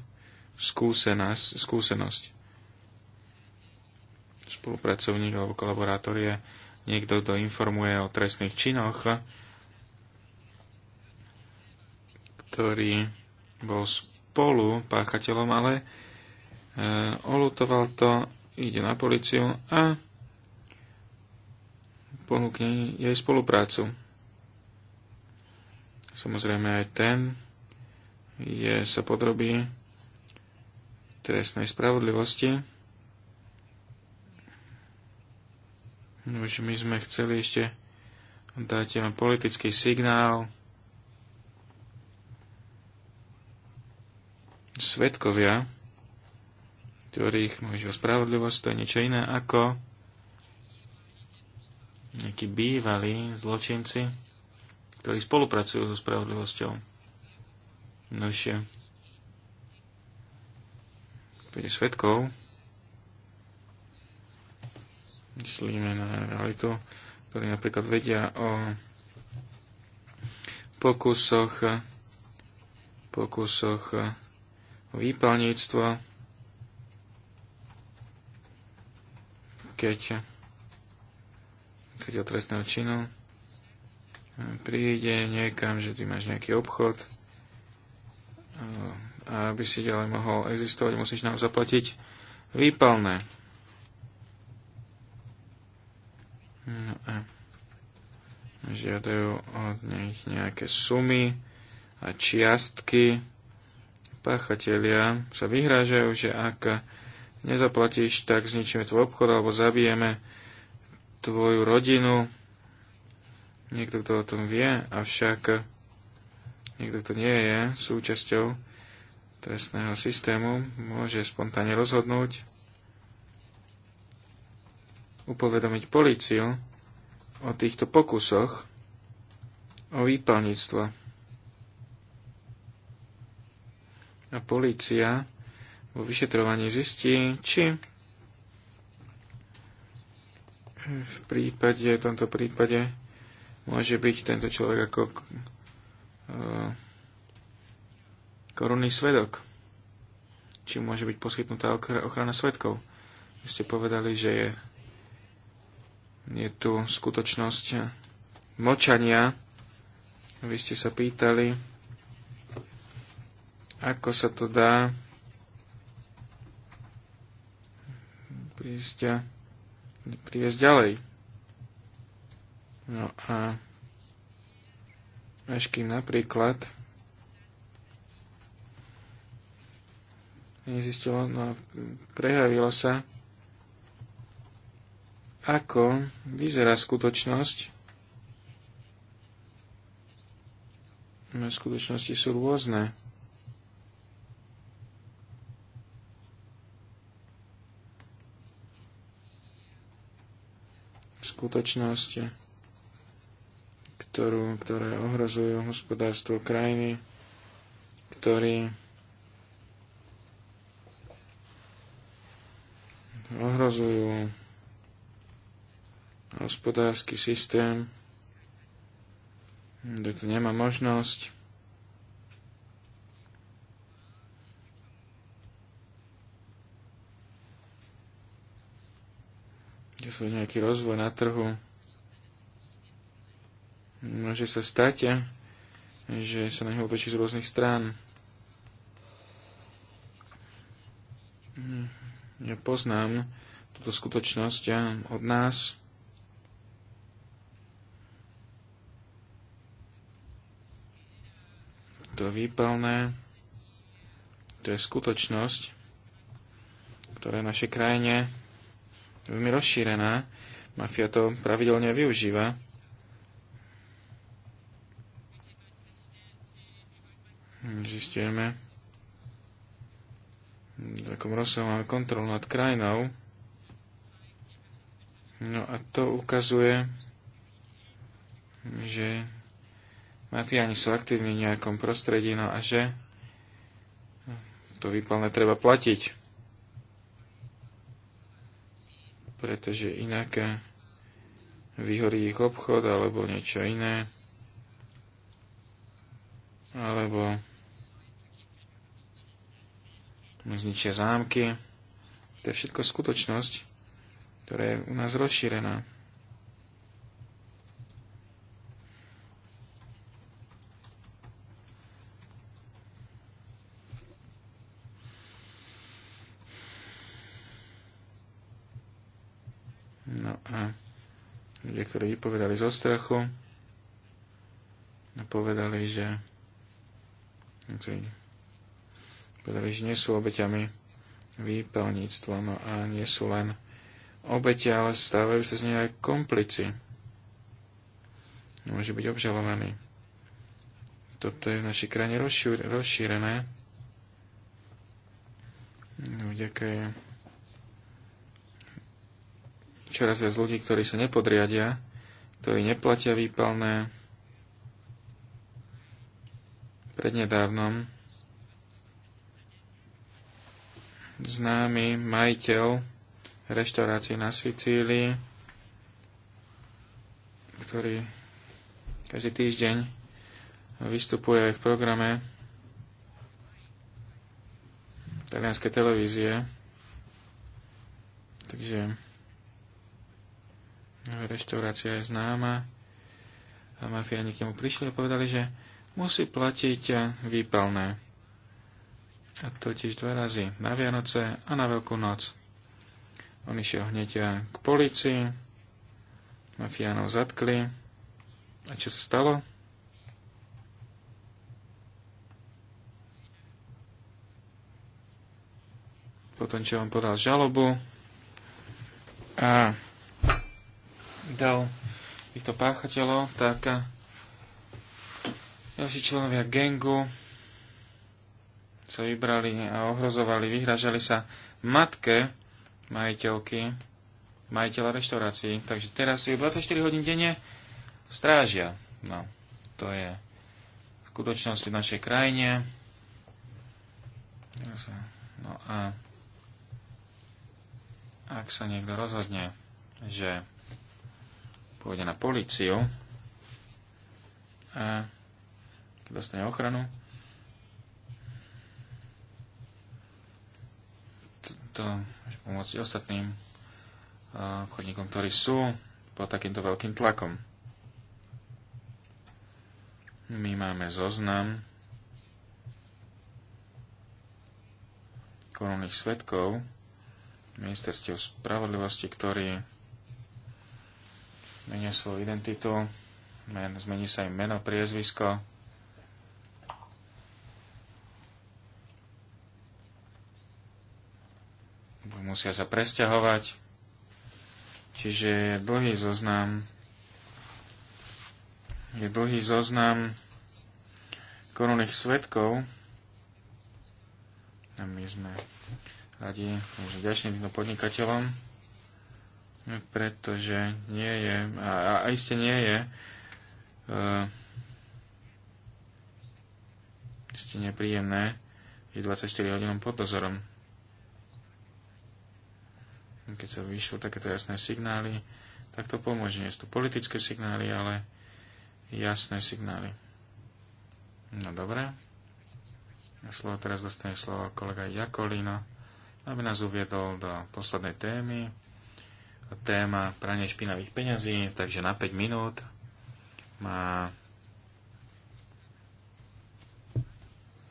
S2: skúsenosť. skúsenosť. Spolupracovník alebo kolaborátor je niekto, kto informuje o trestných činoch, ktorý bol spolu páchateľom, ale e, olutoval to ide na policiu a ponúkne jej spoluprácu. Samozrejme aj ten je, sa podrobí trestnej spravodlivosti. Už my sme chceli ešte dať politický signál svetkovia ktorých môže o spravodlivosť, to je niečo iné ako nejakí bývalí zločinci, ktorí spolupracujú so spravodlivosťou. Nože, pri svetkov myslíme na realitu, ktorí napríklad vedia o pokusoch, pokusoch výpalníctva, keď, keď trestného činu príde niekam, že ty máš nejaký obchod a aby si ďalej mohol existovať, musíš nám zaplatiť výpalné. No a žiadajú od nich nejaké sumy a čiastky. Páchatelia sa vyhrážajú, že ak nezaplatíš, tak zničíme tvoj obchod alebo zabijeme tvoju rodinu. Niekto, kto o tom vie, avšak niekto, to nie je súčasťou trestného systému, môže spontánne rozhodnúť, upovedomiť políciu o týchto pokusoch o výpalníctvo. A polícia vo vyšetrovaní zistí, či v prípade, v tomto prípade môže byť tento človek ako e, korunný svedok. Či môže byť poskytnutá ochrana svedkov. Vy ste povedali, že je, je tu skutočnosť močania. Vy ste sa pýtali, ako sa to dá prísť, priviesť ďalej. No a až kým napríklad nezistilo, no a prejavilo sa, ako vyzerá skutočnosť. No, skutočnosti sú rôzne. skutočnosť, ktorú, ktoré ohrozujú hospodárstvo krajiny, ktorý ohrozujú hospodársky systém, kde to nemá možnosť že sa nejaký rozvoj na trhu. Môže sa stať, že sa na neho z rôznych strán. Ja poznám túto skutočnosť od nás. To výpalné, to je skutočnosť, ktorá v našej krajine veľmi rozšírená. Mafia to pravidelne využíva. Zistujeme, v akom rozsahu máme kontrolu nad krajinou. No a to ukazuje, že mafiáni sú aktívni v nejakom prostredí, no a že to výpalné treba platiť. pretože inak vyhorí ich obchod alebo niečo iné, alebo zničia zámky. To je všetko skutočnosť, ktorá je u nás rozšírená. No a ľudia, ktorí vypovedali zo strachu, no povedali, že povedali, že nie sú obeťami výpelníctva, no a nie sú len obete, ale stávajú sa z nej aj komplici. Môže byť obžalovaný. Toto je v našej krajine rozšírené. Vďaka čoraz viac ľudí, ktorí sa nepodriadia, ktorí neplatia výpalné. Prednedávnom známy majiteľ reštaurácií na Sicílii, ktorý každý týždeň vystupuje aj v programe talianskej televízie. Takže Reštaurácia je známa. A mafiáni k nemu prišli a povedali, že musí platiť výpalné. A to tiež dva razy. Na Vianoce a na Veľkú noc. On išiel hneď k policii. Mafiánov zatkli. A čo sa stalo? potom, čo on podal žalobu a dal týchto páchateľov, tak eh, ďalší členovia gengu sa vybrali a ohrozovali, vyhražali sa matke majiteľky, majiteľa reštaurácií. Takže teraz ju 24 hodín denne strážia. No, to je v skutočnosti v našej krajine. No a ak sa niekto rozhodne, že pôjde na policiu a keď dostane ochranu, to môže pomôcť ostatným chodníkom, ktorí sú pod takýmto veľkým tlakom. My máme zoznam korunných svetkov ministerstiev spravodlivosti, ktorí menia svoju identitu, men, zmení sa im meno, priezvisko. Musia sa presťahovať. Čiže je dlhý zoznam je dlhý zoznam korunných svetkov. A my sme radi, že ďačným podnikateľom pretože nie je, a, a iste nie je, uh, iste nepríjemné, že 24 hodinom pod dozorom. Keď sa vyšlo takéto jasné signály, tak to pomôže. Nie sú to politické signály, ale jasné signály. No dobre. Slovo teraz dostane slovo kolega Jakolino, aby nás uviedol do poslednej témy téma pranie špinavých peňazí, takže na 5 minút má,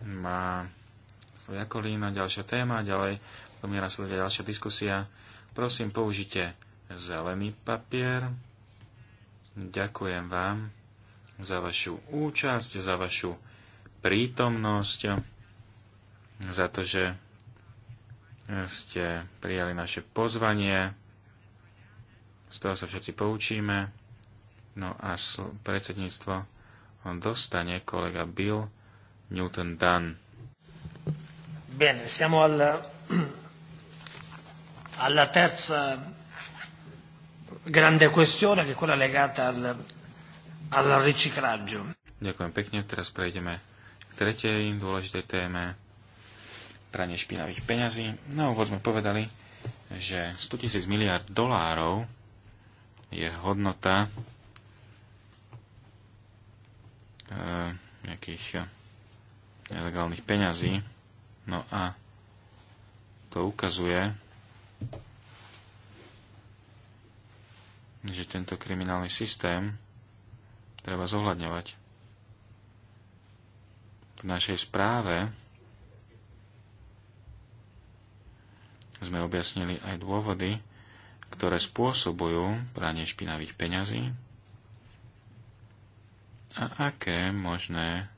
S2: má Jakolína ďalšia téma, ďalej po mňa nasleduje ďalšia diskusia. Prosím, použite zelený papier. Ďakujem vám za vašu účasť, za vašu prítomnosť, za to, že ste prijali naše pozvanie z toho sa všetci poučíme. No a predsedníctvo on dostane kolega Bill Newton Dunn.
S1: Bene, siamo alla, alla terza grande questione, che è quella legata al, al riciclaggio.
S2: Ďakujem pekne, teraz prejdeme k tretej dôležitej téme, pranie špinavých peňazí. no, úvod sme povedali, že 100 tisíc miliard dolárov je hodnota e, nejakých e, nelegálnych peňazí. No a to ukazuje, že tento kriminálny systém treba zohľadňovať. V našej správe sme objasnili aj dôvody, ktoré spôsobujú pranie špinavých peňazí a aké možné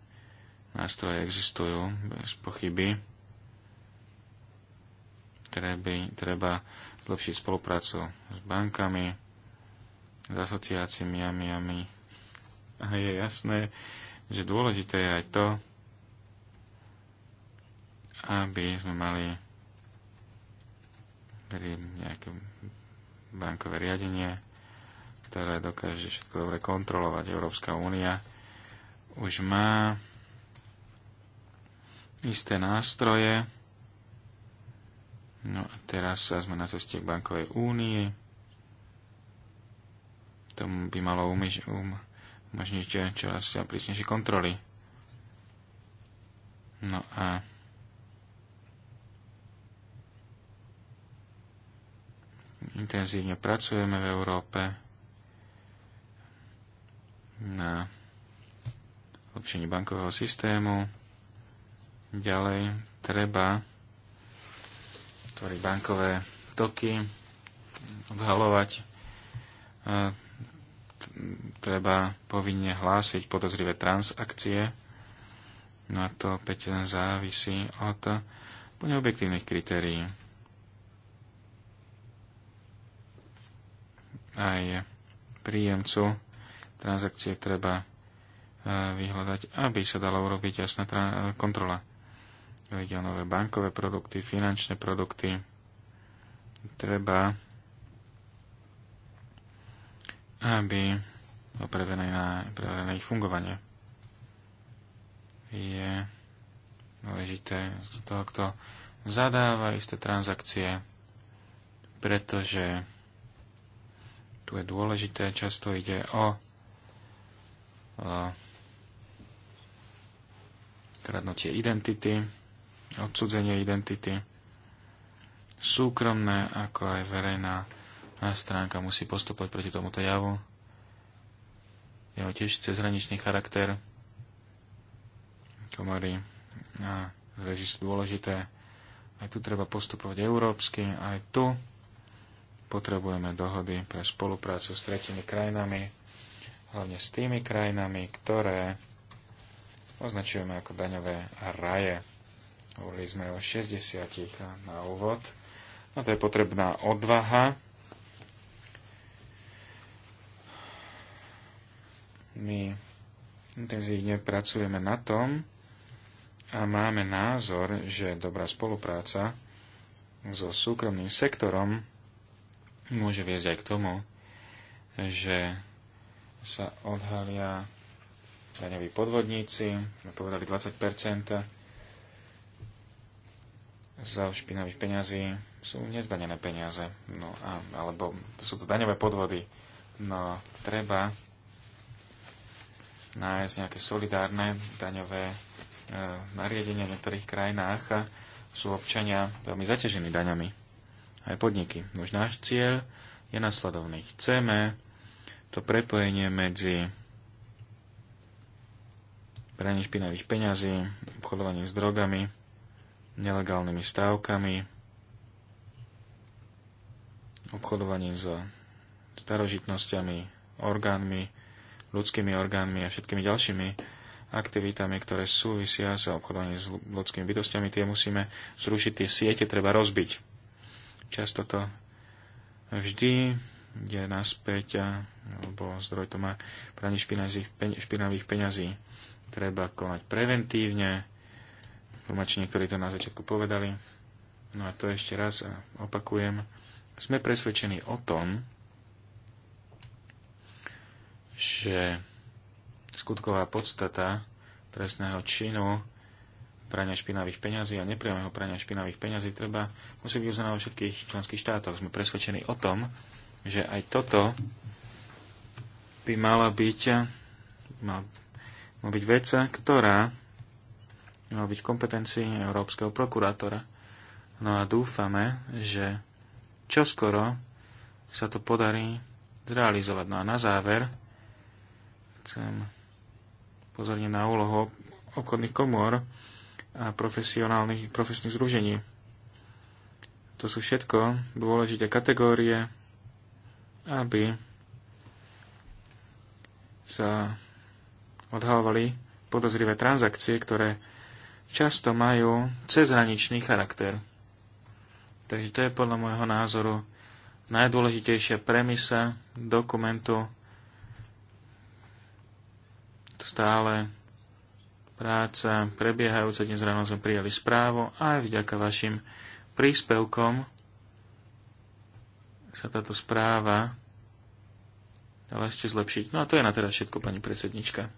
S2: nástroje existujú bez pochyby. Treby, treba zlepšiť spoluprácu s bankami, s asociáciami a miami. A je jasné, že dôležité je aj to, aby sme mali nejaké bankové riadenie, ktoré dokáže všetko dobre kontrolovať. Európska únia už má isté nástroje. No a teraz sa sme na ceste k bankovej únii. To by malo um- umožniť um, čoraz prísnejšie kontroly. No a intenzívne pracujeme v Európe na zlepšení bankového systému. Ďalej treba tvoriť bankové toky, odhalovať. Treba povinne hlásiť podozrivé transakcie. No a to opäť závisí od plne objektívnych kritérií aj príjemcu transakcie treba e, vyhľadať, aby sa dala urobiť jasná kontrola. Regionové bankové produkty, finančné produkty treba, aby opravené na opravené ich fungovanie. Je dôležité toho, kto zadáva isté transakcie, pretože tu je dôležité, často ide o, kradnutie identity, odsudzenie identity. Súkromné, ako aj verejná stránka musí postupovať proti tomuto javu. Jeho tiež cezhraničný charakter. Komory a zväzy sú dôležité. Aj tu treba postupovať európsky, aj tu potrebujeme dohody pre spoluprácu s tretimi krajinami, hlavne s tými krajinami, ktoré označujeme ako daňové raje. Hovorili sme o 60 na úvod. A to je potrebná odvaha. My intenzívne pracujeme na tom a máme názor, že dobrá spolupráca so súkromným sektorom môže viesť aj k tomu, že sa odhalia daňoví podvodníci, sme povedali 20 za špinavých peňazí sú nezdanené peniaze, no a, alebo to sú to daňové podvody. No treba nájsť nejaké solidárne daňové e, nariadenia v niektorých krajinách a sú občania veľmi zaťažení daňami aj podniky. Už náš cieľ je nasledovný. Chceme to prepojenie medzi branie špinavých peňazí, obchodovaním s drogami, nelegálnymi stávkami, obchodovaním s starožitnosťami, orgánmi, ľudskými orgánmi a všetkými ďalšími aktivitami, ktoré súvisia s obchodovaním s ľudskými bytostiami, tie musíme zrušiť, tie siete treba rozbiť Často to vždy ide naspäť, alebo zdroj to má pranie špinavých, špinavých peňazí. Treba konať preventívne, informačne niektorí to na začiatku povedali. No a to ešte raz opakujem. Sme presvedčení o tom, že skutková podstata trestného činu prania špinavých peňazí a nepriamého prania špinavých peňazí treba, musí byť uznané vo všetkých členských štátoch. Sme presvedčení o tom, že aj toto by mala byť, mal, mal byť vec, ktorá mala byť kompetencii Európskeho prokurátora. No a dúfame, že čoskoro sa to podarí zrealizovať. No a na záver chcem pozorne na úlohu obchodných komôr a profesionálnych, profesných združení. To sú všetko dôležité kategórie, aby sa odhalovali podozrivé transakcie, ktoré často majú cezhraničný charakter. Takže to je podľa môjho názoru najdôležitejšia premisa dokumentu stále práca prebiehajúca. Dnes ráno sme prijali správu a aj vďaka vašim príspevkom sa táto správa dala ešte zlepšiť. No a to je na teraz všetko, pani predsednička.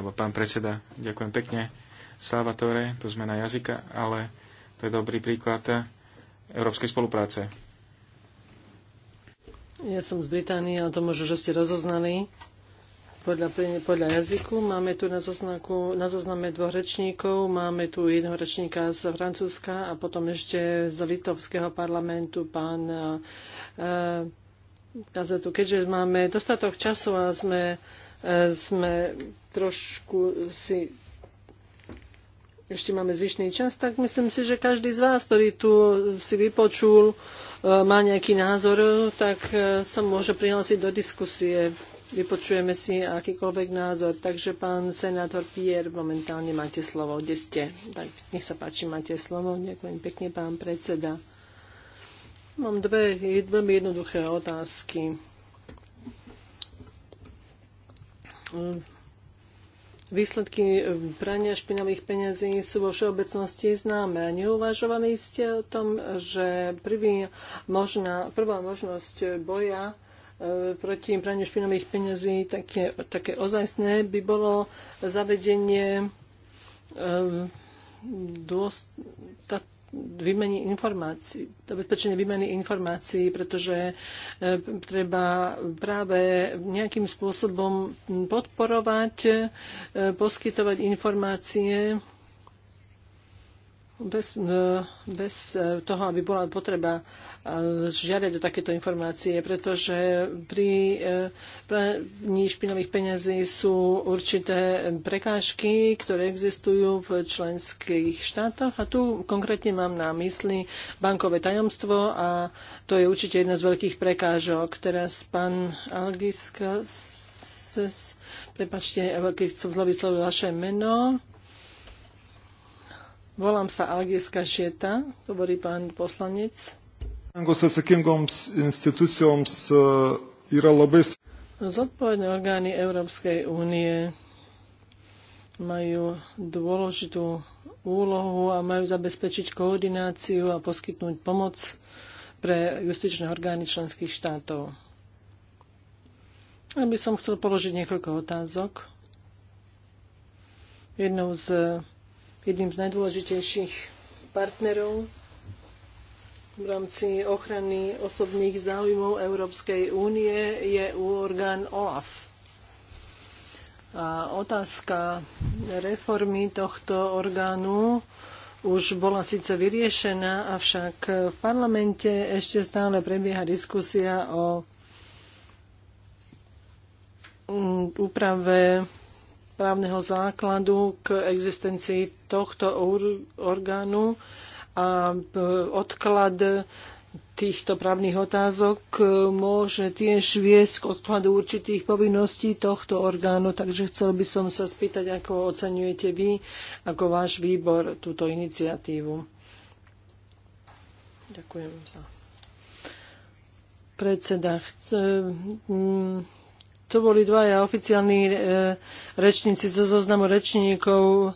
S2: Alebo pán predseda, ďakujem pekne. Salvatore, to zmena jazyka, ale to je dobrý príklad európskej spolupráce.
S3: Ja som z Británie, ale to možno, že ste rozoznali podľa, podľa jazyku. Máme tu na, zoznaku, na zozname dvoch rečníkov. Máme tu jedného rečníka z Francúzska a potom ešte z Litovského parlamentu pán e, Keďže máme dostatok času a sme, e, sme trošku si ešte máme zvyšný čas, tak myslím si, že každý z vás, ktorý tu si vypočul, má nejaký názor, tak sa môže prihlásiť do diskusie vypočujeme si akýkoľvek názor. Takže pán senátor Pierre, momentálne máte slovo, kde ste. Tak nech sa páči, máte slovo. Ďakujem pekne, pán predseda. Mám dve veľmi jednoduché otázky. Výsledky prania špinavých peniazí sú vo všeobecnosti známe. A neuvažovali ste o tom, že prvý možná, prvá možnosť boja E, proti praniu špinových peňazí, také, také ozajstné by bolo zavedenie e, výmeny informácií, zabezpečenie výmeny informácií, pretože e, treba práve nejakým spôsobom podporovať, poskytovať informácie bez, no, bez eh, toho, aby bola potreba eh, žiadať o takéto informácie, pretože pri eh, plení špinavých peňazí sú určité prekážky, ktoré existujú v členských štátoch. A tu konkrétne mám na mysli bankové tajomstvo a to je určite jedna z veľkých prekážok. Teraz pán Algiska, prepačte, keď som zle vyslovil vaše meno. Volám sa Algieska Žieta, hovorí pán poslanec. E, Zodpovedné orgány Európskej únie majú dôležitú úlohu a majú zabezpečiť koordináciu a poskytnúť pomoc pre justičné orgány členských štátov. Ja by som chcel položiť niekoľko otázok. Jednou z jedným z najdôležitejších partnerov v rámci ochrany osobných záujmov Európskej únie je orgán OLAF. A otázka reformy tohto orgánu už bola síce vyriešená, avšak v parlamente ešte stále prebieha diskusia o mm, úprave právneho základu k existencii tohto orgánu a e, odklad týchto právnych otázok e, môže tiež viesť k odkladu určitých povinností tohto orgánu. Takže chcel by som sa spýtať, ako oceňujete vy, ako váš výbor, túto iniciatívu. Ďakujem za predseda. Chce, to boli dvaja oficiálni e, rečníci zo zoznamu rečníkov,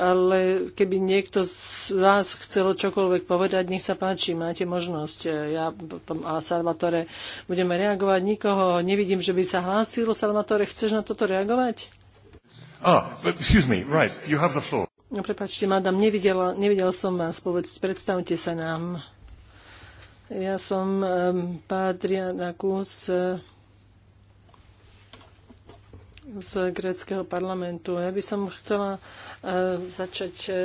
S3: ale keby niekto z vás chcelo čokoľvek povedať, nech sa páči, máte možnosť. E, ja potom a Salvatore budeme reagovať. Nikoho nevidím, že by sa hlásil. Salvatore, chceš na toto reagovať? Ah, oh, excuse me, right, you have the floor. No prepáčte, madam, nevidel, nevidel som vás, povedz, predstavte sa nám. Ja som um, Padriana Kus, uh, z gréckého parlamentu. Ja by som chcela e, začať e,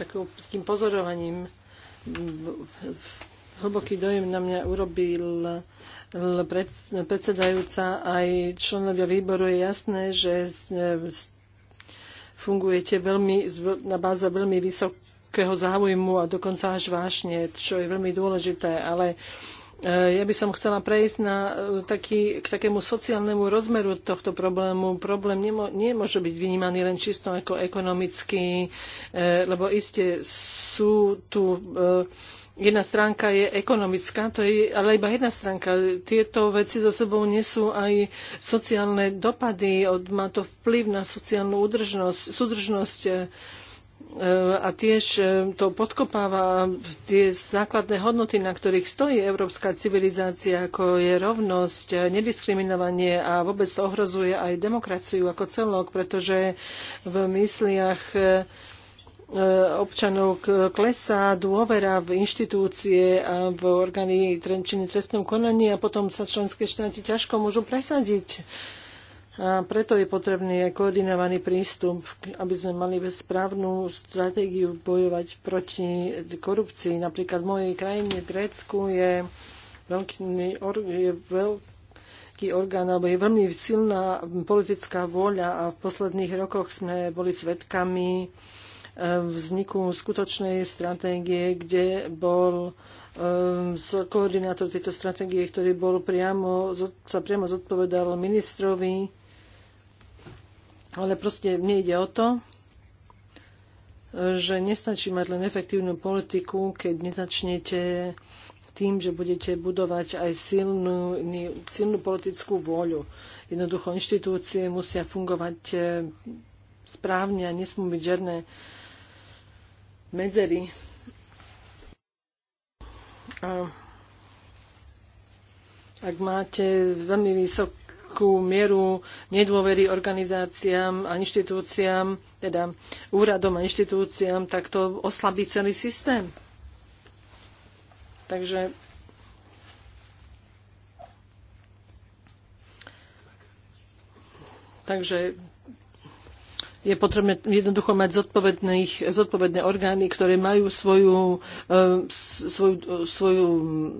S3: takým, takým pozorovaním. Hlboký dojem na mňa urobil e, predsedajúca aj členovia výboru. Je jasné, že fungujete veľmi, na báze veľmi vysokého záujmu a dokonca až vášne, čo je veľmi dôležité, ale E, ja by som chcela prejsť na e, taký, k takému sociálnemu rozmeru tohto problému. Problém nemo, nemôže byť vnímaný len čisto ako ekonomický, e, lebo iste sú tu jedna stránka je ekonomická, to je ale iba jedna stránka. Tieto veci so sebou nesú aj sociálne dopady, má to vplyv na sociálnu udržnosť, súdržnosť. E, a tiež e, to podkopáva tie základné hodnoty, na ktorých stojí európska civilizácia, ako je rovnosť, e, nediskriminovanie a vôbec ohrozuje aj demokraciu ako celok, pretože v mysliach občanov klesá dôvera v inštitúcie a v orgány trenčiny trestnom konaní a potom sa členské štáty ťažko môžu presadiť a preto je potrebný aj koordinovaný prístup, aby sme mali správnu stratégiu bojovať proti korupcii. Napríklad v mojej krajine, v Grécku, je veľký, je veľký orgán, alebo je veľmi silná politická vôľa a v posledných rokoch sme boli svedkami e, vzniku skutočnej stratégie, kde bol e, koordinátor tejto stratégie, ktorý bol priamo, sa priamo zodpovedal ministrovi ale proste mne ide o to, že nestačí mať len efektívnu politiku, keď nezačnete tým, že budete budovať aj silnú, silnú politickú vôľu. Jednoducho inštitúcie musia fungovať eh, správne a nesmú byť žiadne medzery. A ak máte veľmi vysokú vysokú mieru nedôvery organizáciám a inštitúciám, teda úradom a inštitúciám, tak to oslabí celý systém. Takže Takže je potrebné jednoducho mať zodpovedných, zodpovedné orgány, ktoré majú svoju, e, svoju, e, svoju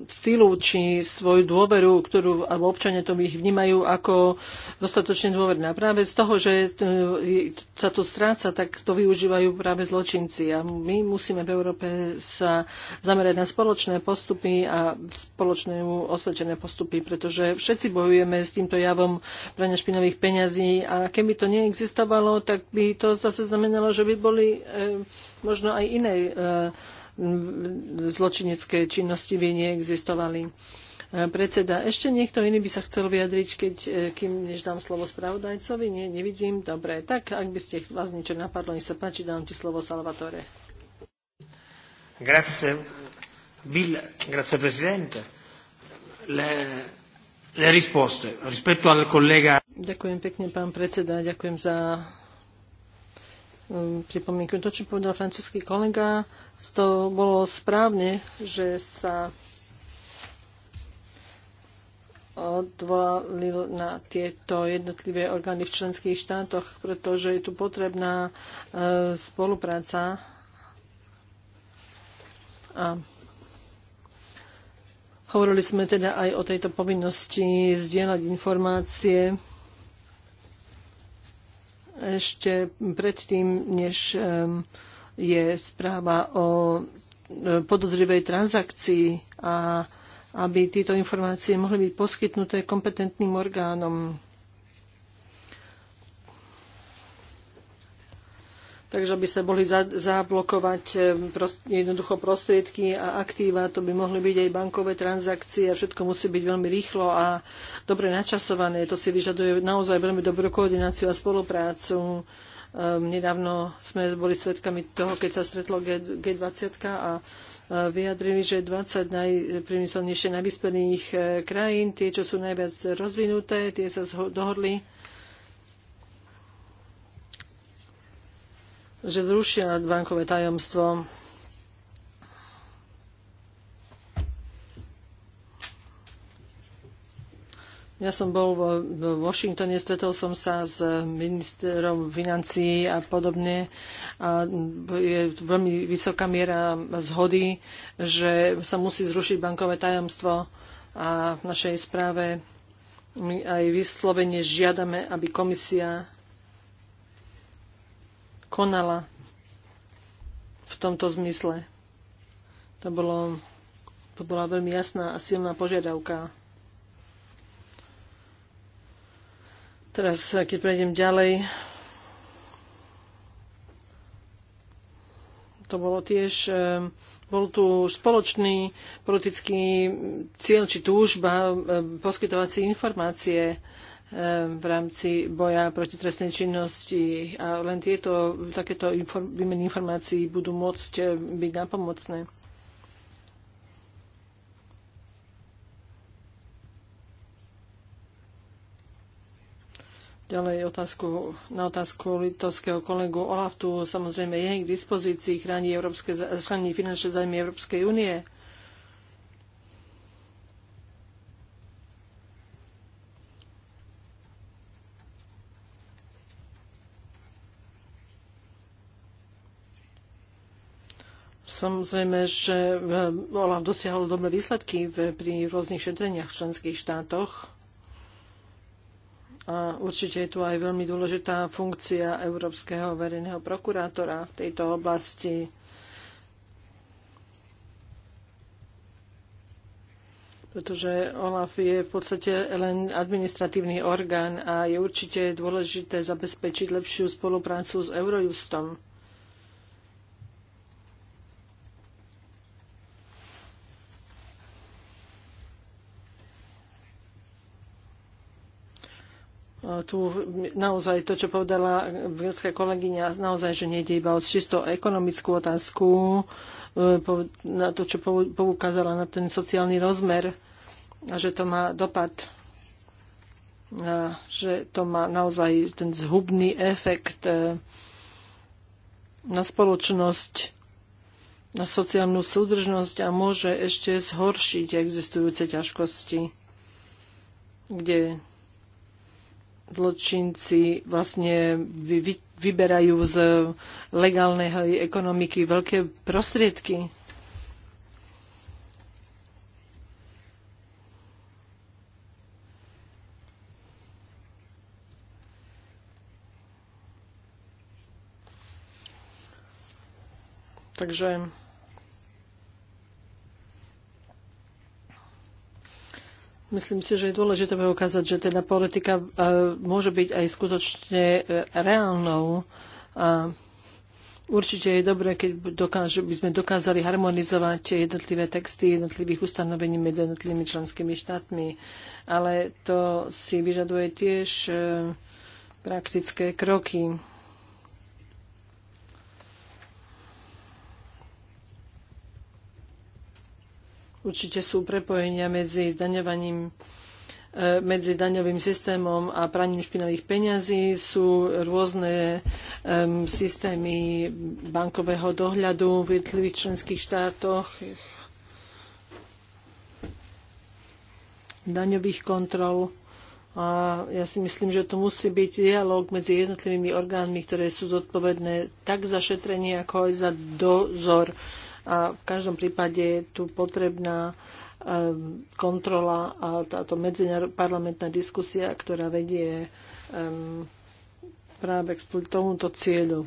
S3: silu či svoju dôveru, ktorú alebo občania to ich vnímajú ako dostatočne dôverné. A Práve z toho, že e, sa to stráca, tak to využívajú práve zločinci. A my musíme v Európe sa zamerať na spoločné postupy a spoločné osvedčené postupy, pretože všetci bojujeme s týmto javom prania špinových peňazí a keby to neexistovalo, tak by by to zase znamenalo, že by boli e, možno aj iné e, zločinecké činnosti by neexistovali. E, predseda, ešte niekto iný by sa chcel vyjadriť, keď, kým než dám slovo spravodajcovi? Nie, nevidím. Dobre, tak ak by ste vás niečo napadlo, nech sa páči, dám ti slovo, Salvatore.
S1: Grazie, Bill, grazie Presidente. Le... Le risposte rispetto al collega...
S3: Ďakujem pekne, pán predseda, ďakujem za Hm, pripomienku. To, čo povedal francúzsky kolega, to bolo správne, že sa odvolali na tieto jednotlivé orgány v členských štátoch, pretože je tu potrebná e, spolupráca. A hovorili sme teda aj o tejto povinnosti zdieľať informácie ešte predtým, než je správa o e, podozrivej transakcii a aby tieto informácie mohli byť poskytnuté kompetentným orgánom. takže by sa mohli za, zablokovať e, prost, jednoducho prostriedky a aktíva, to by mohli byť aj bankové transakcie a všetko musí byť veľmi rýchlo a dobre načasované. To si vyžaduje naozaj veľmi dobrú koordináciu a spoluprácu. Ehm, nedávno sme boli svedkami toho, keď sa stretlo G20 a e, vyjadrili, že 20 najpriemyselnejšie najvyspelých e, krajín, tie, čo sú najviac rozvinuté, tie sa dohodli že zrušia bankové tajomstvo. Ja som bol vo, v Washingtone, stretol som sa s ministerom financií a podobne a je veľmi vysoká miera zhody, že sa musí zrušiť bankové tajomstvo a v našej správe my aj vyslovene žiadame, aby komisia konala v tomto zmysle. To, bolo, to bola veľmi jasná a silná požiadavka. Teraz, keď prejdem ďalej, to bolo tiež, eh, bol tu spoločný politický cieľ či túžba eh, poskytovať si informácie v rámci boja proti trestnej činnosti a len tieto takéto výmeny informácií budú môcť eh, byť napomocné. Ďalej otázku, na otázku litovského kolegu Olaftu. samozrejme je k dispozícii chráni, európske, chráni finančné zájmy Európskej únie Samozrejme, že eh, OLAF dosiahol dobré výsledky pri rôznych šetreniach v členských štátoch. A určite je tu aj veľmi dôležitá funkcia Európskeho verejného prokurátora v tejto oblasti. pretože OLAF je v podstate len administratívny orgán a je určite dôležité zabezpečiť lepšiu spoluprácu s Eurojustom. tu naozaj to, čo povedala vedecká kolegyňa, naozaj, že nejde iba o čisto ekonomickú otázku, e, na to, čo poukázala na ten sociálny rozmer a že to má dopad a že to má naozaj ten zhubný efekt e, na spoločnosť, na sociálnu súdržnosť a môže ešte zhoršiť existujúce ťažkosti, kde zločinci vlastne vy, vy, vyberajú z legálnej ekonomiky veľké prostriedky. Takže Myslím si, že je dôležité ukázať, že teda politika e, môže byť aj skutočne e, reálnou a Určite je dobré, keď dokáže, by sme dokázali harmonizovať jednotlivé texty jednotlivých ustanovení medzi jednotlivými členskými štátmi, ale to si vyžaduje tiež e, praktické kroky. určite sú prepojenia medzi zdaňovaním e, medzi daňovým systémom a praním špinavých peňazí sú rôzne um, systémy bankového dohľadu v jednotlivých členských štátoch, daňových kontrol. A ja si myslím, že to musí byť dialog medzi jednotlivými orgánmi, ktoré sú zodpovedné tak za šetrenie, ako aj za dozor. Uh, a v každom prípade je tu potrebná ehm, kontrola a táto medzinárodná diskusia, ktorá vedie ehm, práve k tomuto cieľu.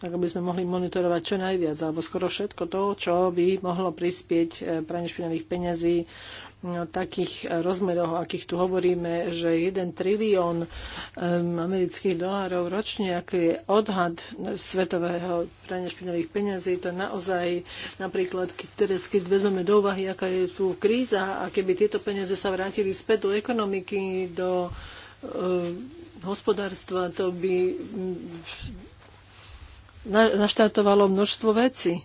S3: Tak aby sme mohli monitorovať čo najviac, alebo skoro všetko to, čo by mohlo prispieť eh, pranie špinavých peňazí o no, takých eh, rozmeroch, o akých tu hovoríme, že 1 trilión ehm, amerických dolárov ročne, aký je odhad svetového prania špinavých peňazí, to naozaj napríklad, teraz keď vezmeme do úvahy, aká je tu kríza a keby tieto peniaze sa vrátili späť do ekonomiky, do eh, hospodárstva, to by mm, naštartovalo množstvo vecí.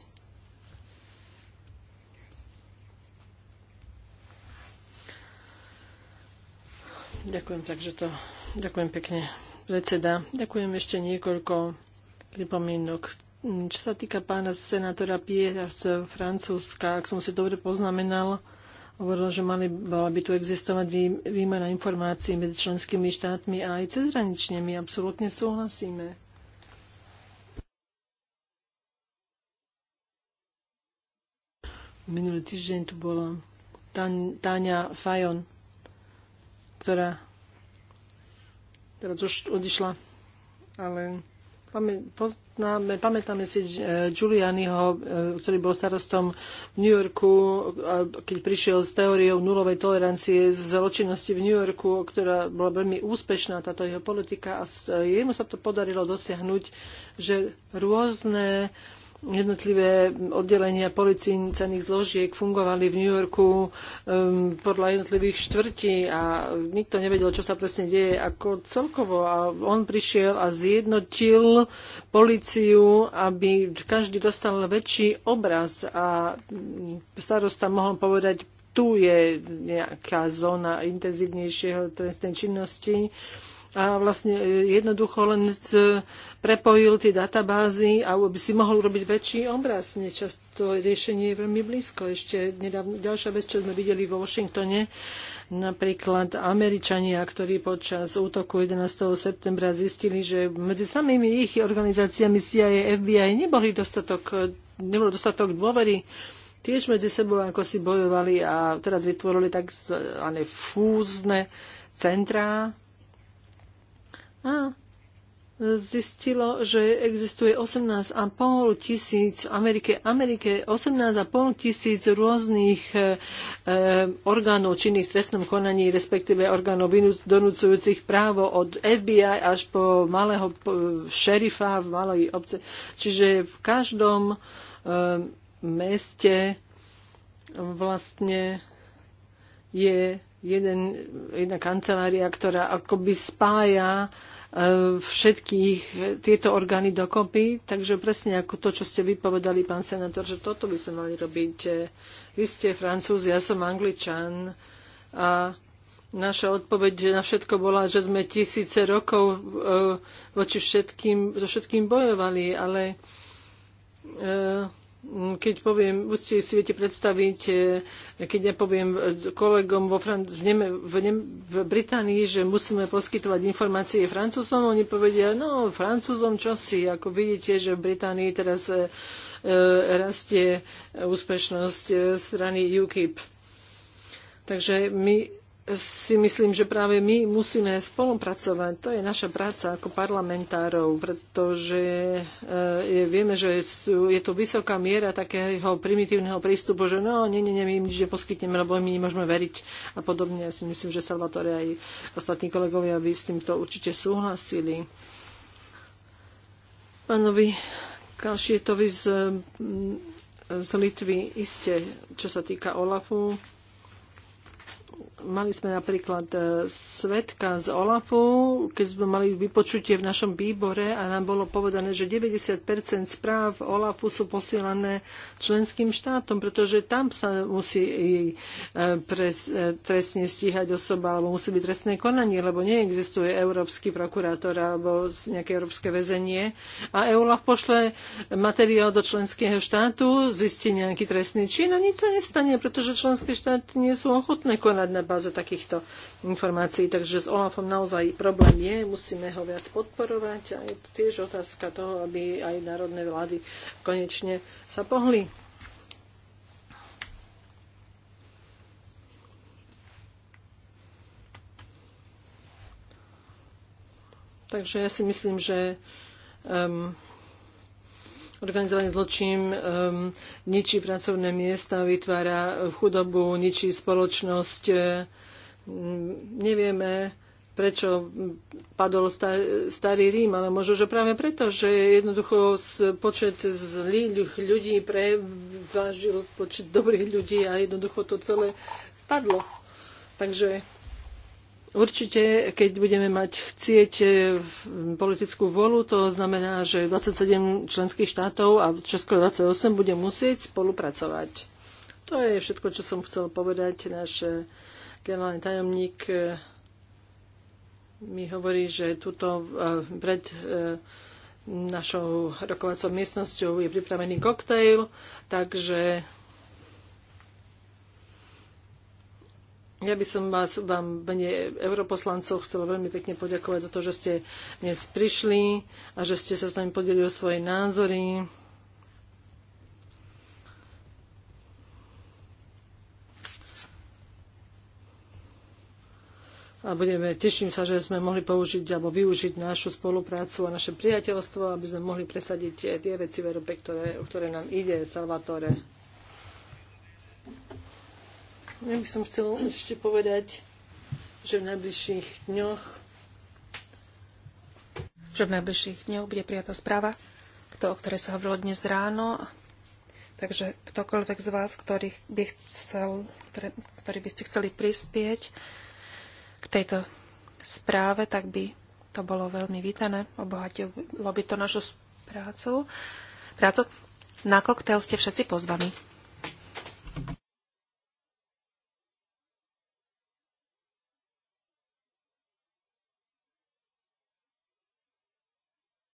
S3: Ďakujem, takže to, ďakujem pekne predseda. Ďakujem ešte niekoľko pripomienok. Čo sa týka pána senátora Piera z Francúzska, ak som si dobre poznamenal, hovoril, že mali, mala by tu existovať vý, výmena informácií medzi členskými štátmi a aj cezhranične. My absolútne súhlasíme. Minulý týždeň tu bola Táňa Fajon ktorá teraz už odišla, ale poznáme, pamätáme si eh, Giulianiho, eh, ktorý bol starostom v New Yorku, keď prišiel s teóriou nulovej tolerancie z zločinnosti v New Yorku, ktorá bola veľmi úspešná, táto jeho politika. A jemu sa to podarilo dosiahnuť, že rôzne jednotlivé oddelenia policajných zložiek fungovali v New Yorku um, podľa jednotlivých štvrtí a nikto nevedel, čo sa presne deje ako celkovo. A on prišiel a zjednotil policiu, aby každý dostal väčší obraz a starosta mohol povedať, tu je nejaká zóna intenzívnejšieho trestnej činnosti a vlastne e, jednoducho len e, prepojil tie databázy a by si mohol robiť väčší obraz. Nečasto riešenie je veľmi blízko. Ešte nedávno, ďalšia vec, čo sme videli vo Washingtone, napríklad Američania, ktorí počas útoku 11. septembra zistili, že medzi samými ich organizáciami CIA, FBI neboli dostatok, e, nebol dostatok dôvery tiež medzi sebou ako si bojovali a teraz vytvorili tak fúzne centrá, a zistilo, že existuje 18,5 tisíc v Amerike, Amerike 18,5 tisíc rôznych e, e, orgánov činných v trestnom konaní, respektíve orgánov donúcujúcich právo od FBI až po malého šerifa v malej obce. Čiže v každom e, meste vlastne je jeden, jedna kancelária, ktorá akoby spája e, všetkých tieto orgány dokopy. Takže presne ako to, čo ste vypovedali, pán senátor, že toto by sme mali robiť. Vy ste francúz, ja som angličan a naša odpoveď na všetko bola, že sme tisíce rokov e, voči všetkým, so všetkým bojovali, ale e, Mm, keď poviem, určite si viete predstaviť, e, keď ja poviem kolegom vo Fran- z Neme- v, Nem- v Británii, že musíme poskytovať informácie francúzom, oni povedia, no francúzom čo si, ako vidíte, že v Británii teraz e, e rastie úspešnosť e, strany UKIP. Takže my si myslím, že práve my musíme spolupracovať. To je naša práca ako parlamentárov, pretože eh, vieme, že sú, je tu vysoká miera takého primitívneho prístupu, že no, nie, nie, nie, my im nič neposkytneme, lebo my nemôžeme veriť a podobne. Ja si myslím, že Salvatore aj ostatní kolegovia by s týmto určite súhlasili. Pánovi Kalšietovi z, z Litvy iste, čo sa týka Olafu, Mali sme napríklad e, svetka z OLAFu, keď sme mali vypočutie v našom výbore a nám bolo povedané, že 90 správ OLAFu sú posielané členským štátom, pretože tam sa musí e, e, trestne stíhať osoba alebo musí byť trestné konanie, lebo neexistuje európsky prokurátor alebo nejaké európske väzenie. A EULAF pošle materiál do členského štátu, zistí nejaký trestný čin a nič sa nestane, pretože členské štáty nie sú ochotné konať na databáze takýchto informácií. Takže s OLAFom naozaj problém je, musíme ho viac podporovať a je tiež otázka toho, aby aj národné vlády konečne sa pohli. Takže ja si myslím, že um, Organizovaný zločin um, ničí pracovné miesta, vytvára eh, chudobu, ničí spoločnosť. Um, nevieme, prečo padol starý Rím, ale možno, že práve preto, že jednoducho počet zlých ľudí prevážil počet dobrých ľudí a jednoducho to celé padlo. Takže Určite, keď budeme mať chcieť e, politickú volu, to znamená, že 27 členských štátov a Česko 28 bude musieť spolupracovať. To je všetko, čo som chcel povedať. Náš e, generálny tajomník e, mi hovorí, že tuto pred našou rokovacou miestnosťou je pripravený koktejl, takže Ja by som vás, vám, mene europoslancov, chcela veľmi pekne poďakovať za to, že ste dnes prišli a že ste sa s nami podelili o svoje názory. a budeme, teším sa, že sme mohli použiť alebo využiť našu spoluprácu a naše priateľstvo, aby sme mohli presadiť tie, tie veci v Európe, ktoré, o ktoré nám ide, Salvatore. Ja by som chcel ešte povedať, že v najbližších dňoch
S4: že v najbližších dňoch bude prijatá správa, kto, o ktorej sa hovorilo dnes ráno. Takže ktokoľvek z vás, ktorý by, chcel, ktoré, ktorý by ste chceli prispieť k tejto správe, tak by to bolo veľmi vítané. Obohatilo by to našu prácu. prácu. Na koktail ste všetci pozvaní.